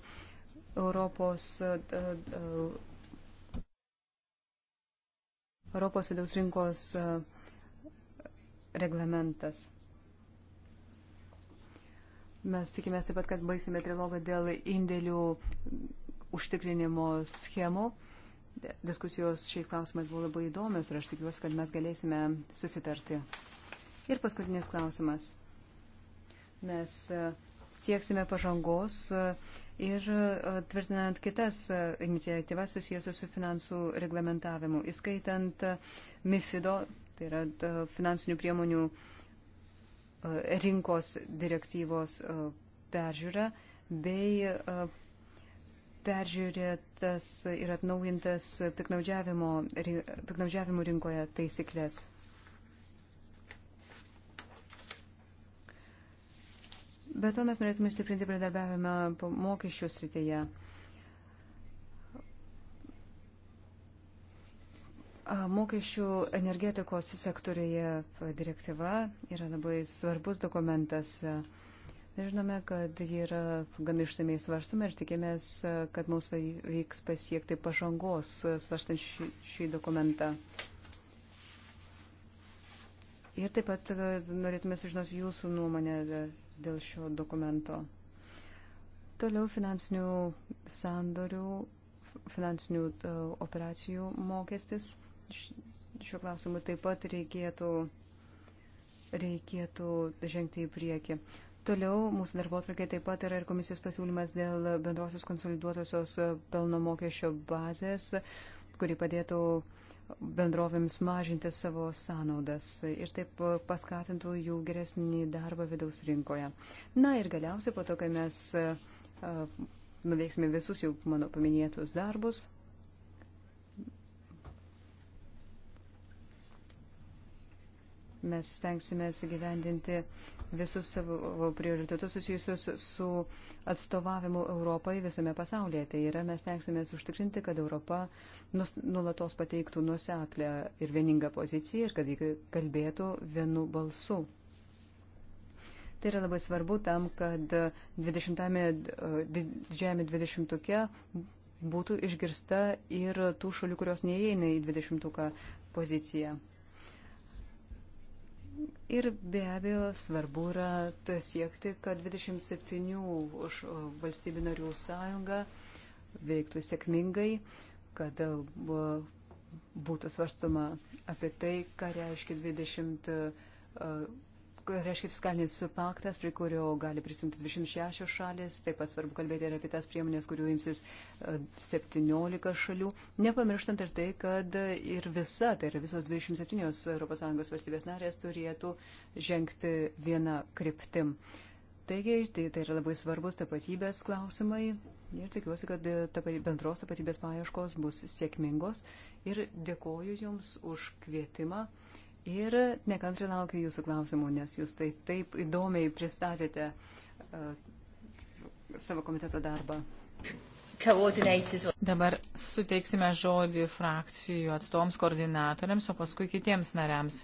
Europos. E, e, Europos vidaus rinkos e, reglamentas. Mes tikimės taip pat, kad baisime trilogą dėl indėlių užtikrinimo schemų. Diskusijos šiais klausimais buvo labai įdomios ir aš tikiuosi, kad mes galėsime susitarti. Ir paskutinis klausimas. Mes e, sieksime pažangos e, ir e, tvirtinant kitas iniciatyvas susijusios su finansų reglamentavimu, įskaitant MIFIDO, tai yra finansinių priemonių rinkos direktyvos peržiūrą bei peržiūrėtas ir atnaujintas piknaudžiavimo, piknaudžiavimo rinkoje taisyklės. Be to mes norėtume stiprinti pradarbiavimą mokesčių srityje. Mokesčių energetikos sektorėje direktyva yra labai svarbus dokumentas. Žinome, kad ji yra gan išsamei svarstoma ir tikimės, kad mums vyks pasiekti pažangos svarstant šį, šį dokumentą. Ir taip pat e, norėtume sužinoti jūsų nuomonę e, dėl šio dokumento. Toliau finansinių sandorių, finansinių e, operacijų mokestis. Šiuo klausimu taip pat reikėtų, reikėtų žengti į priekį. Toliau mūsų darbo atvarkė taip pat yra ir komisijos pasiūlymas dėl bendrosios konsoliduotosios pelno mokesčio bazės, kuri padėtų bendrovėms mažinti savo sąnaudas ir taip paskatintų jų geresnį darbą vidaus rinkoje. Na ir galiausiai po to, kai mes nuveiksime visus jau mano paminėtus darbus. Mes stengsime įgyvendinti uh, visus savo prioritetus susijusius su atstovavimu Europai visame pasaulyje. Tai yra, mes tenksimės užtikrinti, kad Europa nus, nulatos pateiktų nuseklę ir vieningą poziciją ir kad ji kalbėtų vienu balsu. Tai yra labai svarbu tam, kad 20-ame, didžiajame 20-uke būtų išgirsta ir tų šalių, kurios neįeina į 20-uką poziciją. Ir be abejo svarbu yra siekti, kad 27 už valstybių narių sąjunga veiktų sėkmingai, kad e, būtų svarstama apie tai, ką reiškia 20 reiškia fiskalinis paktas, prie kurio gali prisijungti 26 šalis. Taip pat svarbu kalbėti ir apie tas priemonės, kurių imsis 17 e, šalių. Nepamirštant ir tai, kad ir visa, tai yra visos 27 ES valstybės narės turėtų žengti vieną kryptim. Taigi, tai, tai yra labai svarbus tapatybės klausimai. Ir tikiuosi, kad tapai, bendros tapatybės paieškos bus sėkmingos. Ir dėkoju Jums už kvietimą Ir nekantri laukiu jūsų klausimų, nes jūs tai taip įdomiai pristatėte uh, savo komiteto darbą. Dabar suteiksime žodį frakcijų atstovams koordinatoriams, o paskui kitiems nariams.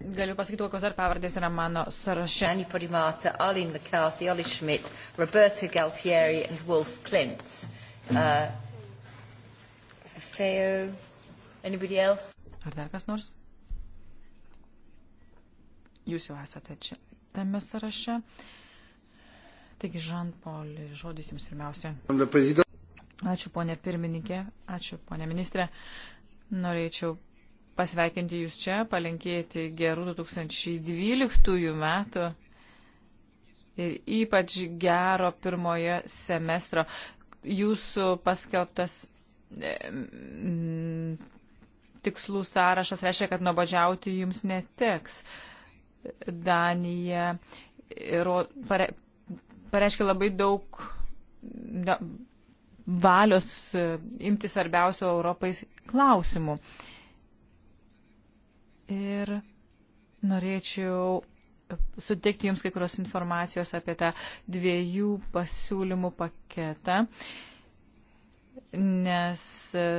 Galiu pasakyti, kokios dar pavardės yra mano sąraše. Annie Podimata, Arlene McCarthy, Ollie Schmidt, Roberto Galtieri and Wolf Klintz. Uh, Feo, anybody else? Ar dar kas nors? Jūs jau esate čia tame sąraše. Taigi, Žan Paul, žodis jums pirmiausia. Ačiū, ponė pirmininkė, ačiū, ponė ministrė. Norėčiau pasveikinti jūs čia, palinkėti gerų 2012 metų ir ypač gero pirmojo semestro. Jūsų paskelbtas e, tikslų sąrašas reiškia, kad nuobodžiauti jums neteks. E, Danija pare, pareiškia labai daug da, valios e, imti svarbiausių Europai klausimų. Ir norėčiau suteikti Jums kai kurios informacijos apie tą dviejų pasiūlymų paketą, nes e,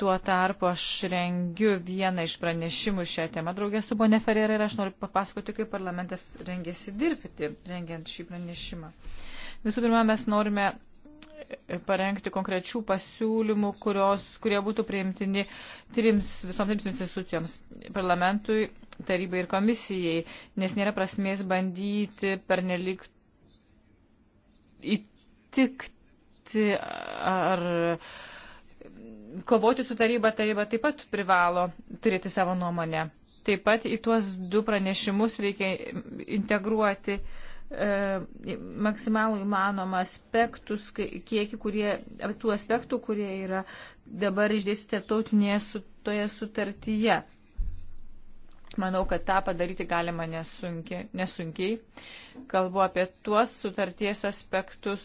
Tuo tarpu aš rengiu vieną iš pranešimų šią temą draugę su Bonė Ferrera ir aš noriu papasakoti, kaip parlamentas rengėsi dirbti, rengiant šį pranešimą. Visų pirma, mes norime e, parengti konkrečių pasiūlymų, kurios, kurie būtų priimtini trims, visoms trims institucijoms - parlamentui, tarybai ir komisijai, nes nėra prasmės bandyti pernelik įtikti ar kovoti su taryba, taryba taip pat privalo turėti savo nuomonę. Taip pat į tuos du pranešimus reikia integruoti e, maksimalų įmanomą aspektus, kiekį kurie, tų aspektų, kurie yra dabar išdėstyti tarptautinėje su, toje sutartyje. Manau, kad tą padaryti galima nesunkiai. nesunkiai. Kalbu apie tuos sutarties aspektus,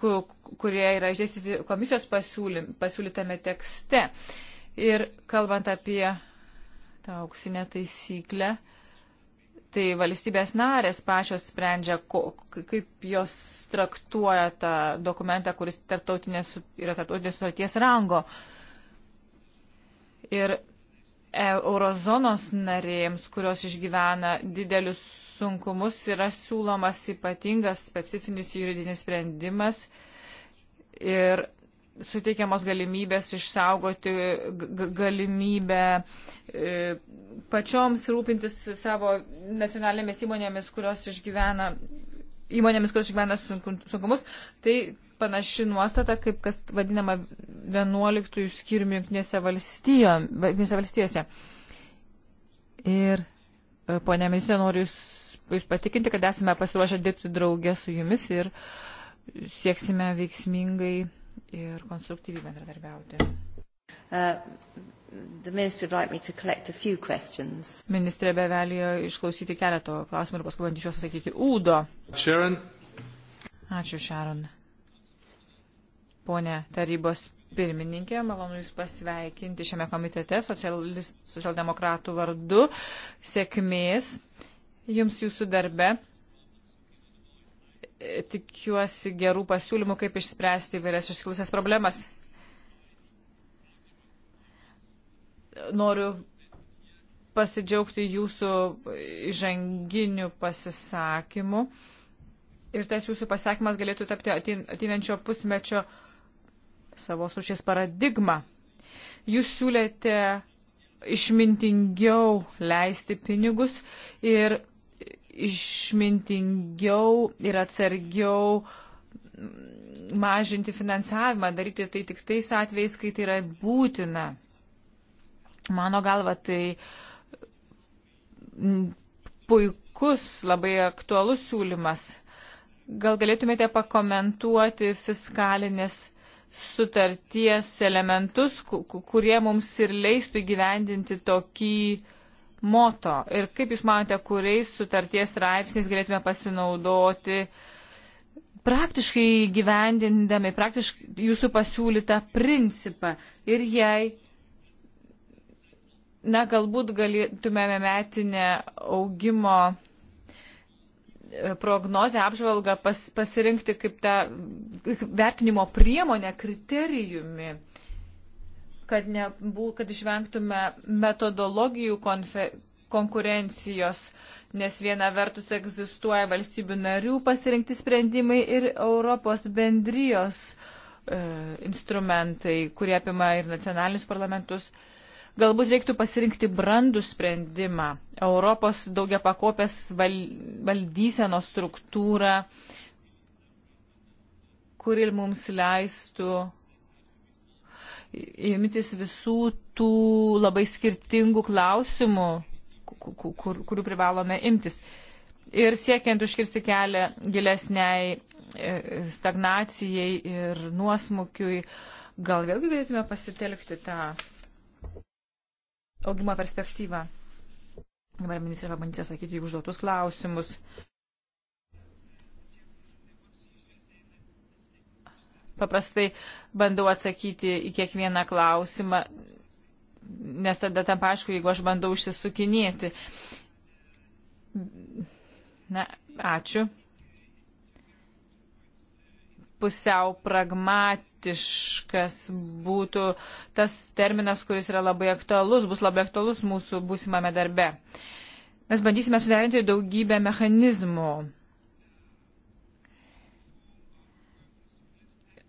kur, kurie yra išdėstyti komisijos pasiūly, pasiūlytame tekste. Ir kalbant apie tą auksinę taisyklę, tai valstybės narės pačios sprendžia, ko, kaip jos traktuoja tą dokumentą, kuris tarptautinės, yra tarptautinės sutarties rango. Ir E, eurozonos narėms, kurios išgyvena didelius sunkumus, yra siūlomas ypatingas specifinis juridinis sprendimas ir suteikiamos galimybės išsaugoti galimybę e, pačioms rūpintis savo nacionalinėmis įmonėmis, kurios išgyvena įmonėmis, kurios išgyvena sunkumus, tai panaši nuostata, kaip kas vadinama 11 skirmių jungtinėse valstijose. Ir e, ponia ministrė, noriu jūs, jūs patikinti, kad esame pasiruošę dirbti draugę su jumis ir sieksime veiksmingai ir konstruktyviai bendradarbiauti. Uh, like ministrė bevelijo išklausyti keletą klausimų ir paskui bandysiu juos atsakyti. Udo. Sharon. Ačiū, Sharon ponė tarybos pirmininkė, malonu Jūs pasveikinti šiame komitete socialis, socialdemokratų vardu. Sėkmės Jums Jūsų darbe. Tikiuosi gerų pasiūlymų, kaip išspręsti įvairias iškilusias problemas. Noriu pasidžiaugti Jūsų įžanginiu pasisakymu. Ir tas Jūsų pasakymas galėtų tapti ateinančio pusmečio uh, savos rušės paradigmą. Jūs siūlėte išmintingiau leisti pinigus ir išmintingiau ir atsargiau mažinti finansavimą, daryti tai tik tais atvejais, kai tai yra būtina. Mano galva, tai puikus, labai aktualus siūlymas. Gal galėtumėte pakomentuoti fiskalinės sutarties elementus, kurie mums ir leistų įgyvendinti tokį moto. Ir kaip Jūs manote, kuriais sutarties straipsniais galėtume pasinaudoti praktiškai gyvendindami praktiškai Jūsų pasiūlytą principą ir jei na, galbūt galėtumėme metinę augimo prognozę, apžvalgą pas, pasirinkti kaip tą vertinimo priemonę, kriterijumi, kad, nebū, kad išvengtume metodologijų konfe, konkurencijos, nes viena vertus egzistuoja valstybių narių pasirinkti sprendimai ir Europos bendrijos e, instrumentai, kurie apima ir nacionalinius parlamentus. E, Galbūt reiktų pasirinkti brandų sprendimą - Europos daugia pakopės val, valdyseno struktūrą, kuri mums leistų imtis visų tų labai skirtingų klausimų, kur, kur, kurių privalome imtis. Ir siekiant užkirsti kelią gilesniai e, stagnacijai ir nuosmukiui, gal vėlgi galėtume pasitelkti tą augimo perspektyvą. Dabar ministrė pabandys atsakyti į užduotus klausimus. Paprastai bandau atsakyti į kiekvieną klausimą, nes tada tam paaišku, jeigu aš bandau užsisukinėti. Na, ačiū pusiau pragmatiškas būtų tas terminas, kuris yra labai aktualus, bus labai aktualus mūsų būsimame darbe. Mes bandysime suderinti daugybę mechanizmų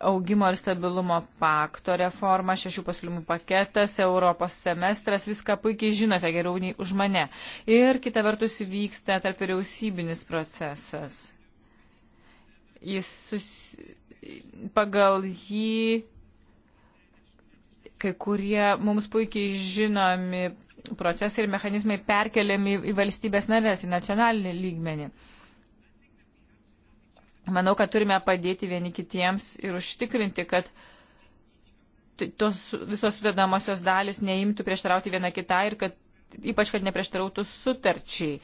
augimo ir stabilumo pakto reforma, šešių pasiūlymų paketas, Europos semestras, viską puikiai žinote geriau nei už mane. Ir kita vertus vyksta tarp vyriausybinis procesas jis sus, pagal jį kai kurie mums puikiai žinomi procesai ir mechanizmai perkeliami į valstybės narės, į nacionalinį lygmenį. Manau, kad turime padėti vieni kitiems ir užtikrinti, kad tos visos sudedamosios dalis neimtų prieštarauti viena kitą ir kad ypač, kad neprieštarautų sutarčiai.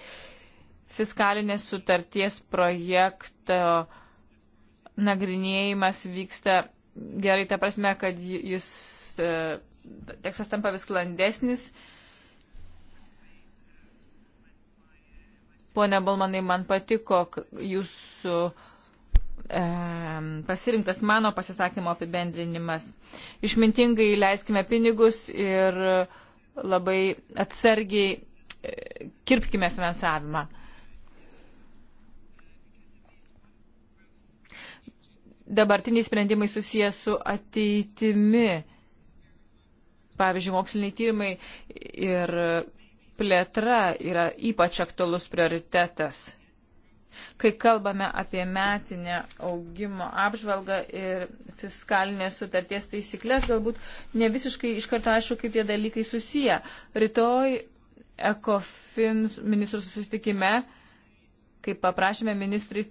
Fiskalinės sutarties projekto uh, nagrinėjimas vyksta gerai, ta prasme, kad jis, e, tekstas tampa vis klandesnis. Pone Balmanai, man patiko jūsų e, pasirinktas mano pasisakymo apibendrinimas. Išmintingai leiskime pinigus ir labai atsargiai e, kirpkime finansavimą. dabartiniai sprendimai susijęs su ateitimi. Pavyzdžiui, moksliniai tyrimai ir plėtra yra ypač aktualus prioritetas. Kai kalbame apie metinę augimo apžvalgą ir fiskalinės sutarties taisyklės, galbūt ne visiškai iš karto aišku, kaip tie dalykai susiję. Rytoj ECOFIN ministrų susitikime, kaip paprašėme, ministrai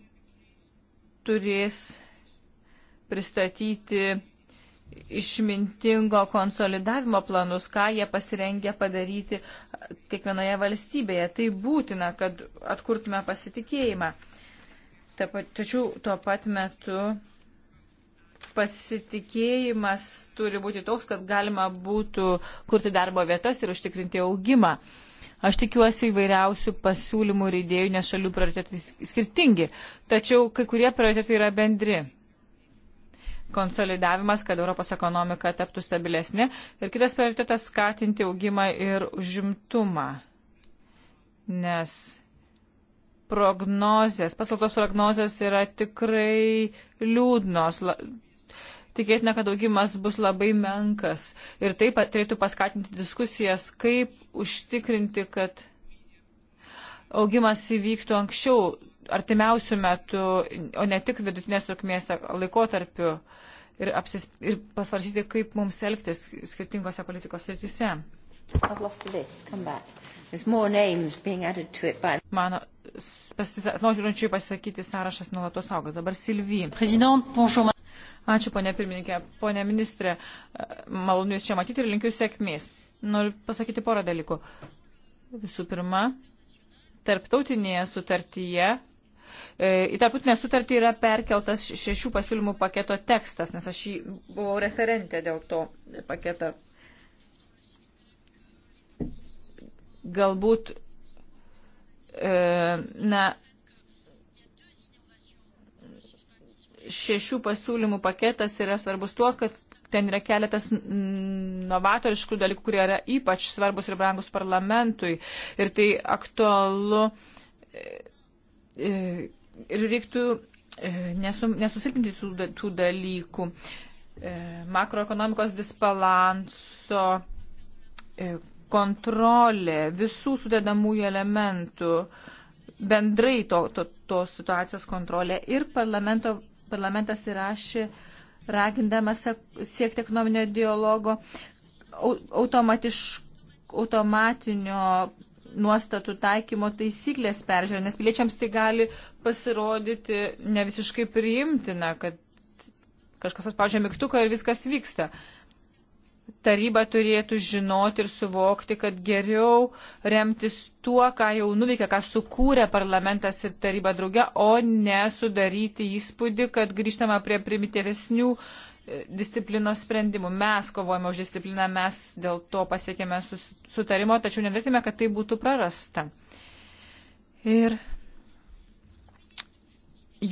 turės pristatyti išmintingo konsolidavimo planus, ką jie pasirengia padaryti kiekvienoje valstybėje. Tai būtina, kad atkurtume pasitikėjimą. Tačiau tuo pat metu pasitikėjimas turi būti toks, kad galima būtų kurti darbo vietas ir užtikrinti augimą. Aš tikiuosi įvairiausių pasiūlymų ir idėjų, nes šalių prioritetai skirtingi. Tačiau kai kurie prioritetai yra bendri konsolidavimas, kad Europos ekonomika taptų stabilesnė. Ir kitas prioritetas - skatinti augimą ir užimtumą. Nes prognozės, paslaugos prognozės yra tikrai liūdnos. Tikėtina, kad augimas bus labai menkas ir taip turėtų paskatinti diskusijas, kaip užtikrinti, kad augimas įvyktų anksčiau, artimiausių metų, o ne tik vidutinės trukmės laikotarpiu. Uh, ir, apsis, ir pasvarsyti, kaip mums elgtis skirtingose politikos srityse. Mano pasisa, norinčių pasisakyti sąrašas nuolatos auga. Dabar Silvy. Ačiū, ponė pirmininkė. Ponė ministrė, e, malonu Jūs čia matyti ir linkiu sėkmės. Noriu pasakyti porą dalykų. Visų pirma, tarptautinėje sutartyje E, į tarptautinę sutartį yra perkeltas šešių pasiūlymų paketo tekstas, nes aš jį buvau referentė dėl to paketo. Galbūt, e, na, šešių pasiūlymų paketas yra svarbus tuo, kad ten yra keletas novatoriškų dalykų, kurie yra ypač svarbus ir brangus parlamentui. Ir tai aktualu e, E, ir reiktų e, nesusilpinti tų, tų dalykų. E, makroekonomikos disbalanso kontrolė visų sudedamųjų elementų, bendrai to, to, tos situacijos kontrolė ir parlamentas įrašė, ragindamas siekti ekonominio dialogo automatiškai automatinio nuostatų taikymo taisyklės peržiūrė, nes piliečiams tai gali pasirodyti ne visiškai priimtina, kad kažkas atpažia mygtuką ir viskas vyksta. Taryba turėtų žinoti ir suvokti, kad geriau remtis tuo, ką jau nuveikė, ką sukūrė parlamentas ir taryba drauge, o ne sudaryti įspūdį, kad grįžtama prie primityvesnių uh, E, disciplinos sprendimų. Mes kovojame už discipliną, mes dėl to pasiekėme sutarimo, tačiau nedarykime, kad tai būtų prarasta. Ir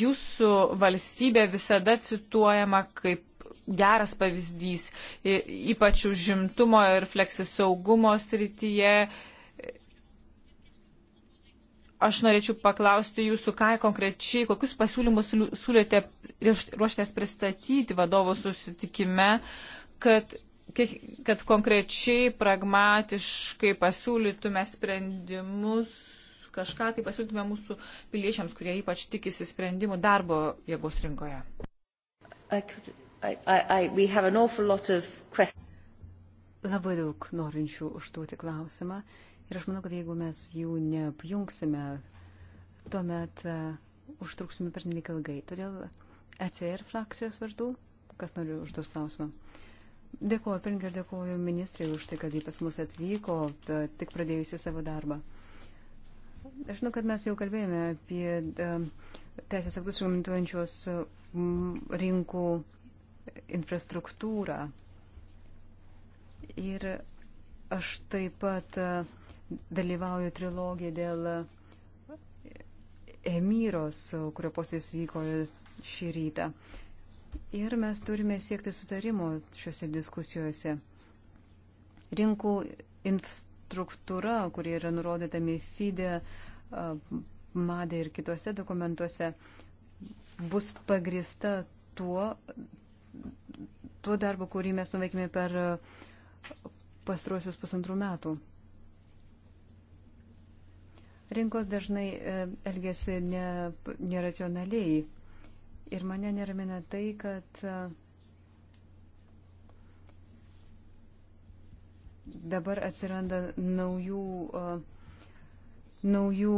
jūsų valstybė visada cituojama kaip geras pavyzdys, ypač užimtumo ir fleksisaugumo srityje Aš norėčiau paklausti jūsų, ką konkrečiai, kokius pasiūlymus siūlėte ruoštės pristatyti vadovo susitikime, kad, kad konkrečiai, pragmatiškai pasiūlytume sprendimus, kažką tai pasiūlytume mūsų piliečiams, kurie ypač tikisi sprendimų darbo jėgos rinkoje. I could, I, I, Labai daug norinčių užduoti klausimą. Ir aš manau, kad jeigu mes jų neapjungsime, tuomet uh, užtruksime per nelik ilgai. Todėl ECR frakcijos vardu, kas nori užduos klausimą. Dėkuoju, pirmininkai, ir dėkuoju ministrai už tai, kad jį pas mus atvyko, ta, tik pradėjusi savo darbą. Aš žinau, kad mes jau kalbėjome apie da, e, teisės aktus reglamentuojančios e, rinkų infrastruktūrą. Ir aš taip pat. A, dalyvauju trilogiją dėl emyros, kurio postis vyko šį rytą. Ir mes turime siekti sutarimo šiuose diskusijose. Rinkų infrastruktūra, kuri yra nurodyta MIFIDE, MADE ir kitose dokumentuose, bus pagrista tuo, tuo darbu, kurį mes nuveikime per pastruosius pusantrų metų. Rinkos dažnai e, elgesi ne, neracionaliai. Ir mane neramina tai, kad e, dabar atsiranda naujų, e, naujų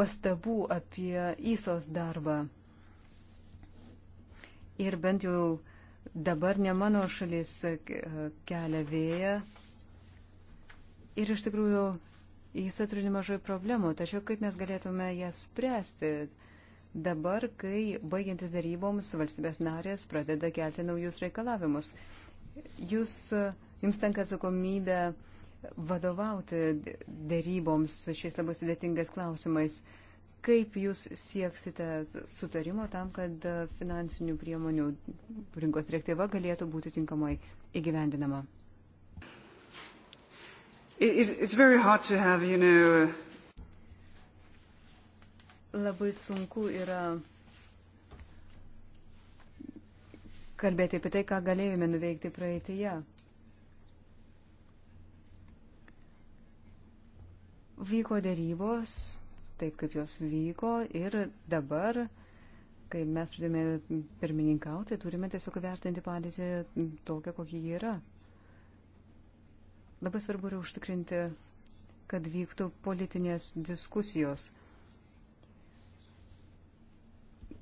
pastabų apie įsos darbą. Ir bent jau dabar ne mano šalis kelia vėją. Ir iš tikrųjų Jis aturi nemažai problemų, tačiau kaip mes galėtume jas spręsti dabar, kai baigiantis daryboms valstybės narės pradeda kelti naujus reikalavimus. Jūs, jums tenka atsakomybė vadovauti daryboms šiais labai sudėtingais klausimais. Kaip jūs sieksite sutarimo tam, kad finansinių priemonių rinkos direktyva galėtų būti tinkamai įgyvendinama? it, it's very hard to have, you know. Uh, Labai sunku yra kalbėti apie tai, ką galėjome nuveikti praeitįje. Vyko dėrybos, taip kaip jos vyko ir dabar, kai mes pradėjome pirmininkauti, turime tiesiog vertinti padėtį tokią, kokia ji yra. Labai svarbu yra užtikrinti, kad vyktų politinės diskusijos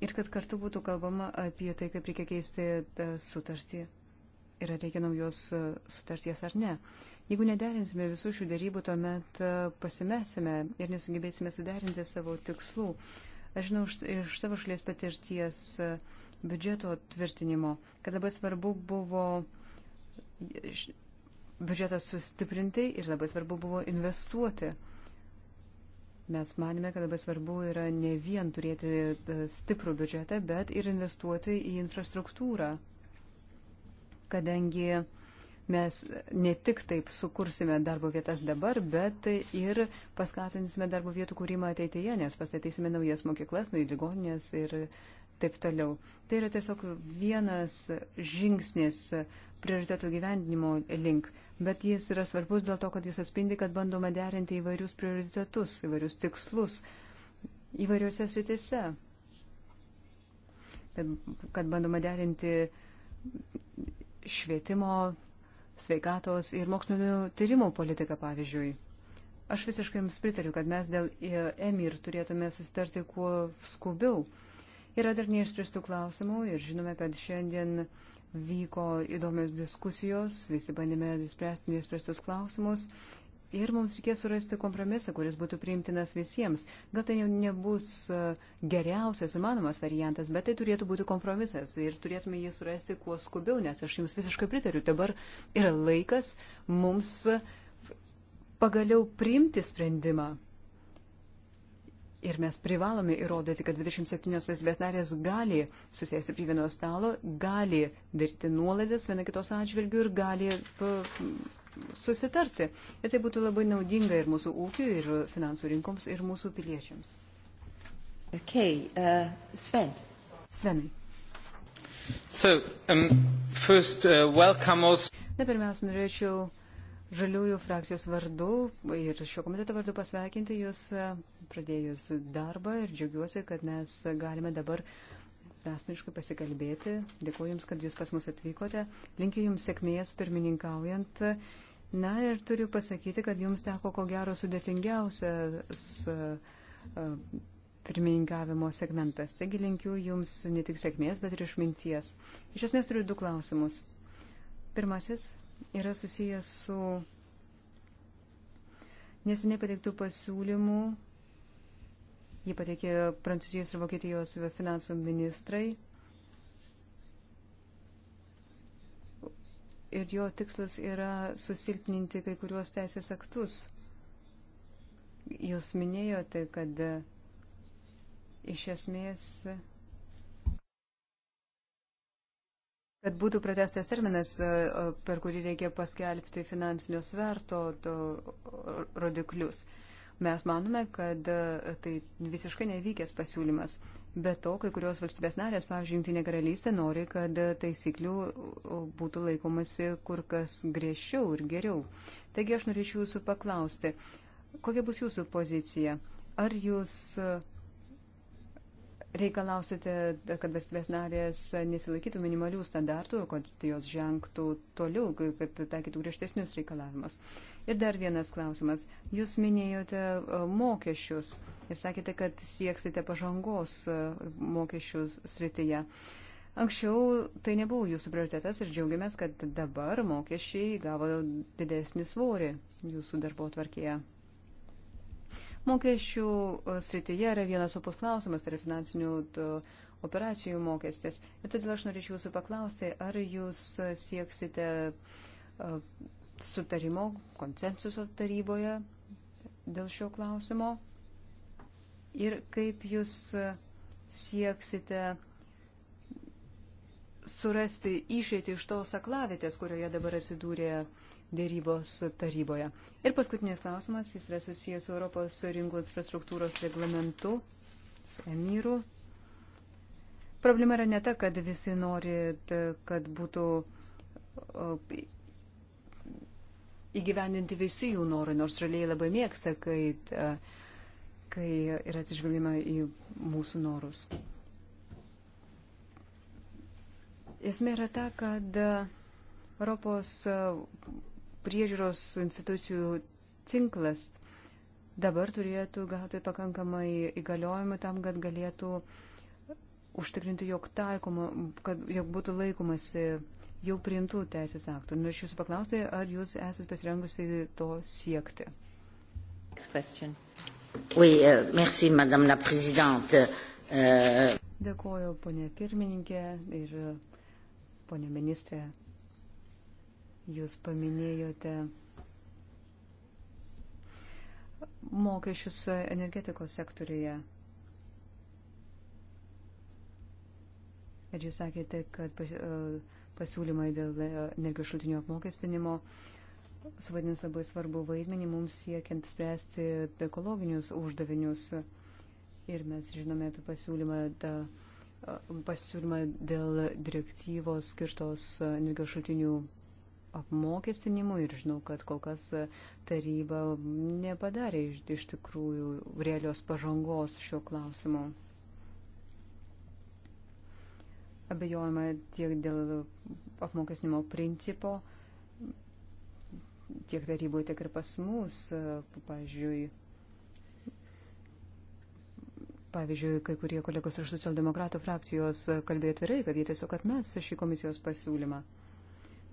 ir kad kartu būtų kalbama apie tai, kaip reikia keisti e, sutartį ir ar reikia naujos e, sutarties ar ne. Jeigu nederinsime visų šių darybų, tuomet e, pasimesime ir nesugebėsime suderinti savo tikslų. Aš žinau iš savo šalies patirties biudžeto tvirtinimo, kad labai svarbu buvo biudžetą sustiprinti ir labai svarbu buvo investuoti. Mes manime, kad labai svarbu yra ne vien turėti e, stiprų biudžetą, bet ir investuoti į infrastruktūrą. Kadangi mes ne tik taip sukursime darbo vietas dabar, bet ir paskatinsime darbo vietų kūrimą ateityje, nes pastatysime naujas mokyklas, naujų ligoninės ir taip toliau. Tai yra tiesiog vienas žingsnis prioritetų gyvendinimo link, bet jis yra svarbus dėl to, kad jis atspindi, kad bandoma derinti įvairius prioritetus, įvairius tikslus įvairiuose sritise. Kad, kad bandoma derinti švietimo, sveikatos ir mokslinio tyrimų politiką, pavyzdžiui. Aš visiškai jums pritariu, kad mes dėl EMIR turėtume susitarti kuo skubiau. Yra dar neišspręstų klausimų ir žinome, kad šiandien uh, vyko įdomios diskusijos, visi bandėme spręsti nespręstus klausimus ir mums reikės surasti kompromisą, kuris būtų priimtinas visiems. Gal tai nebus e, geriausias įmanomas variantas, bet tai turėtų būti kompromisas ir turėtume jį surasti kuo skubiau, nes aš jums visiškai pritariu. Dabar yra laikas mums pagaliau priimti sprendimą. Ir mes privalome įrodyti, kad 27 valstybės narės gali susėsti prie vieno stalo, gali daryti nuolaidas viena kitos atžvilgių ir gali susitarti. Ir tai būtų labai naudinga ir mūsų ūkiui, ir finansų rinkoms, ir mūsų piliečiams. Okay, uh, Sven. Svenai. So, um, first, uh, Na, pirmiausia, norėčiau uh, žaliųjų frakcijos vardu ir šio komiteto vardu pasveikinti Jūs e, pradėjus darbą ir džiaugiuosi, kad mes galime dabar asmeniškai pasikalbėti. Dėkuoju Jums, kad Jūs pas mus atvykote. Linkiu Jums sėkmės pirmininkaujant. Na ir turiu pasakyti, kad Jums teko ko gero sudėtingiausias e, e, pirmininkavimo segmentas. Taigi linkiu Jums ne tik sėkmės, bet ir išminties. Iš esmės turiu du klausimus. Pirmasis yra susijęs su neseniai pateiktų pasiūlymų. Jį pateikė Prancūzijos ir Vokietijos finansų ministrai. Ir jo tikslas yra susilpninti kai kuriuos teisės aktus. Jūs minėjote, kad iš esmės kad būtų pratestas terminas, e, e, per kurį reikia paskelbti finansinio sverto rodiklius. Mes manome, kad e, tai visiškai nevykęs pasiūlymas. Be to, kai kurios valstybės narės, pavyzdžiui, Junktinė karalystė nori, kad taisyklių būtų laikomasi kur kas griežčiau ir geriau. Taigi aš norėčiau jūsų paklausti, kokia bus jūsų pozicija? Ar jūs reikalausite, kad valstybės narės nesilaikytų minimalių standartų, kad jos žengtų toliau, kad taikytų griežtesnius reikalavimus. Ir dar vienas klausimas. Jūs minėjote e, mokesčius ir sakėte, kad sieksite pažangos e, mokesčių srityje. Anksčiau tai nebuvo jūsų prioritetas ir džiaugiamės, kad dabar mokesčiai gavo didesnį svorį jūsų darbo tvarkėje. Mokesčių e, srityje yra vienas opus klausimas, tai yra finansinių operacijų mokestis. Ir todėl aš norėčiau jūsų paklausti, ar jūs sieksite e, sutarimo, konsensuso taryboje dėl šio klausimo ir kaip jūs sieksite surasti išeitį iš tos aklavitės, kurioje dabar atsidūrė uh, dėrybos taryboje. Ir paskutinis klausimas, jis yra susijęs su Europos rinkų infrastruktūros reglamentu, su emyru. Problema yra ne ta, kad visi nori, kad būtų įgyvendinti visi jų norai, nors žaliai labai mėgsta, kai, kai yra atsižvelgiama į mūsų norus. Esmė yra ta, kad Europos priežiūros institucijų tinklas dabar turėtų gauti pakankamai įgaliojimų tam, kad galėtų užtikrinti, jog taikoma, kad jog būtų laikomasi jau priimtų teisės aktų. Norėčiau jūsų paklausti, ar jūs esate pasirengusi to siekti? Oui, euh, merci, madame la présidente. Euh, Dėkuoju, ponė pirmininkė ir ponė ministrė. Jūs paminėjote mokesčius energetikos sektoriuje. Ir jūs sakėte, kad e, pasiūlymai dėl energijos šaltinių apmokestinimo suvadins labai svarbu vaidmenį mums siekiant spręsti ekologinius uždavinius. Ir mes žinome apie pasiūlymą, da, e, pasiūlymą dėl direktyvos skirtos energijos šaltinių apmokestinimu ir žinau, kad kol kas taryba nepadarė iš tikrųjų realios pažangos šiuo klausimu. Abejojama tiek dėl apmokestinimo principo, tiek taryboje, tiek ir pas mus, pavyzdžiui, Pavyzdžiui, kai kurie kolegos iš socialdemokratų frakcijos kalbėjo atvirai, kad jie tiesiog atmes šį komisijos pasiūlymą.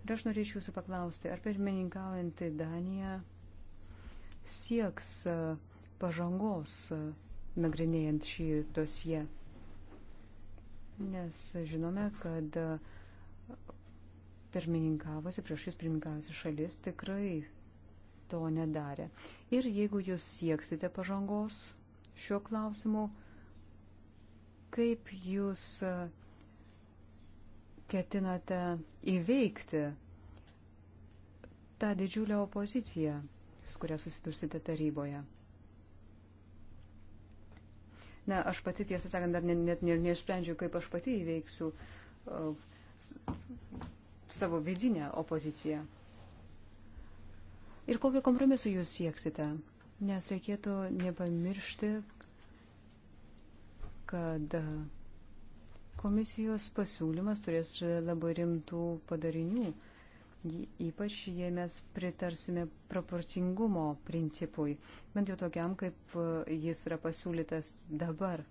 Ir aš norėčiau jūsų paklausti, ar pirmininkaujantį Daniją sieks e, pažangos e, nagrinėjant šį dosiją. Nes žinome, kad e, pirmininkavusi, prieš jūs pirmininkavusi šalis tikrai to nedarė. Ir jeigu jūs sieksite pažangos šiuo klausimu, kaip jūs ketinote įveikti tą didžiulę opoziciją, su kuria susidursite taryboje? Na, aš pati tiesą sakant, dar net ne, neišsprendžiau, kaip aš pati įveiksiu uh, savo vidinę opoziciją. Ir kokio kompromisu jūs sieksite? Nes reikėtų nepamiršti, kad uh, Komisijos pasiūlymas turės labai rimtų padarinių, ypač jei mes pritarsime proporcingumo principui, bent jau tokiam, kaip e, jis yra pasiūlytas dabar.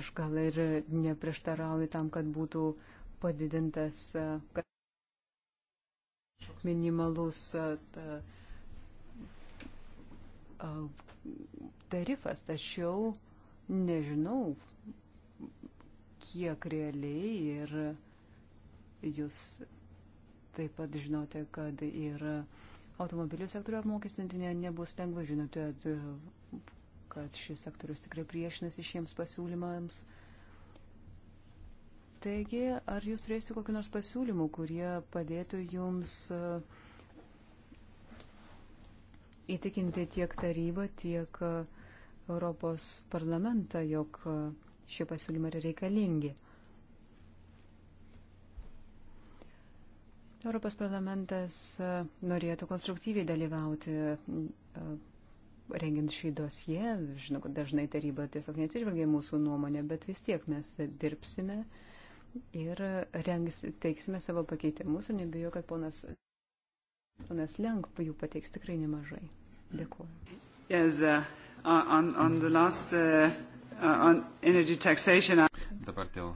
Aš gal ir neprieštarauju tam, kad būtų padidintas e, minimalus e, tarifas, tačiau nežinau, kiek realiai ir jūs taip pat žinote, kad ir automobilių sektorių apmokestinti nebus lengva, žinote, kad šis sektorius tikrai priešinasi šiems pasiūlymams. Taigi, ar jūs turėsite kokį nors pasiūlymų, kurie padėtų jums uh, įtikinti tiek tarybą, tiek uh, Europos parlamentą, jog e, šie pasiūlymai yra reikalingi. Europos parlamentas e, norėtų konstruktyviai dalyvauti e, rengiant šį dosiją. Žinau, kad dažnai taryba tiesiog neatsižvelgia mūsų nuomonę, bet vis tiek mes dirbsime ir rengs, teiksime savo pakeitimus ir nebijau, kad ponas, ponas Lenk jų pateiks tikrai nemažai. Dėkuoju. Yes, uh... Uh, on, on the last uh, uh on energy taxation. Uh, Dabar dėl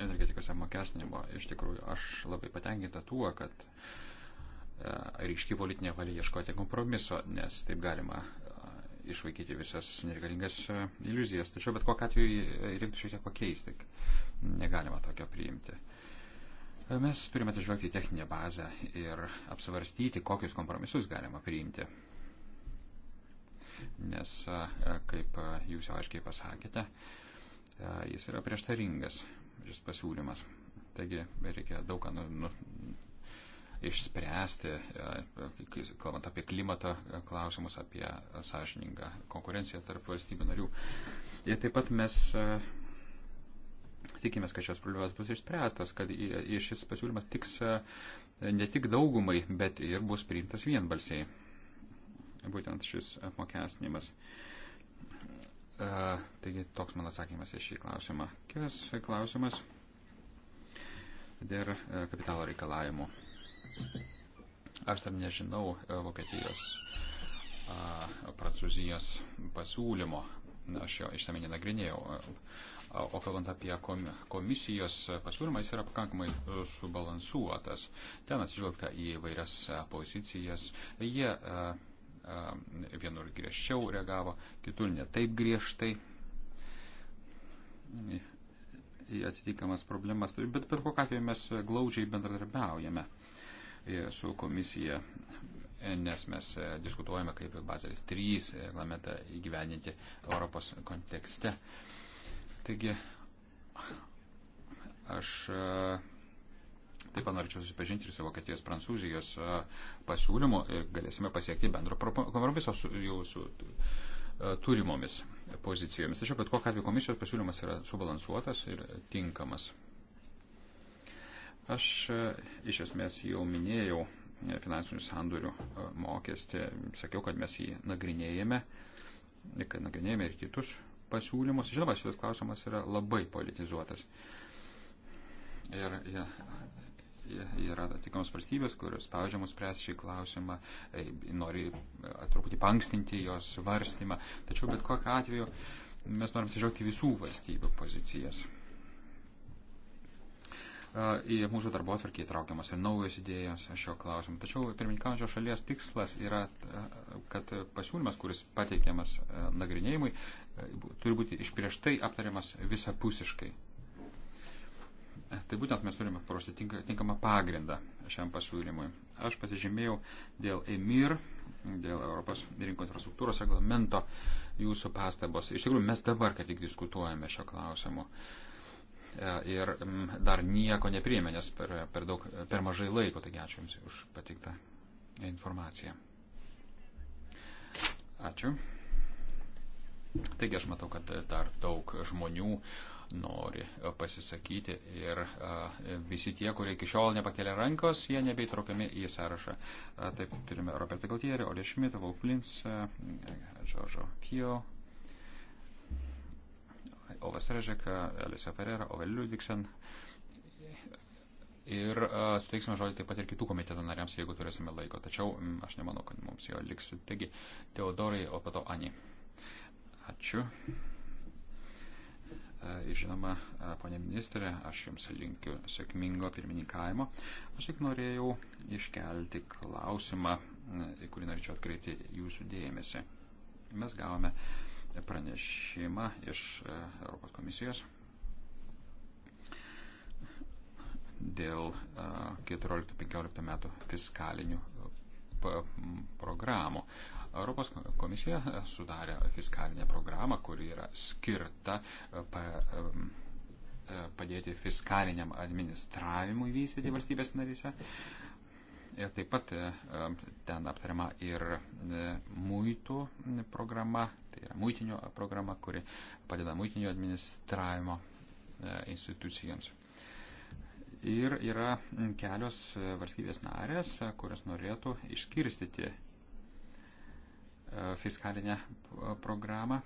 energetikos apmokestinimo iš tikrųjų aš labai patenkinta tuo, kad ryški politinė valia ieškoti kompromiso, nes taip galima išvaikyti visas nereikalingas iliuzijas. Tačiau bet kokiu atveju reiktų šiek tiek pakeisti. Negalima tokio priimti. Mes turime atsižvelgti į techninę bazę ir apsvarstyti, kokius kompromisus galima priimti nes, kaip jūs jau aiškiai pasakėte, jis yra prieštaringas, šis pasiūlymas. Taigi reikia daug ką nu, nu, išspręsti, kalbant apie klimato klausimus, apie sąžiningą konkurenciją tarp valstybių narių. Ir taip pat mes tikimės, kad šios problemos bus išspręstos, kad šis pasiūlymas tiks ne tik daugumai, bet ir bus priimtas vienbalsiai būtent šis apmokestinimas. Uh, taigi toks mano atsakymas į šį klausimą. Kitas klausimas dėl uh, kapitalo reikalavimų. Aš dar nežinau uh, Vokietijos, Prancūzijos pasiūlymo. Aš jo išsamei nenagrinėjau. O kalbant apie komisijos pasiūlymą, jis yra pakankamai subalansuotas. Ten atsižvelgta į vairias pozicijas. Jie uh, Um, vienur griežčiau reagavo, kitur netaip griežtai į atitikamas problemas. Bet bet kokiu atveju mes glaudžiai bendradarbiaujame e, su komisija, nes mes e, diskutuojame, kaip Bazelis 3 reglamentą įgyveninti Europos kontekste. Taigi, aš e, Taip pat norėčiau susipažinti ir su Vokietijos, Prancūzijos pasiūlymu ir galėsime pasiekti bendro kompromiso su, jau su turimomis pozicijomis. Tačiau bet kokia atveju komisijos pasiūlymas yra subalansuotas ir tinkamas. Aš iš esmės jau minėjau e, finansinių sandorių mokestį, sakiau, kad mes jį nagrinėjame, kad nagrinėjame ir kitus pasiūlymus. Žinoma, šitas klausimas yra labai politizuotas. Ir ja, yra atitinkamos valstybės, kurios spaudžiamus spręs šį klausimą, e, nori e, truputį pankstinti jos svarstymą. Tačiau bet kokiu atveju mes norim sižiaugti visų valstybių pozicijas. E, į mūsų darbo atvarkį įtraukiamas ir naujos idėjos šio klausimu. Tačiau pirmininkaujančio šalies tikslas yra, kad pasiūlymas, kuris pateikiamas nagrinėjimui, turi būti iš prieš tai aptariamas visapusiškai Tai būtent mes turime paruošti tinkamą pagrindą šiam pasiūlymui. Aš pasižymėjau dėl EMIR, dėl Europos rinkų infrastruktūros reglamento jūsų pastabos. Iš tikrųjų, mes dabar kaip tik diskutuojame šio klausimu. E, ir mm, dar nieko nepriėmė, nes per, per, daug, per mažai laiko, taigi ačiū Jums už patiktą informaciją. Ačiū. Taigi aš matau, kad dar daug žmonių nori e, pasisakyti ir e, visi tie, kurie iki šiol nepakelia rankos, jie nebeįtraukiami į sąrašą. E, taip turime Robertą Galtierį, Olė Šmitą, Volklins, Džoržo Kijo, Ovas Režeką, Elisa Ferrera, Ove Ludvigsen. Ir uh, suteiksime žodį taip pat ir kitų komiteto nariams, jeigu turėsime laiko. Tačiau m, aš nemanau, kad mums jo liks. Taigi, Teodorai, o pato Ani. Ačiū. E, žinoma, e, ponė ministrė, aš Jums linkiu sėkmingo pirmininkavimo. Aš tik norėjau iškelti klausimą, e, į kurį norėčiau atkreipti Jūsų dėmesį. Mes gavome pranešimą iš Europos komisijos dėl 14-15 metų fiskalinių programų. Europos komisija sudarė fiskalinę programą, kuri yra skirta e, e, e, padėti fiskaliniam administravimui vystyti valstybės narise. Ir taip pat ten aptariama ir muitų programa, tai yra muitinio programa, kuri padeda muitinio administravimo institucijams. Ir yra kelios valstybės narės, kurios norėtų iškirstyti fiskalinę programą,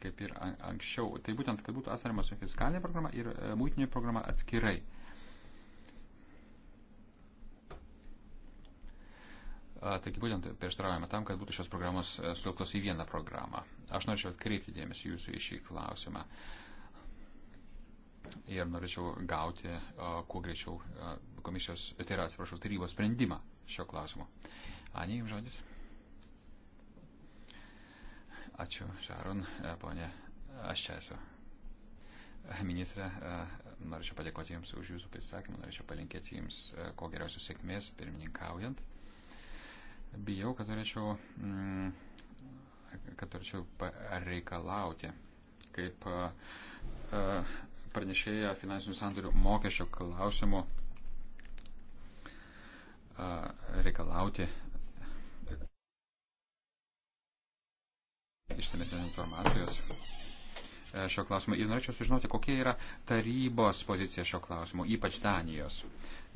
kaip ir anksčiau. Tai būtent, kad būtų atsarima su fiskalinė programa ir e, mūtinė programa atskirai. Taigi būtent prieštaraujame tam, kad būtų šios programos e, sutilptos į vieną programą. Aš norėčiau atkreipti dėmesį jūsų į šį klausimą. Ir norėčiau gauti kuo greičiau komisijos, tai yra, atsiprašau, tarybos sprendimą šio klausimo. Anė, jums žodis. Ačiū, Šaron, e, ponė, e, aš čia esu. E, Ministrė, norėčiau padėkoti Jums už Jūsų pasisakymą, norėčiau palinkėti Jums kuo geriausios sėkmės pirmininkaujant. Bijau, kad turėčiau, mm, kad turėčiau reikalauti, kaip pranešėja finansinių sandorių mokesčio klausimų reikalauti išsamesnės informacijos e, šio klausimo. Ir norėčiau sužinoti, kokia yra tarybos pozicija šio klausimo, ypač Danijos.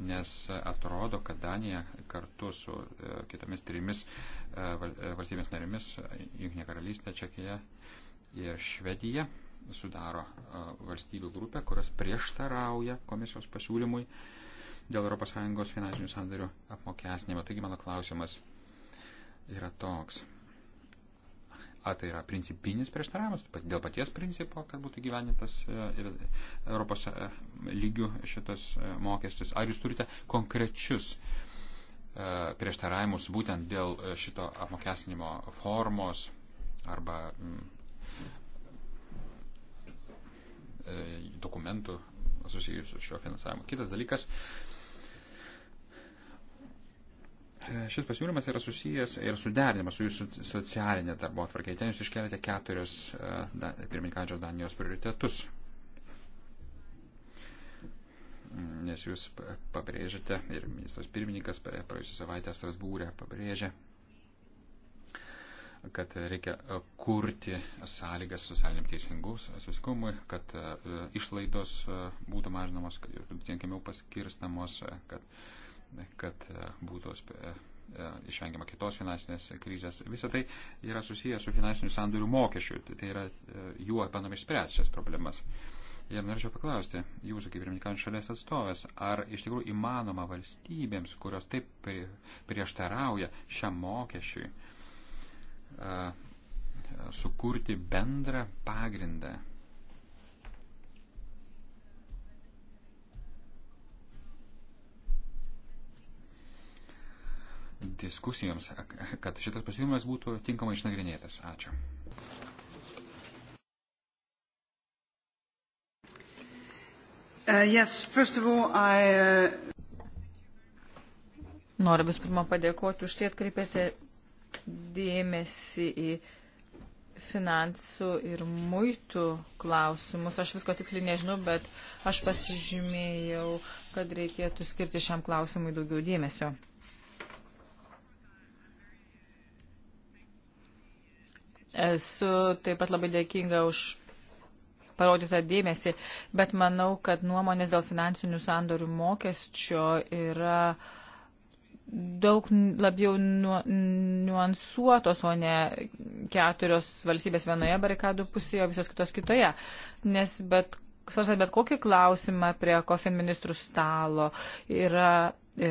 Nes atrodo, kad Danija kartu su e, kitomis trimis e, valstybės narėmis, Junktinė karalystė, Čekija ir Švedija, sudaro valstybių grupę, kurios prieštarauja komisijos pasiūlymui dėl ES finansinių sandarių apmokesnėmo. Taigi mano klausimas yra toks. Ar tai yra principinis prieštaravimas dėl paties principo, kad būtų gyvenintas e, ir e, Europos e, lygių šitas mokestis? Ar jūs turite konkrečius prieštaravimus būtent dėl šito apmokesnimo formos arba dokumentų susijusių su šio finansavimu. Kitas dalykas E, šis pasiūlymas yra susijęs ir suderinimas su jūsų socialinė darbo atvarkė. Ten jūs iškelėte keturius e, da, pirmininkančios Danijos prioritetus. Nes jūs pabrėžėte ir ministras pirmininkas praėjusią savaitę Strasbūrė pabrėžė, kad reikia e, kurti sąlygas socialiniam teisingumui, kad išlaidos būtų mažinamos, kad tinkamiau paskirstamos, kad kad e, būtų e, e, išvengiama kitos finansinės krizės. Visą tai yra susijęs su finansinių sandorių mokesčiu. Tai, tai yra juo bandome išspręsti šias problemas. Ir norėčiau paklausti, jūsų kaip pirmininkant šalies atstovės, ar iš tikrųjų įmanoma valstybėms, kurios taip prieštarauja šiam mokesčiui, sukurti bendrą pagrindą diskusijoms, kad šitas pasiūlymas būtų tinkamai išnagrinėtas. Ačiū. Uh, yes, all, I, uh... Noriu vis pirma padėkoti už tai atkreipėte dėmesį į finansų ir muitų klausimus. Aš visko tiksliai nežinau, bet aš pasižymėjau, kad reikėtų skirti šiam klausimui daugiau dėmesio. Esu taip pat labai dėkinga už parodytą dėmesį, bet manau, kad nuomonės dėl finansinių sandorių mokesčio yra daug labiau nu, nuansuotos, o ne keturios valstybės vienoje barikadų pusėje, o visos kitos kitoje. Nes bet, svarstant bet kokį klausimą prie kofin ministrų stalo yra E,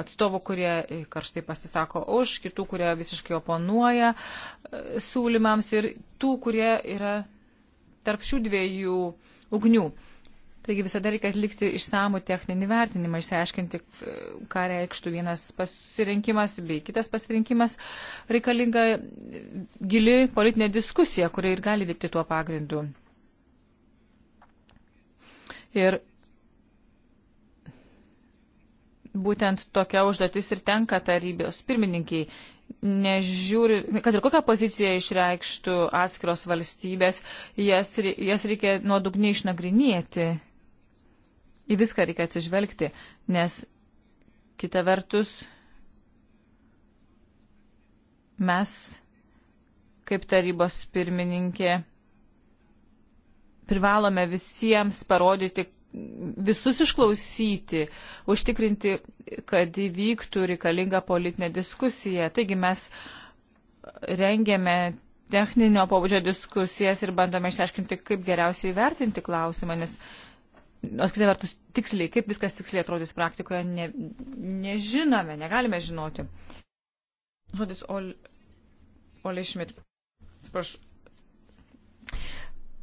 atstovų, kurie karštai pasisako už, kitų, kurie visiškai oponuoja e, siūlymams ir tų, kurie yra tarp šių dviejų ugnių. Taigi visada reikia atlikti išsamų techninį vertinimą, išsiaiškinti, e, ką reikštų vienas pasirinkimas bei kitas pasirinkimas. Reikalinga gili politinė diskusija, kuri ir gali vykti tuo pagrindu. Ir būtent tokia užduotis ir tenka tarybos pirmininkiai. Nežiūri, kad ir kokią poziciją išreikštų atskiros valstybės, jas, jas reikia nuodugniai išnagrinėti. Į viską reikia atsižvelgti, nes kita vertus mes, kaip tarybos pirmininkė, privalome visiems parodyti, visus išklausyti, užtikrinti, kad įvyktų reikalinga politinė diskusija. Taigi mes rengėme techninio pobūdžio diskusijas ir bandome išsiaiškinti, kaip geriausiai vertinti klausimą, nes, o kita vertus, tiksliai, kaip viskas tiksliai atrodys praktikoje, ne, nežinome, negalime žinoti. Žodis Oli Schmidt. Atsiprašau.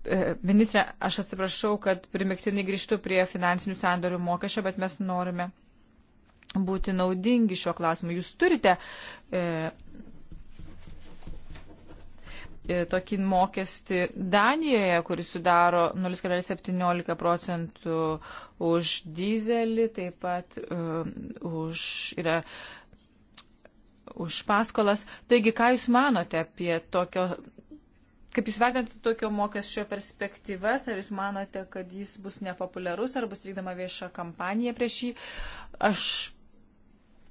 E, Ministrė, aš atsiprašau, kad primiktinai grįžtu prie finansinių sandorių mokesčio, bet mes norime būti naudingi šiuo klausimu. Jūs turite e, e tokį mokestį Danijoje, kuris sudaro 0,17 procentų už dizelį, taip pat uh, už, yra, už paskolas. Taigi, ką Jūs manote apie tokio Kaip jūs vertinate tokio mokesčio perspektyvas, ar jūs manote, kad jis bus nepopuliarus, ar bus vykdama vieša kampanija prieš jį? Aš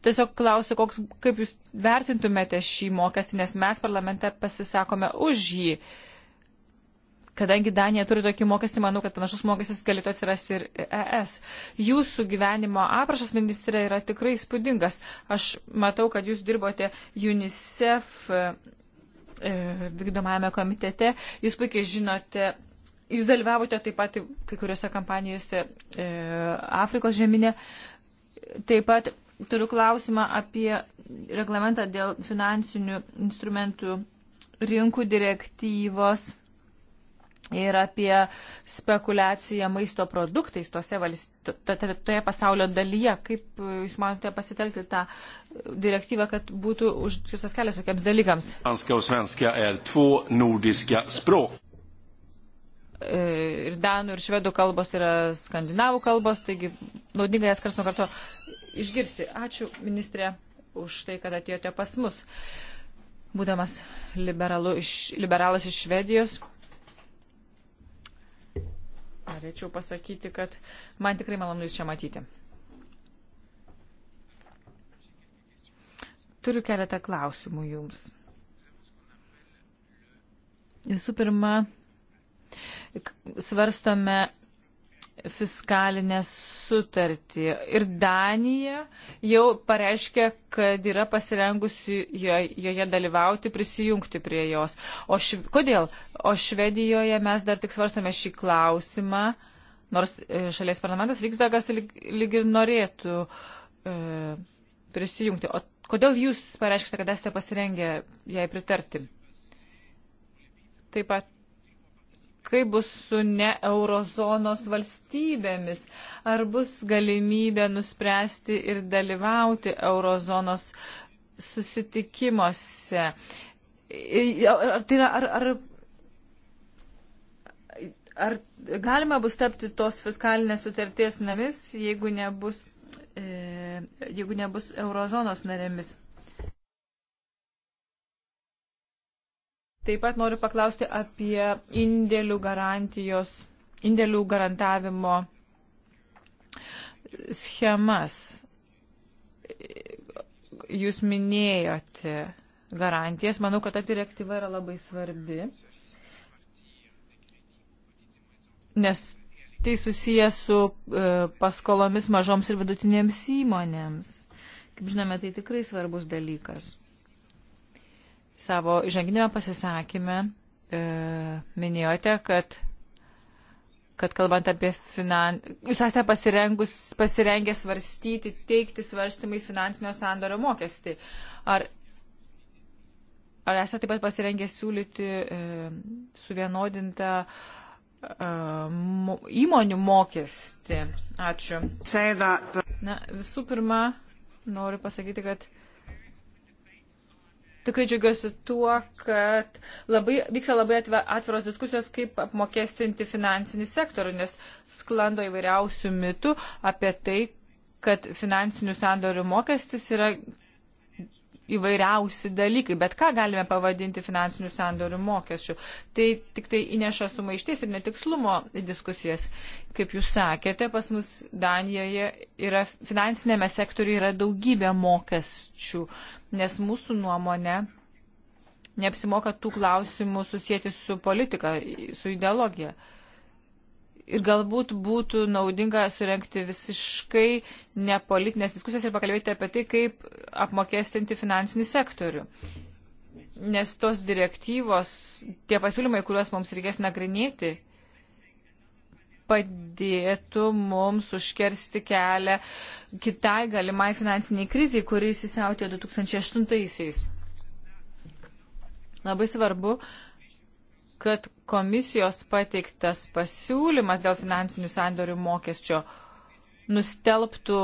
tiesiog klausiu, koks, kaip jūs vertintumėte šį mokestį, nes mes parlamente pasisakome už jį. Kadangi Danija turi tokį mokestį, manau, kad panašus mokestis galėtų atsirasti ir ES. Jūsų gyvenimo aprašas, ministrė, yra tikrai spūdingas. Aš matau, kad jūs dirbote UNICEF E, vykdomajame komitete. Jūs puikiai žinote, jūs dalyvavote taip pat kai kuriuose kampanijose e, Afrikos žemynė. Taip pat turiu klausimą apie reglamentą dėl finansinių instrumentų rinkų direktyvos ir apie spekulaciją maisto produktais tose valst... toje pasaulio dalyje. Kaip e, jūs manote pasitelkti tą direktyvą, kad būtų užkirstas kelias tokiems dalykams? Er e, ir danų, ir švedų kalbos yra skandinavų kalbos, taigi naudinga jas kars nuo karto išgirsti. Ačiū, ministrė, už tai, kad atėjote pas mus. Būdamas iš, liberalas iš Švedijos, norėčiau pasakyti, kad man tikrai malonu Jūs čia matyti. Turiu keletą klausimų Jums. Visų pirma, svarstome fiskalinę sutartį. Ir Danija jau pareiškė, kad yra pasirengusi joje dalyvauti, prisijungti prie jos. O šv... Kodėl? O Švedijoje mes dar tik svarstame šį klausimą, nors e, šalies parlamentas Riksdagas lyg, lyg ir norėtų e, prisijungti. O kodėl jūs pareiškite, kad esate pasirengę jai pritarti? Taip pat kaip bus su ne eurozonos valstybėmis? Ar bus galimybė nuspręsti ir dalyvauti eurozonos susitikimuose? Ar, tai yra, ar, ar, ar galima bus tapti tos fiskalinės sutarties namis, jeigu nebus, e, jeigu nebus eurozonos narėmis? Taip pat noriu paklausti apie indėlių garantijos, indėlių garantavimo schemas. Jūs minėjote garantijas. Manau, kad ta direktyva yra labai svarbi, nes tai susijęs su e, paskolomis mažoms ir vidutinėms įmonėms. Kaip žinome, tai tikrai svarbus dalykas. Savo įžanginėme pasisakymę e, minėjote, kad kad kalbant apie finan... Jūs esate pasirengę svarstyti, teikti svarstymai finansinio sandorio mokestį. Ar, ar esate taip pat pasirengę siūlyti e, suvienodintą e, mo, įmonių mokestį? Ačiū. Na, visų pirma, noriu pasakyti, kad tikrai džiaugiuosi tuo, kad labai, vyksta labai atviros diskusijos, kaip apmokestinti finansinį sektorių, nes sklando įvairiausių mitų apie tai, kad finansinių sandorių mokestis yra įvairiausi dalykai, bet ką galime pavadinti finansinių sandorių mokesčių. Tai tik tai įneša sumaišties ir netikslumo diskusijas. Kaip jūs sakėte, pas mus Danijoje yra, finansinėme sektoriuje yra daugybė mokesčių, nes mūsų nuomonė neapsimoka tų klausimų susijęti su politika, su ideologija. Uh, ir galbūt būtų naudinga surenkti visiškai nepolitinės diskusijas ir pakalbėti apie tai, kaip apmokestinti finansinį sektorių. Nes tos direktyvos, tie pasiūlymai, kuriuos mums reikės nagrinėti, padėtų mums užkersti kelią kitai galimai finansiniai kriziai, kuris įsiautė 2008-aisiais. Labai svarbu, uh, kad komisijos pateiktas pasiūlymas dėl finansinių sandorių mokesčio nustelbtų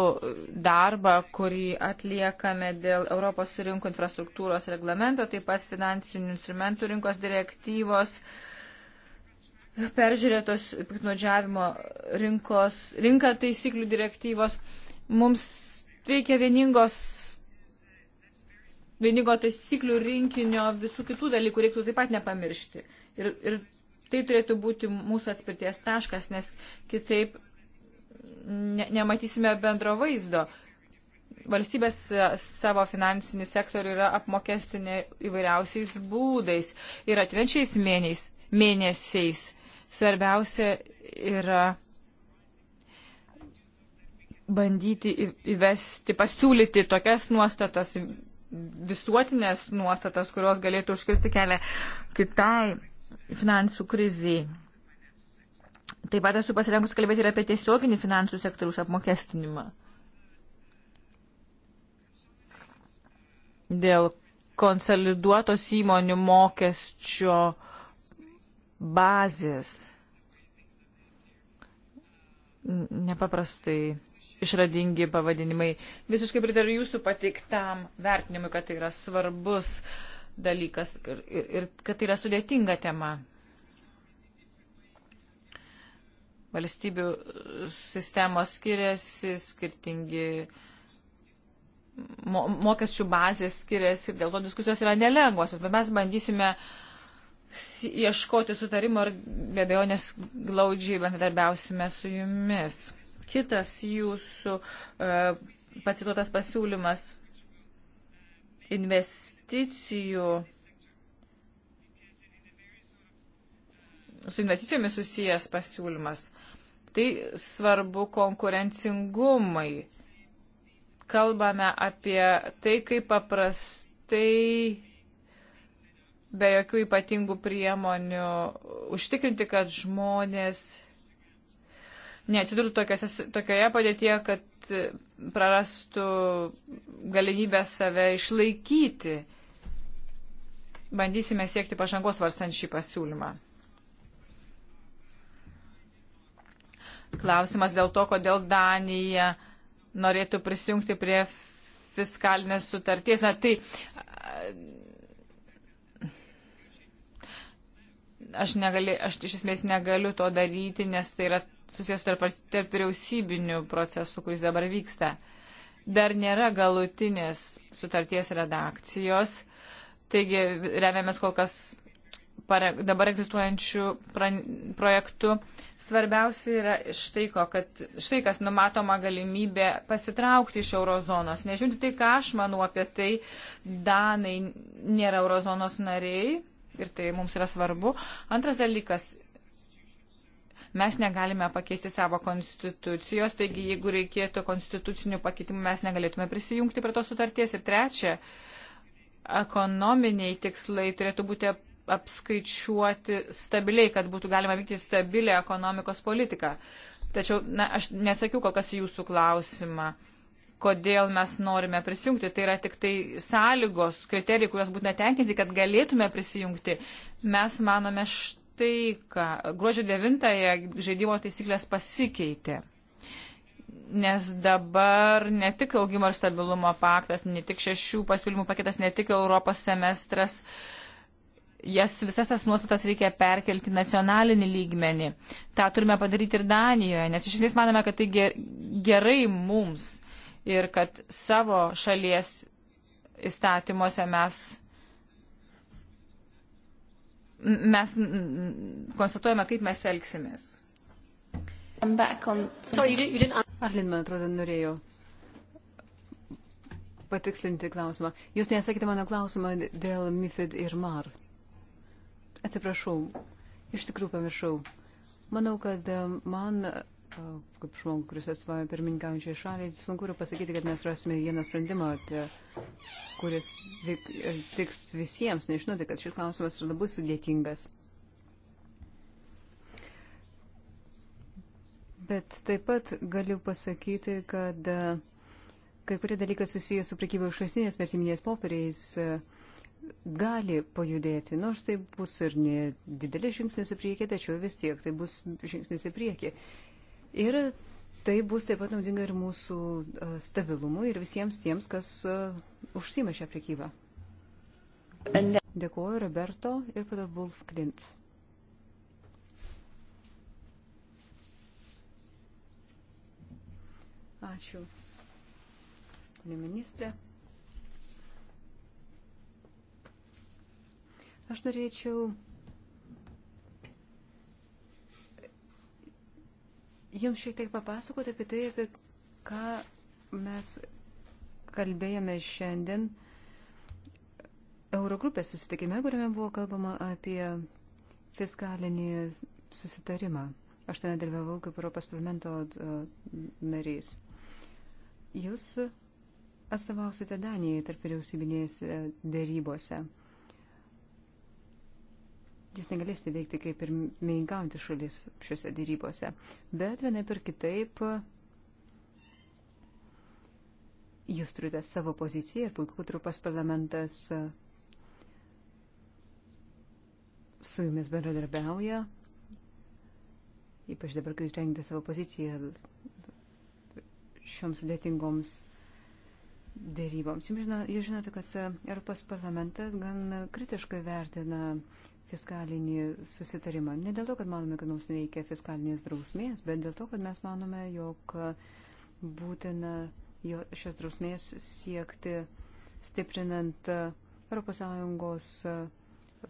darbą, kurį atliekame dėl Europos rinkų infrastruktūros reglamento, taip pat finansinių instrumentų rinkos direktyvos, peržiūrėtos piknodžiavimo rinkos, rinka taisyklių direktyvos. Mums reikia vieningos vieningo taisyklių rinkinio visų kitų dalykų reiktų taip pat nepamiršti. Ir, ir tai turėtų būti mūsų atspirties taškas, nes kitaip ne, nematysime bendro vaizdo. Valstybės e, savo finansinį sektorių yra apmokestinę įvairiausiais būdais ir atvenčiais mėnesiais. mėnesiais. Svarbiausia yra bandyti įvesti, pasiūlyti tokias nuostatas, visuotinės nuostatas, kurios galėtų užkirsti kelią kitai finansų krizį. Taip pat esu pasirengusi kalbėti ir apie tiesioginį finansų sektoriaus apmokestinimą. Dėl konsoliduotos įmonių mokesčio bazės nepaprastai išradingi pavadinimai. Visiškai pritariu jūsų pateiktam vertinimui, kad tai yra svarbus uh, dalykas ir, ir, ir kad tai yra sudėtinga tema. Valstybių sistemos skiriasi, skirtingi mo, mokesčių bazės skiriasi ir dėl to diskusijos yra nelengvosios, bet mes bandysime ieškoti sutarimo ir be abejo nes glaudžiai bendradarbiausime su jumis. Kitas jūsų uh, pacituotas pasiūlymas investicijų, su investicijomis susijęs pasiūlymas. Tai svarbu konkurencingumai. Kalbame apie tai, kaip paprastai be jokių ypatingų priemonių užtikrinti, kad žmonės neatsidurtų tokiose, tokioje padėtyje, kad e, prarastų galimybę save išlaikyti. Bandysime siekti pažangos varstant šį pasiūlymą. Klausimas dėl to, kodėl Danija norėtų prisijungti prie fiskalinės sutarties. Na, tai aš, negali, aš iš esmės negaliu to daryti, nes tai yra susijęs tarp, tarp vyriausybinių procesų, kuris dabar vyksta. Dar nėra galutinės sutarties redakcijos, taigi remiamės kol kas pare, dabar egzistuojančių pra, projektų. Svarbiausia yra štai, ko, kad, štai kas numatoma galimybė pasitraukti iš eurozonos. Nežiūrint tai, ką aš manau apie tai, Danai nėra eurozonos nariai ir tai mums yra svarbu. Antras dalykas, mes negalime pakeisti savo konstitucijos, taigi jeigu reikėtų konstitucinių pakeitimų, mes negalėtume prisijungti prie tos sutarties. Ir trečia, ekonominiai tikslai turėtų būti apskaičiuoti stabiliai, kad būtų galima vykti stabilę ekonomikos politiką. Tačiau na, aš nesakiau kol kas jūsų klausimą kodėl mes norime prisijungti. Tai yra tik tai sąlygos, kriterijai, kuriuos būtume tenkinti, kad galėtume prisijungti. Mes manome štai, ką gruodžio 9-ąją žaidimo taisyklės pasikeitė. Nes dabar ne tik augimo ir stabilumo paktas, ne tik šešių pasiūlymų paketas, ne tik Europos semestras, jas visas tas nuostatas reikia perkelti nacionalinį lygmenį. Ta turime padaryti ir Danijoje, nes iš esmės manome, kad tai gerai mums ir kad savo šalies įstatymuose mes, mes konstatuojame, kaip mes elgsimės. On... Sorry, you didn't, you didn't... Arlin, man atrodo, norėjau patikslinti klausimą. Jūs nesakėte mano klausimą dėl MIFID ir MAR. Atsiprašau, iš tikrųjų pamiršau. Manau, kad um, man kaip žmogus, kuris atstovauja pirmininkaujančiai šaliai, sunku yra pasakyti, kad mes rasime vieną sprendimą, kuris e, tiks visiems, nes žinote, tai kad šis klausimas yra labai sudėtingas. Bet taip pat galiu pasakyti, kad e, kai kurie dalykai susijęs su prekyba užšastinės vertiminės popieriais e, gali pajudėti, nors tai bus ir nedidelis žingsnis į priekį, tačiau vis tiek tai bus žingsnis į priekį. Ir tai bus taip pat naudinga ir mūsų e, stabilumui ir visiems tiems, kas e, užsima šią prekybą. Dėkuoju Roberto ir pada Wolf Klintz. Ačiū. Pane ministrė. Aš norėčiau jums šiek tiek papasakoti apie tai, apie ką mes kalbėjome šiandien Eurogrupės susitikime, kuriame buvo kalbama apie fiskalinį susitarimą. Aš ten dalyvavau kaip Europos parlamento e, narys. Jūs atstovausite Danijai tarp vyriausybinėse dėrybose jūs negalėsite veikti kaip ir mininkaujantis šalis šiuose dėrybose. Bet vienaip ir kitaip jūs turite savo poziciją ir puiku, kad Europos parlamentas su jumis bendradarbiauja. Ypač dabar, kai jūs rengite savo poziciją šioms sudėtingoms dėryboms. Jums žino, jūs žinote, kad Europos parlamentas gan kritiškai vertina fiskalinį susitarimą. Ne dėl to, kad manome, kad mums reikia fiskalinės drausmės, bet dėl to, kad mes manome, jog būtina jo, šios drausmės siekti stiprinant ES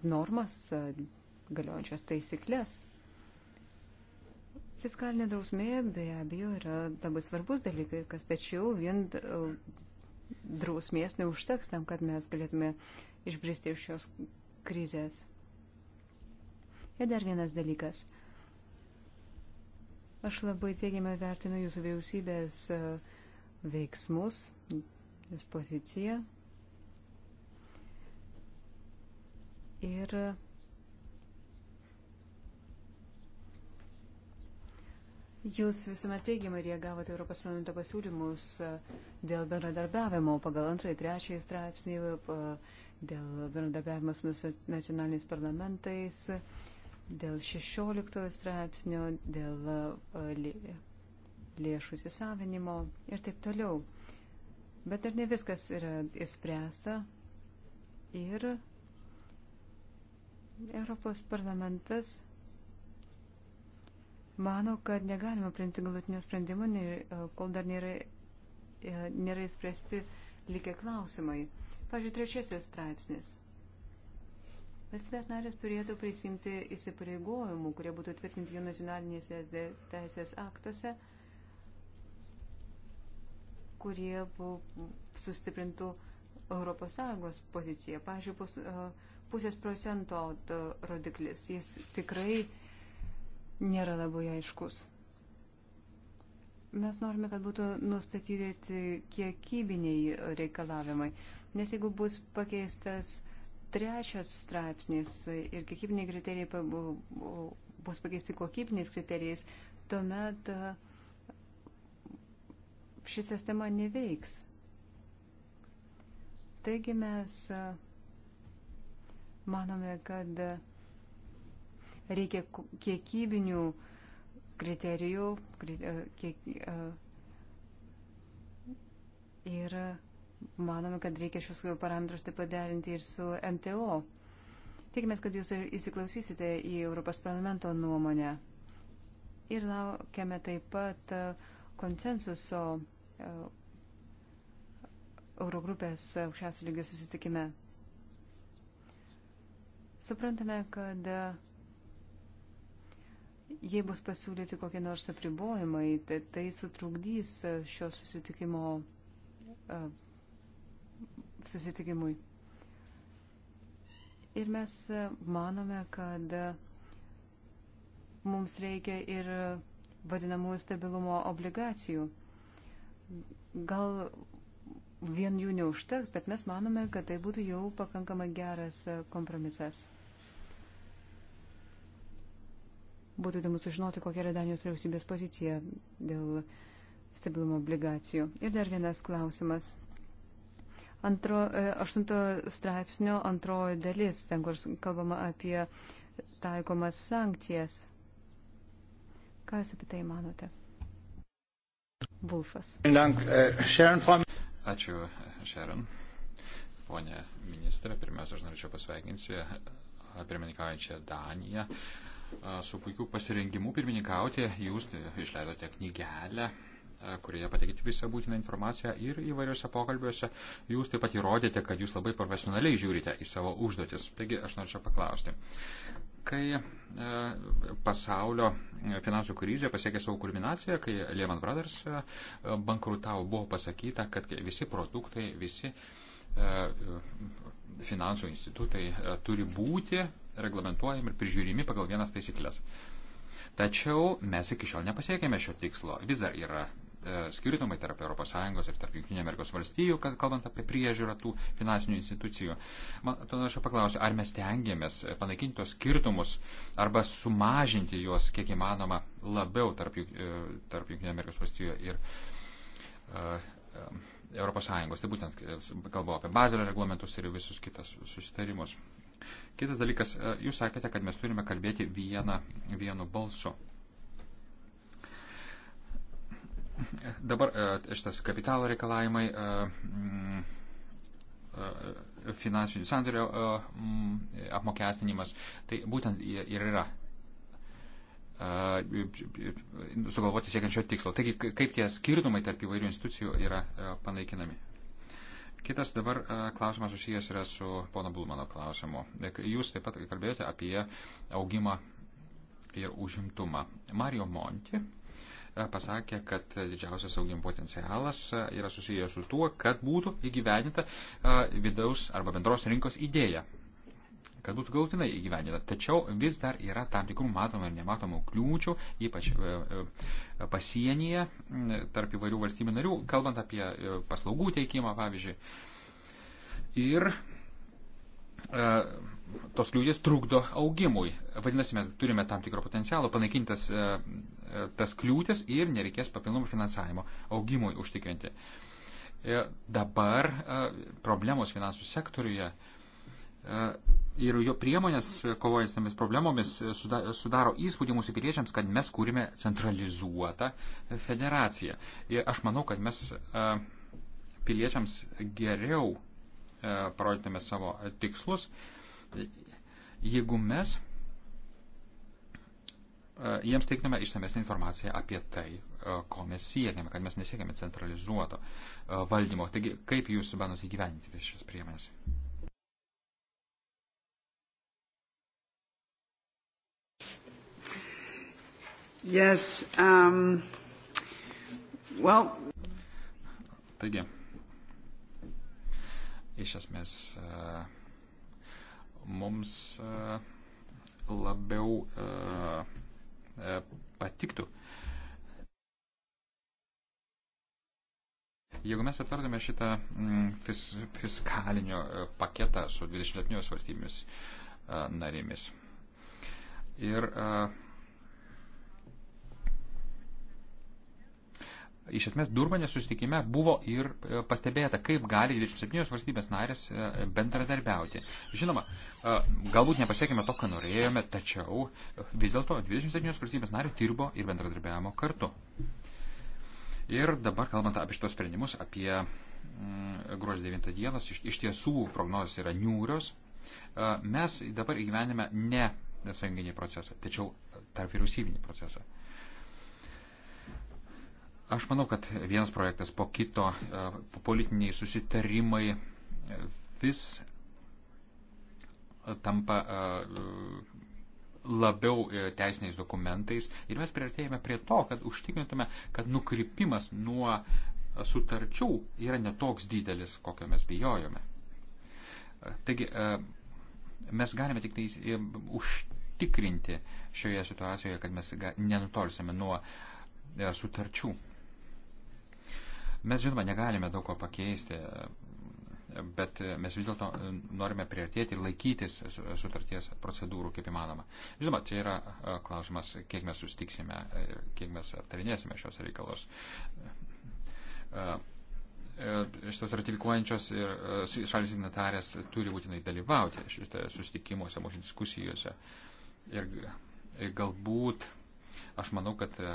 normas, galiojančias taisyklės. Fiskalinė drausmė be abejo yra labai svarbus dalykai, kas tačiau vien e, drausmės neužteks tam, kad mes galėtume išbristi iš šios krizės. Ir dar vienas dalykas. Aš labai teigiamai vertinu jūsų vyriausybės e, veiksmus, jūs poziciją. Ir Jūs visuomet teigiamai reagavote Europos parlamento pasiūlymus e, dėl bendradarbiavimo pagal antrąjį, trečiąjį straipsnį, e, dėl bendradarbiavimo su nacionaliniais parlamentais dėl 16 straipsnio, dėl e, lėšų įsisavinimo ir taip toliau. Bet dar ne viskas yra įspręsta ir Europos parlamentas mano, kad negalima priimti galutinio sprendimo, e, kol dar nėra, e, nėra įspręsti likę klausimai. Pavyzdžiui, trečiasis straipsnis – Valstybės narės turėtų prisimti įsipareigojimų, kurie būtų tvirtinti jų nacionalinėse teisės aktuose, kurie sustiprintų ES poziciją. Pavyzdžiui, pus, pusės procento rodiklis, jis tikrai nėra labai aiškus. Mes norime, kad būtų nustatyti kiekybiniai reikalavimai, nes jeigu bus pakeistas trečias straipsnis ir kiekybiniai kriterijai bus pakeisti kokybiniais kriterijais, tuomet e, ši sistema neveiks. Taigi mes e, manome, kad reikia kiekybinių kriterijų e, kiek, ir manome, kad reikia šios parametrus taip pat derinti ir su MTO. Tikimės, kad jūs įsiklausysite į Europos parlamento nuomonę. Ir laukiame taip pat uh, konsensuso uh, Eurogrupės aukščiausių lygių susitikime. Suprantame, kad uh, jei bus pasiūlyti kokie nors apribojimai, tai, tai sutrukdys šio susitikimo susitikimui. Ir mes manome, kad mums reikia ir vadinamųjų stabilumo obligacijų. Gal vien jų neužteks, bet mes manome, kad tai būtų jau pakankamai geras kompromisas. Būtų įdomu sužinoti, kokia yra Danijos vyriausybės pozicija dėl stabilumo obligacijų. Ir dar vienas klausimas antro, e, aštunto straipsnio antroji dalis, ten kur kalbama apie taikomas sankcijas. Ką Jūs apie tai manote? Vulfas. Ačiū, Sharon. Pone ministrė, pirmiausia, aš norėčiau pasveikinti e, pirmininkaujančią Daniją. E, su puikiu pasirengimu pirmininkauti jūs išleidote knygelę E, kurioje pateikite visą būtiną informaciją ir įvairiuose pokalbiuose jūs taip pat įrodėte, kad jūs labai profesionaliai žiūrite į savo užduotis. Taigi aš norėčiau paklausti. Kai e, pasaulio finansų krizė pasiekė savo kulminaciją, kai Lehman Brothers e, bankrutavo, buvo pasakyta, kad visi produktai, visi e, finansų institutai e, turi būti reglamentuojami ir prižiūrimi pagal vienas taisyklės. Tačiau mes iki šiol nepasiekėme šio tikslo. Vis dar yra E, skirtumai tarp ES ir tarp JAV, kad kalbant apie priežiūrą tų finansinių institucijų. Man, todėl aš paklausiu, ar mes tengiamės panaikinti tos skirtumus arba sumažinti juos kiek įmanoma labiau tarp, e, tarp JAV ir uh, e, ES. Tai būtent kalbu apie bazelio reglamentus ir visus kitas susitarimus. Kitas dalykas, jūs sakėte, kad mes turime kalbėti vieną, vienu balsu. Dabar e, šitas kapitalo reikalavimai, e, mm, e, finansinių sandorio mm, apmokestinimas, tai būtent ir yra sugalvoti siekiančio tikslo. Taigi, kaip tie skirtumai tarp įvairių institucijų yra panaikinami. Kitas dabar klausimas susijęs yra su pono Bulmano klausimu. Jūs taip pat kalbėjote apie augimą ir užimtumą. Mario Monti E, pasakė, kad didžiausias augimo potencialas e, yra susijęs su tuo, kad būtų įgyveninta e, vidaus arba bendros rinkos idėja kad būtų galutinai įgyvendinta. Tačiau vis dar yra tam tikrų matomų ir nematomų kliūčių, ypač pasienyje tarp įvairių valstybių narių, kalbant apie paslaugų teikimą, pavyzdžiui. Ir tos kliūtis trukdo augimui. Vadinasi, mes turime tam tikro potencialo panaikintas e, e, tas kliūtis ir nereikės papildomų finansavimo augimui užtikrinti. E, dabar problemos finansų sektoriuje ir jo priemonės kovojant su tomis problemomis sudaro įspūdį mūsų piliečiams, kad mes kūrime centralizuotą federaciją. Ir aš manau, kad mes piliečiams geriau parodytume savo tikslus, jeigu mes e, jiems teiktume išsamesnį informaciją apie tai, e, ko mes siekiame, kad mes nesiekiame centralizuoto e, valdymo. Taigi, kaip jūs bandote įgyveninti visas šias priemonės? Yes, um, well. Taigi, iš esmės. Uh, mums e, labiau e, e, patiktų. Jeigu mes aptartume šitą mm, fis, fiskalinio paketą su 27 valstybėmis narėmis ir uh, Iš esmės, Durbanės susitikime buvo ir e, pastebėta, kaip gali 27 valstybės narės e, bendradarbiauti. Žinoma, e, galbūt nepasiekime to, ką norėjome, tačiau vis dėlto 27 valstybės narės dirbo ir bendradarbiavimo kartu. Ir dabar, kalbant apie šitos sprendimus, apie mm, gruodžio 9 dienas, iš, iš tiesų prognozijos yra niūrios. Mes dabar įgyvenime ne sąjunginį procesą, tačiau tarp vyriausybinį procesą. Aš manau, kad vienas projektas po kito, e, politiniai susitarimai e, vis e, tampa labiau teisiniais dokumentais ir mes prieartėjame prie to, kad užtikrintume, kad nukrypimas nuo sutarčių yra netoks didelis, kokio mes bijojome. Taigi mes galime tik tai užtikrinti šioje situacijoje, kad mes nenutolsime nuo sutarčių Mes žinoma negalime daug ko pakeisti, bet mes vis dėlto norime priartėti ir laikytis sutarties procedūrų kaip įmanoma. Žinoma, čia yra klausimas, kiek mes sustiksime ir kiek mes aptarinėsime šios reikalus. E, šitos ratifikuojančios šalis signatarės turi būtinai dalyvauti šitose susitikimuose, mūsų diskusijose. Ir galbūt Aš manau, kad e,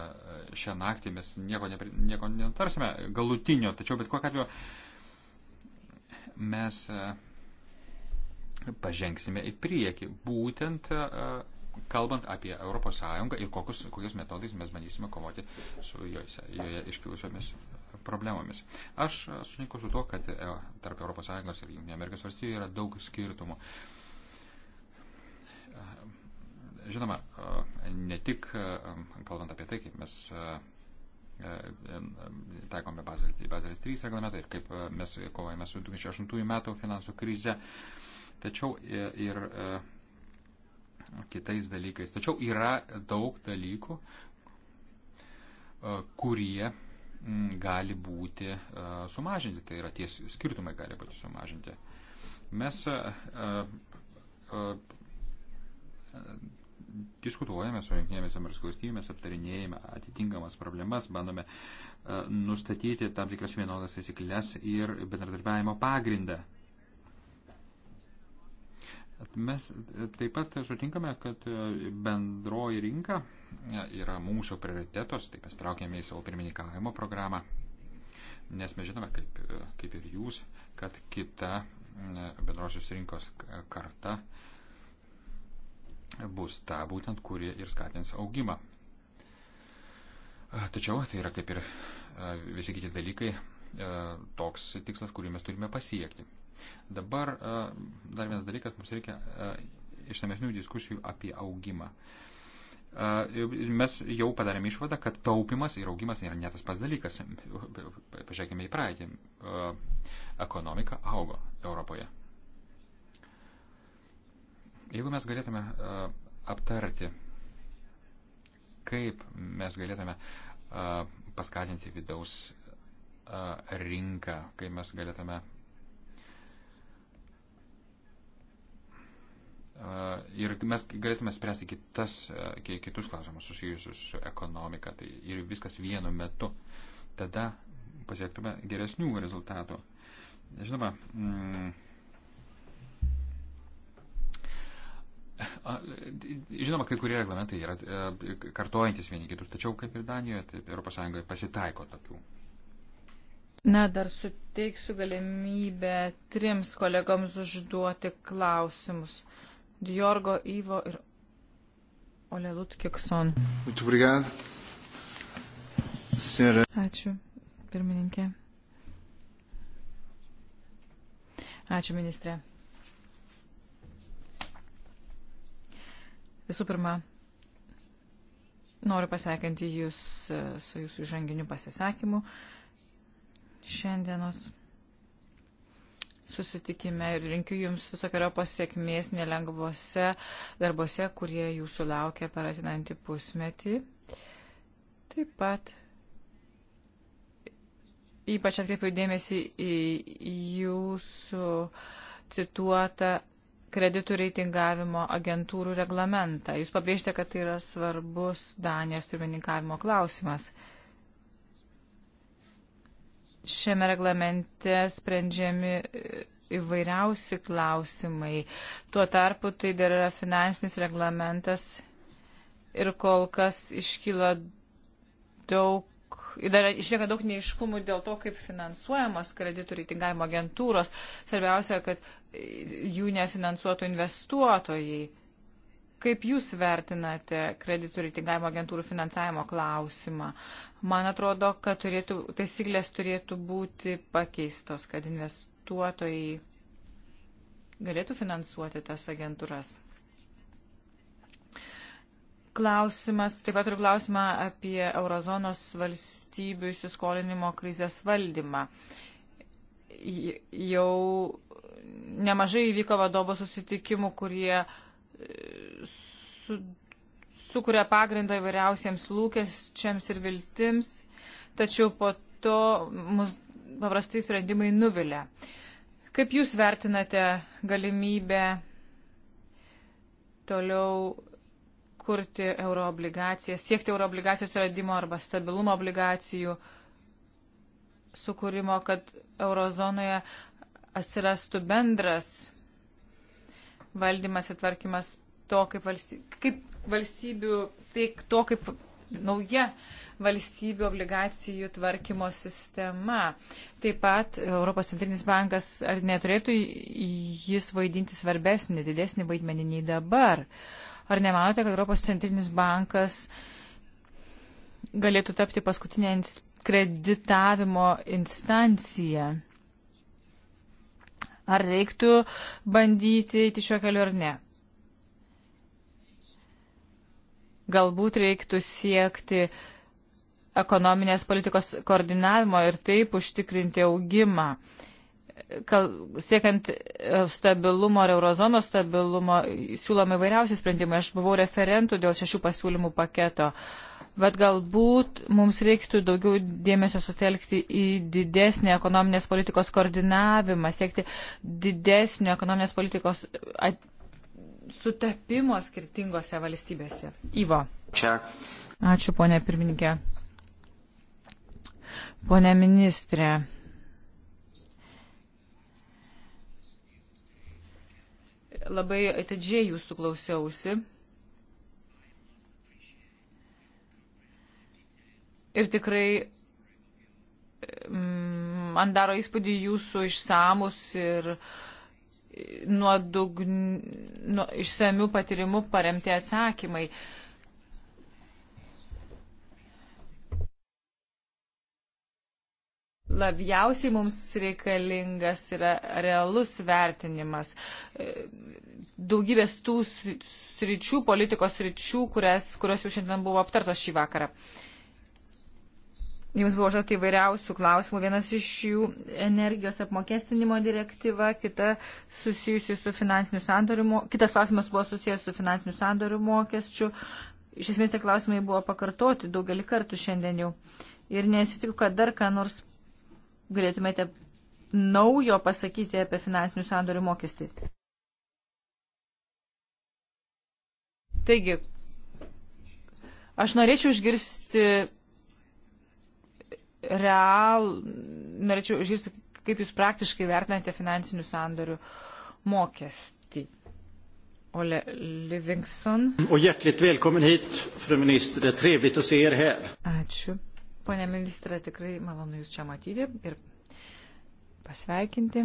šią naktį mes nieko, ne, nieko nenutarsime galutinio, tačiau bet kokiu atveju mes e, pažengsime į priekį, būtent e, kalbant apie ES ir kokius, kokius metodais mes bandysime kovoti su joje, joje iškilusiomis problemomis. Aš sutinku su to, kad tarp ES ir JAV yra daug skirtumų. Uh, Žinoma, e, ne tik e, kalbant apie tai, kaip mes e, taikome Bazelis 3 reglamentą ir kaip mes kovojame su 2008 metų finansų krize, tačiau ir, ir kitais dalykais. Tačiau yra daug dalykų, kurie gali būti sumažinti, tai yra tie skirtumai gali būti sumažinti. Mes diskutuojame su Junktinėmis Amerikos valstybėmis, aptarinėjame atitinkamas problemas, bandome e, nustatyti tam tikras vienodas taisyklės ir bendradarbiavimo pagrindą. Mes e, taip pat sutinkame, kad e, bendroji rinka yra mūsų prioritetos, taip mes traukėme į savo pirmininkavimo programą, nes mes žinome, kaip, kaip ir jūs, kad kita bendrosios rinkos karta uh, bus ta būtent, kuri ir skatins augimą. Tačiau tai yra kaip ir visi kiti dalykai toks tikslas, kurį mes turime pasiekti. Dabar dar vienas dalykas, mums reikia išsamesnių diskusijų apie augimą. Mes jau padarėme išvadą, kad taupimas ir augimas yra ne tas pats dalykas. Pažiūrėkime į praeitį. Ekonomika augo Europoje Jeigu mes galėtume e, aptarti, kaip mes galėtume e, paskatinti vidaus e, rinką, kaip mes galėtume ir mes galėtume spręsti kitas, kitus klausimus susijusius su ekonomika tai ir viskas vienu metu. Tada pasiektume geresnių rezultatų. Žinoma, mm, Žinoma, kai kurie reglamentai yra e, kartojantis vieni kitus, tačiau kaip ir Danijoje, taip Europos Sąjungoje pasitaiko tokių. Na, dar suteiksiu galimybę trims kolegoms užduoti klausimus. Diorgo, Ivo ir Olelut Kikson. Ačiū, pirmininkė. Ačiū, ministrė. Visų pirma, noriu pasveikinti Jūs e, su Jūsų žanginiu pasisakymu šiandienos susitikime ir linkiu Jums visokiojo pasiekmės nelengvose darbose, kurie Jūsų laukia per atinantį pusmetį. Taip pat ypač atkreipiu dėmesį į Jūsų cituotą kreditų reitingavimo agentūrų reglamentą. Jūs pabrėžte, kad tai yra svarbus Danijos pirmininkavimo klausimas. Šiame reglamente sprendžiami e, įvairiausi klausimai. Tuo tarpu tai dar yra finansinis reglamentas ir kol kas iškyla daug dar išlieka daug neiškumų dėl to, kaip finansuojamos kreditų reitingavimo agentūros. Svarbiausia, kad jų nefinansuotų investuotojai. Kaip Jūs vertinate kreditų reitingavimo agentūrų finansavimo klausimą? Man atrodo, kad turėtų, taisyklės turėtų būti pakeistos, kad investuotojai galėtų finansuoti tas agentūras. Klausimas, taip pat turiu klausimą apie eurozonos valstybių įsiskolinimo krizės valdymą. Jau nemažai įvyko vadovo susitikimų, kurie e, su, sukuria pagrindą įvairiausiems lūkesčiams ir viltims, tačiau po to mus paprastai sprendimai nuvilia. Kaip Jūs vertinate galimybę toliau kurti euroobligacijas, siekti euroobligacijos radimo arba stabilumo obligacijų sukūrimo, kad eurozonoje atsirastų bendras valdymas ir tvarkymas to, kaip, valstybių, kaip valstybių, tai to, kaip nauja valstybių obligacijų tvarkymo sistema. Taip pat Europos centrinis bankas ar neturėtų jis vaidinti svarbesnį, didesnį vaidmenį nei dabar. Uh, Ar nemanote, kad Europos centrinis bankas galėtų tapti paskutinę kreditavimo instanciją? Ar reiktų bandyti eiti šiuo keliu ar ne? Galbūt reiktų siekti ekonominės politikos koordinavimo ir taip užtikrinti augimą. Uh, kal, siekiant e, stabilumo ar eurozonos stabilumo, siūloma įvairiausi sprendimai. Aš buvau referentų dėl šešių pasiūlymų paketo. Bet galbūt mums reiktų daugiau dėmesio sutelkti į didesnį ekonominės politikos koordinavimą, siekti didesnio ekonominės politikos at... sutapimo skirtingose valstybėse. Ivo. Čia. Ačiū, ponė pirmininkė. Pone ministrė. labai atidžiai jūsų klausiausi. Ir tikrai mm, man daro įspūdį jūsų išsamus ir nuodugn, nu, išsamių patyrimų paremti atsakymai. Uh, labiausiai mums reikalingas yra realus vertinimas. E, daugybės tų sričių, politikos sričių, kurias, kurios jau šiandien buvo aptartos šį vakarą. Jums buvo žadai įvairiausių klausimų. Vienas iš jų energijos apmokestinimo direktyva, kita susijusi su finansiniu sandoriu, kitas klausimas buvo susijęs su finansiniu sandoriu mokesčiu. Iš esmės tie klausimai buvo pakartoti daugelį kartų šiandien jau. Ir nesitikiu, kad dar ką nors galėtumėte naujo pasakyti apie finansinių sandorių mokestį? Taigi, aš norėčiau išgirsti real, norėčiau išgirsti, kaip jūs praktiškai vertinate finansinių sandorių mokestį. Olle Livingsson. Och hjärtligt välkommen hit, fru minister. Det är trevligt att se er här. Ačiū. Pone ministra, tikrai malonu Jūs čia matyti ir pasveikinti.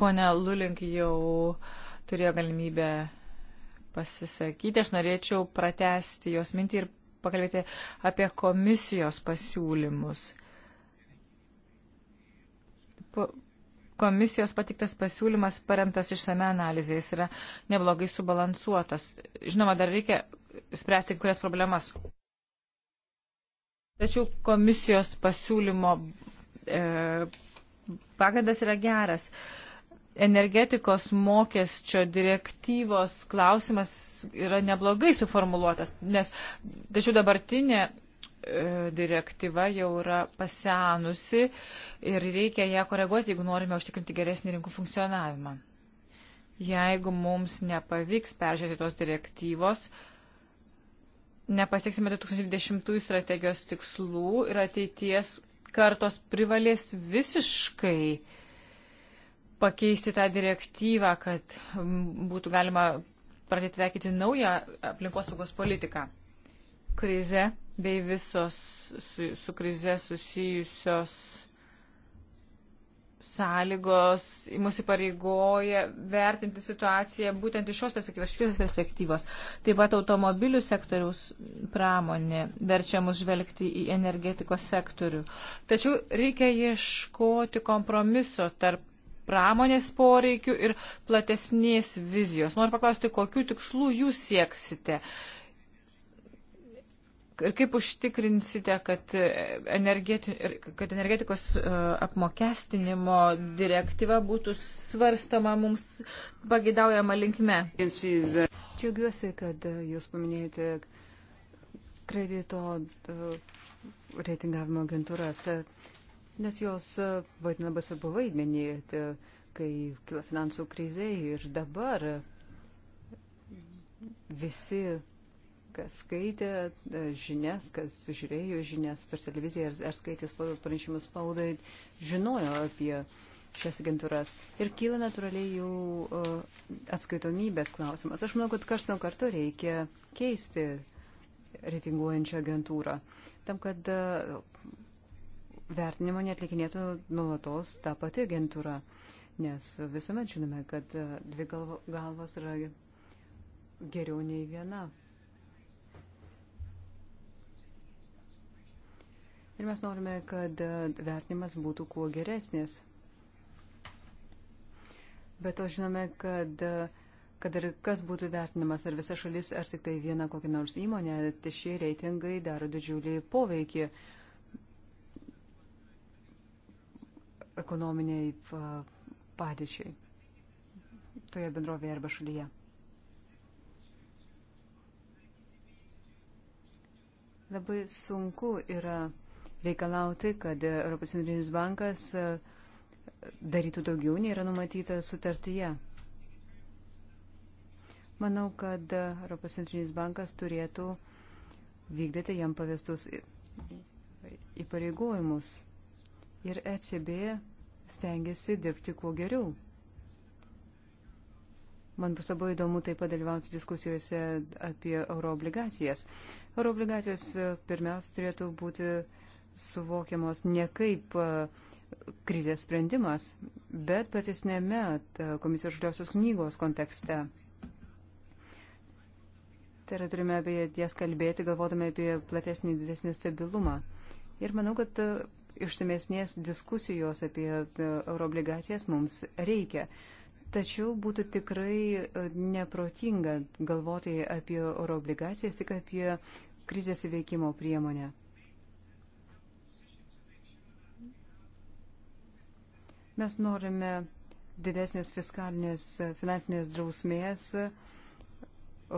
Pone Lulink jau turėjo galimybę pasisakyti. Aš norėčiau pratesti jos mintį ir pakalbėti apie komisijos pasiūlymus. Po, komisijos patiktas pasiūlymas paremtas išsame analizė, jis yra neblogai subalansuotas. Žinoma, dar reikia spręsti kurias problemas. Tačiau komisijos pasiūlymo e, pagrindas yra geras. Energetikos mokesčio direktyvos klausimas yra neblogai suformuluotas, nes tačiau dabartinė e, direktyva jau yra pasenusi ir reikia ją koreguoti, jeigu norime užtikrinti geresnį rinkų funkcionavimą. Jeigu mums nepavyks peržiūrėti tos direktyvos, nepasieksime 2020 strategijos tikslų ir ateities kartos privalės visiškai pakeisti tą direktyvą, kad būtų galima pradėti taikyti naują aplinkosaugos politiką. Krize bei visos su, su krize susijusios sąlygos mus įpareigoja vertinti situaciją būtent iš šios perspektyvos, šios perspektyvos. Taip pat automobilių sektoriaus pramonė verčia mus žvelgti į energetikos sektorių. Tačiau reikia ieškoti kompromiso tarp pramonės poreikių ir platesnės vizijos. Noriu paklausti, kokiu tikslu jūs sieksite. Uh, ir kaip užtikrinsite, kad, energeti, kad energetikos e, apmokestinimo direktyva būtų svarstama mums pagidaujama linkme? Džiaugiuosi, kad e, jūs paminėjote kredito e, reitingavimo agentūras, nes jos vaidina labai svarbu vaidmenį, kai kila finansų krizė ir dabar visi kas skaitė e, žinias, kas žiūrėjo žinias per televiziją ar, ar skaitė pranešimus spaudai, žinojo apie šias agentūras. Ir kyla natūraliai jų uh, atskaitomybės klausimas. Aš manau, kad karstą kartą reikia keisti reitinguojančią agentūrą, tam, kad uh, vertinimo netlikinėtų nuolatos ta pati agentūra. Nes visuomet žinome, kad uh, dvi galvos yra geriau nei viena. Ir mes norime, kad e, vertinimas būtų kuo geresnis. Bet to žinome, kad, e, kad ir kas būtų vertinimas, ar visa šalis, ar tik tai viena kokia nors įmonė, tai šie reitingai daro didžiulį poveikį ekonominiai e, padėčiai toje bendrovėje arba šalyje. Labai sunku yra reikalauti, kad Europos centrinis bankas e, darytų daugiau, nei yra numatyta sutartyje. Manau, kad Europos centrinis bankas turėtų vykdyti jam pavestus įpareigojimus. Ir ECB stengiasi dirbti kuo geriau. Man bus labai įdomu taip pat dalyvauti diskusijose apie euroobligacijas. Euroobligacijos e, pirmiausia turėtų būti uh, suvokiamos ne kaip e, krizės sprendimas, bet patesnėme e, komisijos žaliosios knygos kontekste. Tai yra turime apie jas kalbėti, galvodami apie platesnį, didesnį stabilumą. Ir manau, kad e, išsamesnės diskusijos apie euroobligacijas mums reikia. Tačiau būtų tikrai neprotinga galvoti apie euroobligacijas, tik apie krizės įveikimo priemonę. Mes norime didesnės fiskalinės finansinės drausmės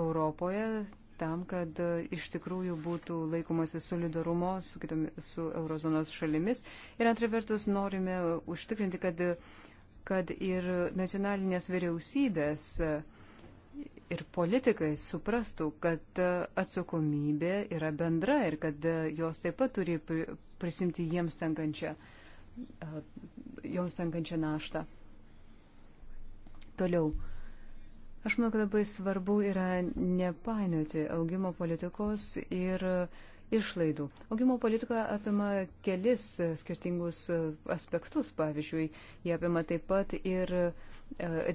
Europoje tam, kad e, iš tikrųjų būtų laikomasi solidarumo su, kitomis, su eurozonos šalimis. Ir antra vertus norime užtikrinti, kad, kad ir nacionalinės vyriausybės ir politikai suprastų, kad e, atsakomybė yra bendra ir kad e, jos taip pat turi prisimti jiems tenkančią joms tenkančią naštą. Toliau. Aš manau, kad labai svarbu yra nepainioti augimo politikos ir išlaidų. Augimo politika apima kelis skirtingus aspektus, pavyzdžiui, jie apima taip pat ir e,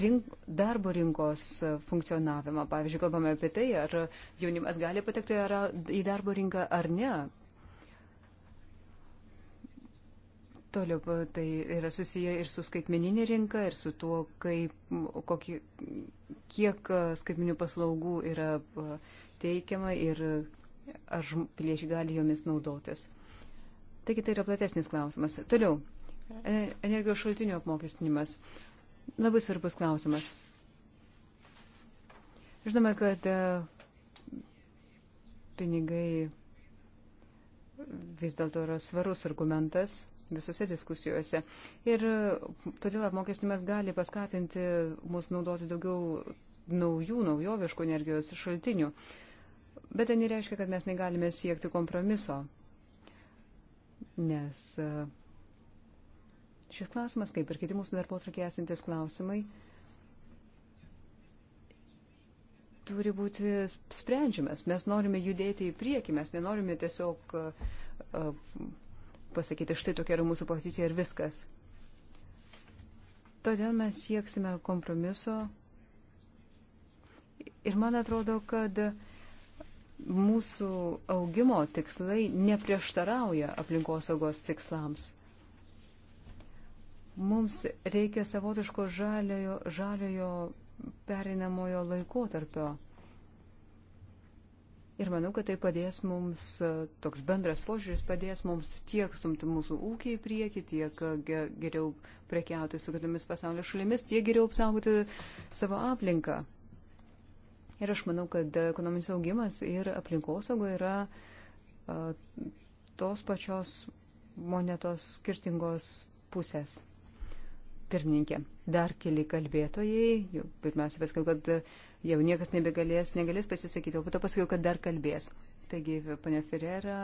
rink, darbo rinkos funkcionavimą. Pavyzdžiui, kalbame apie tai, ar jaunimas gali patekti ar į darbo rinką ar ne. Toliau tai yra susiję ir su skaitmeninė rinka, ir su tuo, kaip, kokie, kiek skaitmeninių paslaugų yra teikiama ir ar piliečiai gali jomis naudotis. Taigi tai yra platesnis klausimas. Toliau, e, energijos šaltinių apmokestinimas. Labai svarbus klausimas. Žinome, kad e, pinigai vis dėlto yra svarus argumentas visose diskusijose. Ir e, todėl apmokestimas gali paskatinti mus naudoti daugiau naujų, naujoviškų energijos šaltinių. Bet tai nereiškia, kad mes negalime siekti kompromiso. Nes e, šis klausimas, kaip ir kiti mūsų darbo trakė esantis klausimai, turi būti sprendžiamas. Mes norime judėti į priekį, mes nenorime tiesiog uh, pasakyti, štai tokia yra mūsų pozicija ir viskas. Todėl mes sieksime kompromiso. Ir man atrodo, kad mūsų augimo tikslai neprieštarauja aplinkosaugos tikslams. Mums reikia savotiško žaliojo, žaliojo perinamojo laikotarpio Ir manau, kad tai padės mums, e, toks bendras požiūris padės mums tiek stumti mūsų ūkį į priekį, tiek e, geriau prekiauti su kitomis pasaulio šalimis, tiek geriau apsaugoti savo aplinką. Ir aš manau, kad ekonominis augimas ir aplinkosauga yra a, e, tos pačios monetos skirtingos pusės. Pirmininkė, dar keli kalbėtojai, pirmiausia, paskui, kad jau niekas nebegalės, negalės pasisakyti, o po to pasakiau, kad dar kalbės. Taigi, ponia Ferrera.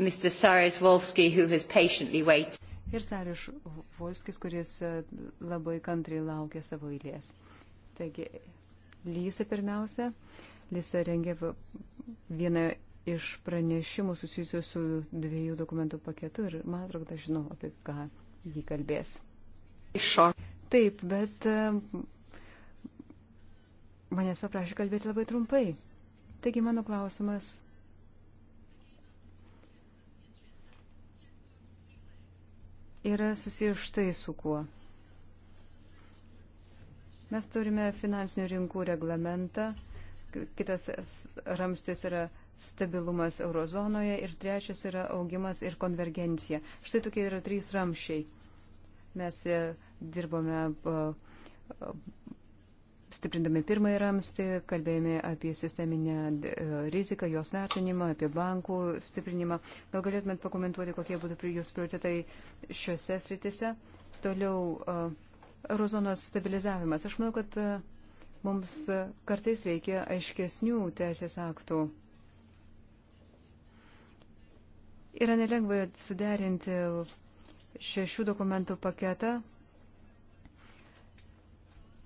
Mr. Saris Wolski, who has patiently waited. Ir Saris Volskis, kuris e, labai kantriai laukia savo eilės. Taigi, Lysa pirmiausia. Lysa rengė vieną iš pranešimų susijusių su dviejų dokumentų paketu ir man atrodo, kad aš žinau, apie ką jį kalbės. Taip, bet e, Manęs paprašė kalbėti labai trumpai. Taigi mano klausimas. Yra susijęs štai su kuo. Mes turime finansinių rinkų reglamentą, kitas ramstis yra stabilumas eurozonoje ir trečias yra augimas ir konvergencija. Štai tokie yra trys ramšiai. Mes e, dirbome Stiprindami pirmąjį ramstį, kalbėjome apie sisteminę e, riziką, jos vertinimą, apie bankų stiprinimą. Gal galėtumėt pakomentuoti, kokie būtų jūsų prioritetai šiuose sritise? Toliau, e, eurozonos stabilizavimas. Aš manau, kad e, mums kartais reikia aiškesnių teisės aktų. Yra nelengva suderinti šešių dokumentų paketą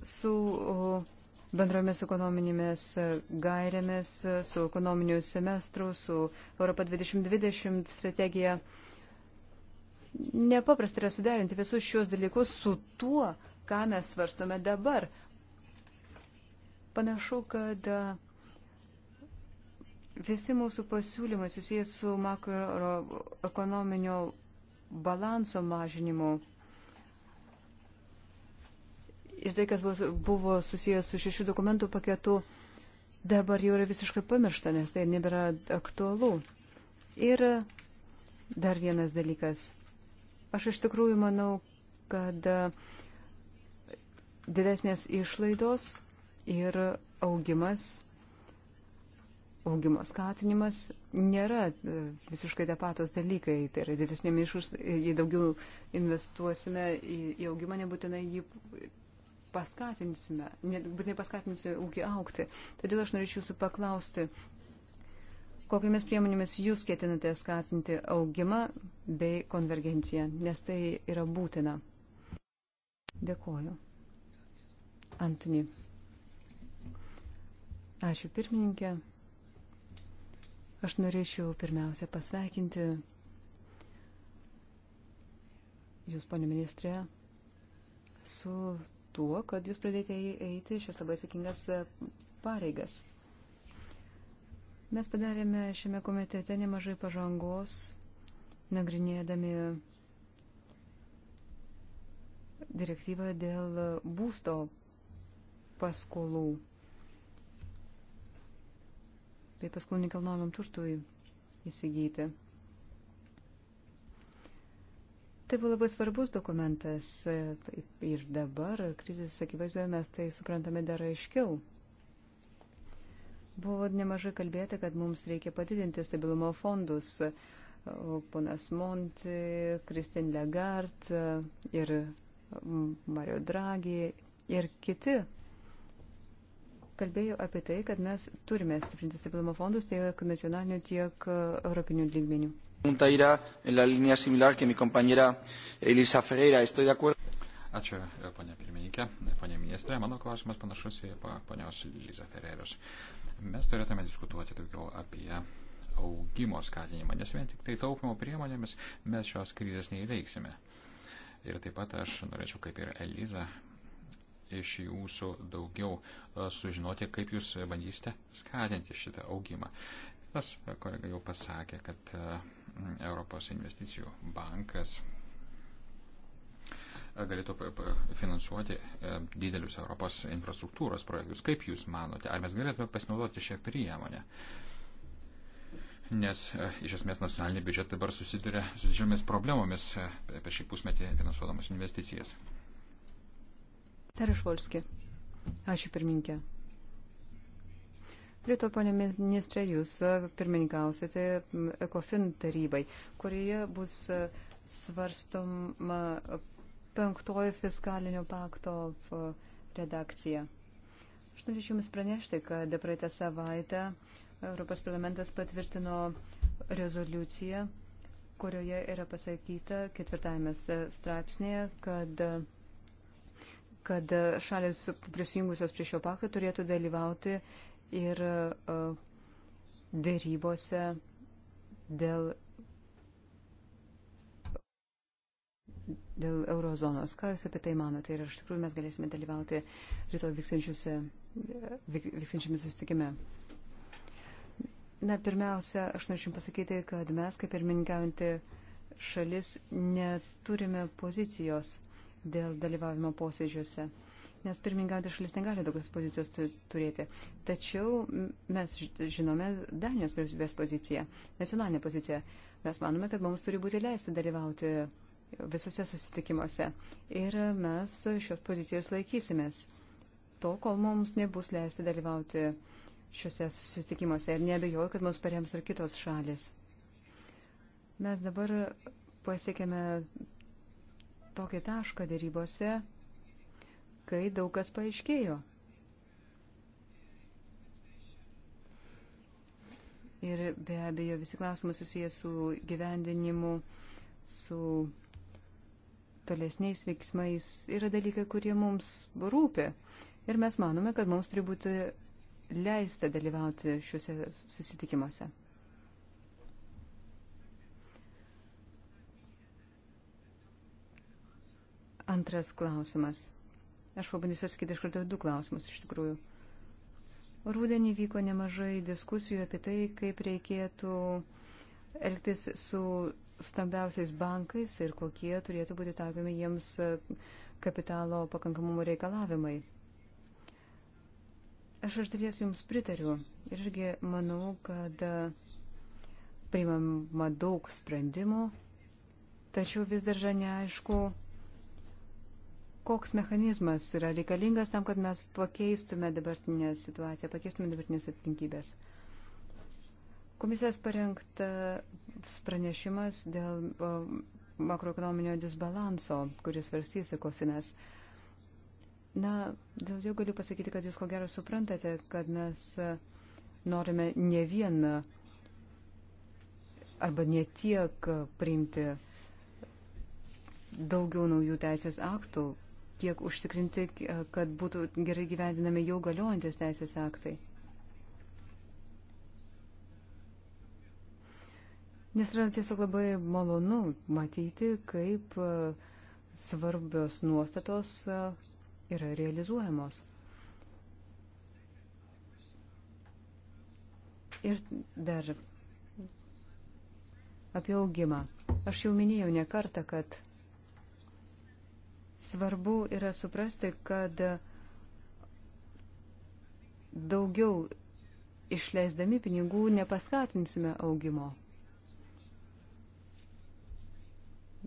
su bendromis ekonominėmis gairėmis, su ekonominiu semestru, su Europa 2020 strategija. Nepaprasta yra suderinti visus šios dalykus su tuo, ką mes svarstome dabar. Panašu, kad visi mūsų pasiūlymai susijęs su makroekonominio balanso mažinimu ir tai, kas buvo, buvo susijęs su šešių dokumentų paketu, dabar jau yra visiškai pamiršta, nes tai nebėra aktualu. Ir dar vienas dalykas. Aš iš tikrųjų manau, kad didesnės išlaidos ir augimas, augimo skatinimas nėra visiškai tie patos dalykai. Tai yra didesnėmi išus, jei daugiau investuosime į, į augimą, nebūtinai jį paskatinsime, net būtinai paskatinsime ūkį aukti. Todėl aš norėčiau jūsų paklausti, kokiamis priemonėmis jūs ketinate skatinti augimą bei konvergenciją, nes tai yra būtina. Dėkoju. Antony. Ačiū pirmininkė. Aš norėčiau pirmiausia pasveikinti Jūs, ponė ministrė, su tuo, kad jūs pradėjote eiti šias labai atsakingas e, pareigas. Mes padarėme šiame komitete nemažai pažangos, nagrinėdami direktyvą dėl būsto paskolų. Bei tai paskolų nekalnojamam turtui įsigyti. Tai buvo labai svarbus dokumentas ir dabar krizės akivaizdoje mes tai suprantame dar aiškiau. Buvo nemažai kalbėta, kad mums reikia padidinti stabilumo fondus. Ponas Monti, Kristin Legard ir Mario Draghi ir kiti kalbėjo apie tai, kad mes turime stiprinti stabilumo fondus tiek nacionaliniu, tiek europiniu lygmeniu. Pregunta yra en la línea similar que mi compañera Elisa Ferreira. Estoy de acuerdo. Ačiū, ponė pirmininkė, ponė ministrė. Mano klausimas panašus į ponios Liza Ferreros. Mes turėtume diskutuoti daugiau apie augimo skatinimą, nes vien tik tai taupimo priemonėmis mes šios krizės neįveiksime. Ir taip pat aš norėčiau, kaip ir Eliza, iš jūsų daugiau e, sužinoti, kaip jūs bandysite skatinti šitą augimą. Tas kolega jau pasakė, kad uh, Europos investicijų bankas galėtų finansuoti e, didelius Europos infrastruktūros projektus. Kaip Jūs manote, ar mes galėtume pasinaudoti šią priemonę? Nes e, iš esmės nacionaliniai biudžetai dabar susiduria su didžiomis problemomis e, per šį pusmetį finansuodamas investicijas. Sarišvolski, ačiū pirminkė. Lietu, ponė ministrė, jūs e, pirmininkausite ECOFIN tarybai, kurioje bus e, svarstoma e, penktoji fiskalinio pakto redakcija. Aš norėčiau Jums pranešti, kad praeitą savaitę Europos parlamentas patvirtino rezoliuciją, kurioje yra pasakyta ketvirtajame straipsnėje, kad kad šalis prisijungusios prie šio pakto turėtų dalyvauti ir e, dėrybose dėl, dėl eurozonos. Ką Jūs apie tai manote? Ir iš tikrųjų mes galėsime dalyvauti rytoj vykstančiame susitikime. Na, pirmiausia, aš norėčiau pasakyti, kad mes, kaip ir minkaujantį šalis, neturime pozicijos dėl dalyvavimo posėdžiuose nes pirmingaujantis šalis negali tokios pozicijos turėti. Tačiau mes žinome Danijos vyriausybės poziciją, nacionalinę poziciją. Mes manome, kad mums turi būti leisti dalyvauti visose susitikimuose. Ir mes šios pozicijos laikysimės tol, kol mums nebus leisti dalyvauti šiuose susitikimuose. Ir nebejoju, kad mus parems ir kitos šalis. Mes dabar pasiekėme tokį tašką dėrybose, kai daug kas paaiškėjo. Ir be abejo, visi klausimai susijęs su gyvendinimu, su tolesniais veiksmais yra dalykai, kurie mums rūpi. Ir mes manome, kad mums turi būti leista dalyvauti šiuose susitikimuose. Antras klausimas. Aš pabandysiu atsakyti iš karto du klausimus iš tikrųjų. Rūdienį vyko nemažai diskusijų apie tai, kaip reikėtų elgtis su stambiausiais bankais ir kokie turėtų būti taikomi jiems kapitalo pakankamumo reikalavimai. Aš iš dalies Jums pritariu ir irgi manau, kad priimama daug sprendimų, tačiau vis dar neaišku, koks mechanizmas yra reikalingas tam, kad mes pakeistume dabartinę situaciją, pakeistume dabartinės aplinkybės. Komisijos parengtas pranešimas dėl makroekonominio disbalanso, kuris svarstys ekofinas. Na, dėl jo galiu pasakyti, kad jūs ko gero suprantate, kad mes e, norime ne vieną arba ne tiek priimti daugiau naujų teisės aktų, kiek užtikrinti, kad būtų gerai gyvendinami jau galiojantis teisės aktai. Nes yra tiesiog labai malonu matyti, kaip e, svarbios nuostatos e, yra realizuojamos. Ir dar apie augimą. Aš jau minėjau ne kartą, kad Svarbu yra suprasti, kad daugiau išleisdami pinigų nepaskatinsime augimo.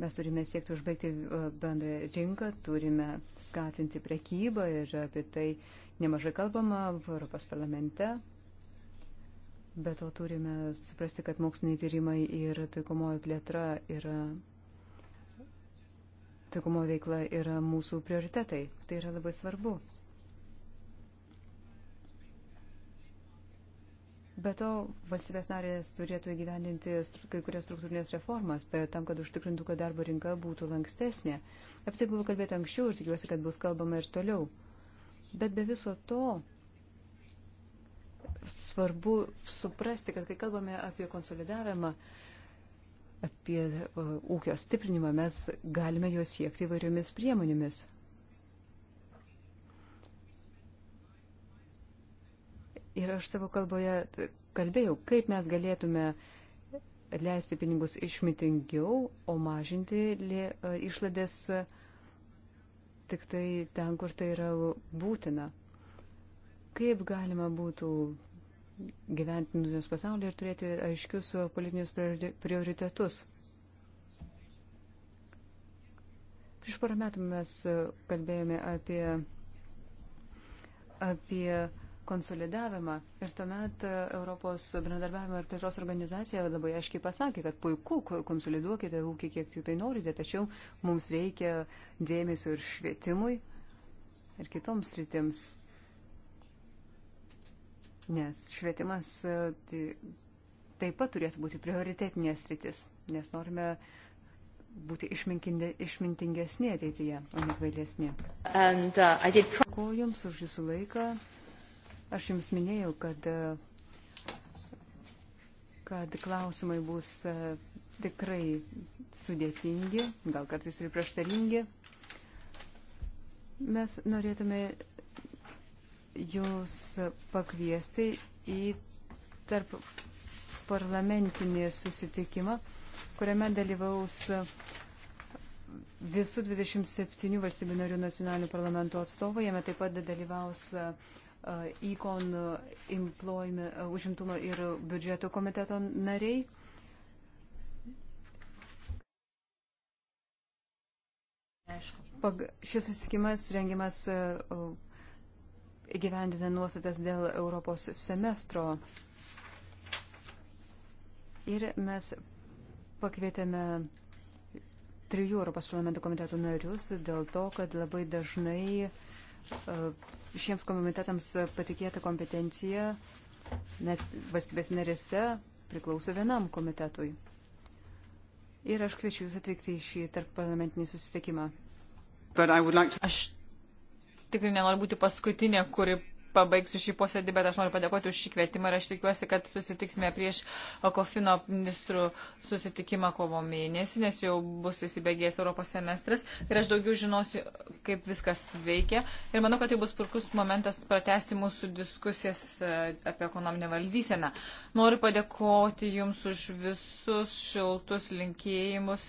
Mes turime siekti užbaigti e, bendrą rinką, turime skatinti prekybą ir apie tai nemažai kalbama Europos parlamente. Be to turime suprasti, kad moksliniai tyrimai ir taikomoji plėtra yra taikomo veikla yra mūsų prioritetai. Tai yra labai svarbu. Be to, valstybės narės turėtų įgyvendinti kai kurias struktūrinės reformas, tai tam, kad užtikrintų, kad darbo rinka būtų lankstesnė. Apie tai buvo kalbėta anksčiau ir tikiuosi, kad bus kalbama ir toliau. Bet be viso to svarbu suprasti, kad kai kalbame apie konsolidavimą, apie e, ūkio stiprinimą, mes galime juos siekti įvairiomis priemonėmis. Ir aš savo kalboje kalbėjau, kaip mes galėtume leisti pinigus išmitingiau, o mažinti lė, e, išladės tik tai ten, kur tai yra būtina. Kaip galima būtų gyventinus pasaulyje ir turėti aiškius politinius prioritetus. Prieš porą metų mes kalbėjome apie, apie konsolidavimą ir tuomet Europos bendradarbiavimo ir plėtros organizacija labai aiškiai pasakė, kad puiku, konsoliduokite ūkį kiek tik tai norite, tačiau mums reikia dėmesio ir švietimui ir kitoms sritims nes švietimas e, tai taip pat turėtų būti prioritetinės rytis, nes norime būti išmintingesni ateityje, o ne kvailesni. Dėkuoju uh, Jums už Jūsų laiką. Aš Jums minėjau, kad, kad klausimai bus e, tikrai sudėtingi, gal kartais ir prieštaringi. Mes norėtume jūs pakviesti į tarp parlamentinį susitikimą, kuriame dalyvaus visų 27 valstybių narių nacionalinių parlamentų atstovai, jame taip pat dalyvaus ICON užimtumo ir biudžeto komiteto nariai. Pag, šis susitikimas rengiamas uh, įgyvendina nuostatas dėl Europos semestro. Ir mes pakvietėme trijų Europos parlamento komitetų narius dėl to, kad labai dažnai e, šiems komitetams patikėta kompetencija net valstybės narėse priklauso vienam komitetui. Ir aš kviečiu Jūs atvykti į šį tarp parlamentinį susitikimą. Like to... Aš tikrai nenoriu būti paskutinė, kuri pabaigsiu šį posėdį, bet aš noriu padėkoti už šį kvietimą ir aš tikiuosi, kad susitiksime prieš Okofino ministrų susitikimą kovo mėnesį, nes jau bus įsibėgėjęs Europos semestras ir aš daugiau žinosiu, kaip viskas veikia. Ir manau, kad tai bus puikus momentas pratesti mūsų diskusijas e, apie ekonominę valdyseną. Noriu padėkoti Jums už visus šiltus linkėjimus.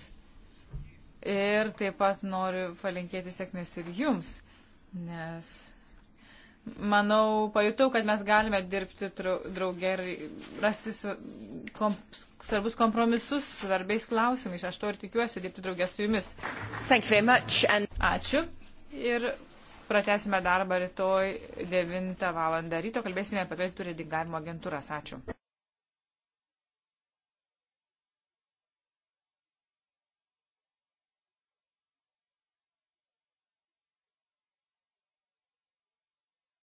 Ir taip pat noriu palinkėti sėkmės ir jums nes manau, pajutau, kad mes galime dirbti draugė ir rasti kom, svarbus kompromisus svarbiais klausimais. Aš to ir tikiuosi dirbti draugė su jumis. And... Ačiū. Ir pratesime darbą rytoj 9 val. ryto. Kalbėsime apie kreditų tai reitingavimo agentūras. Ačiū.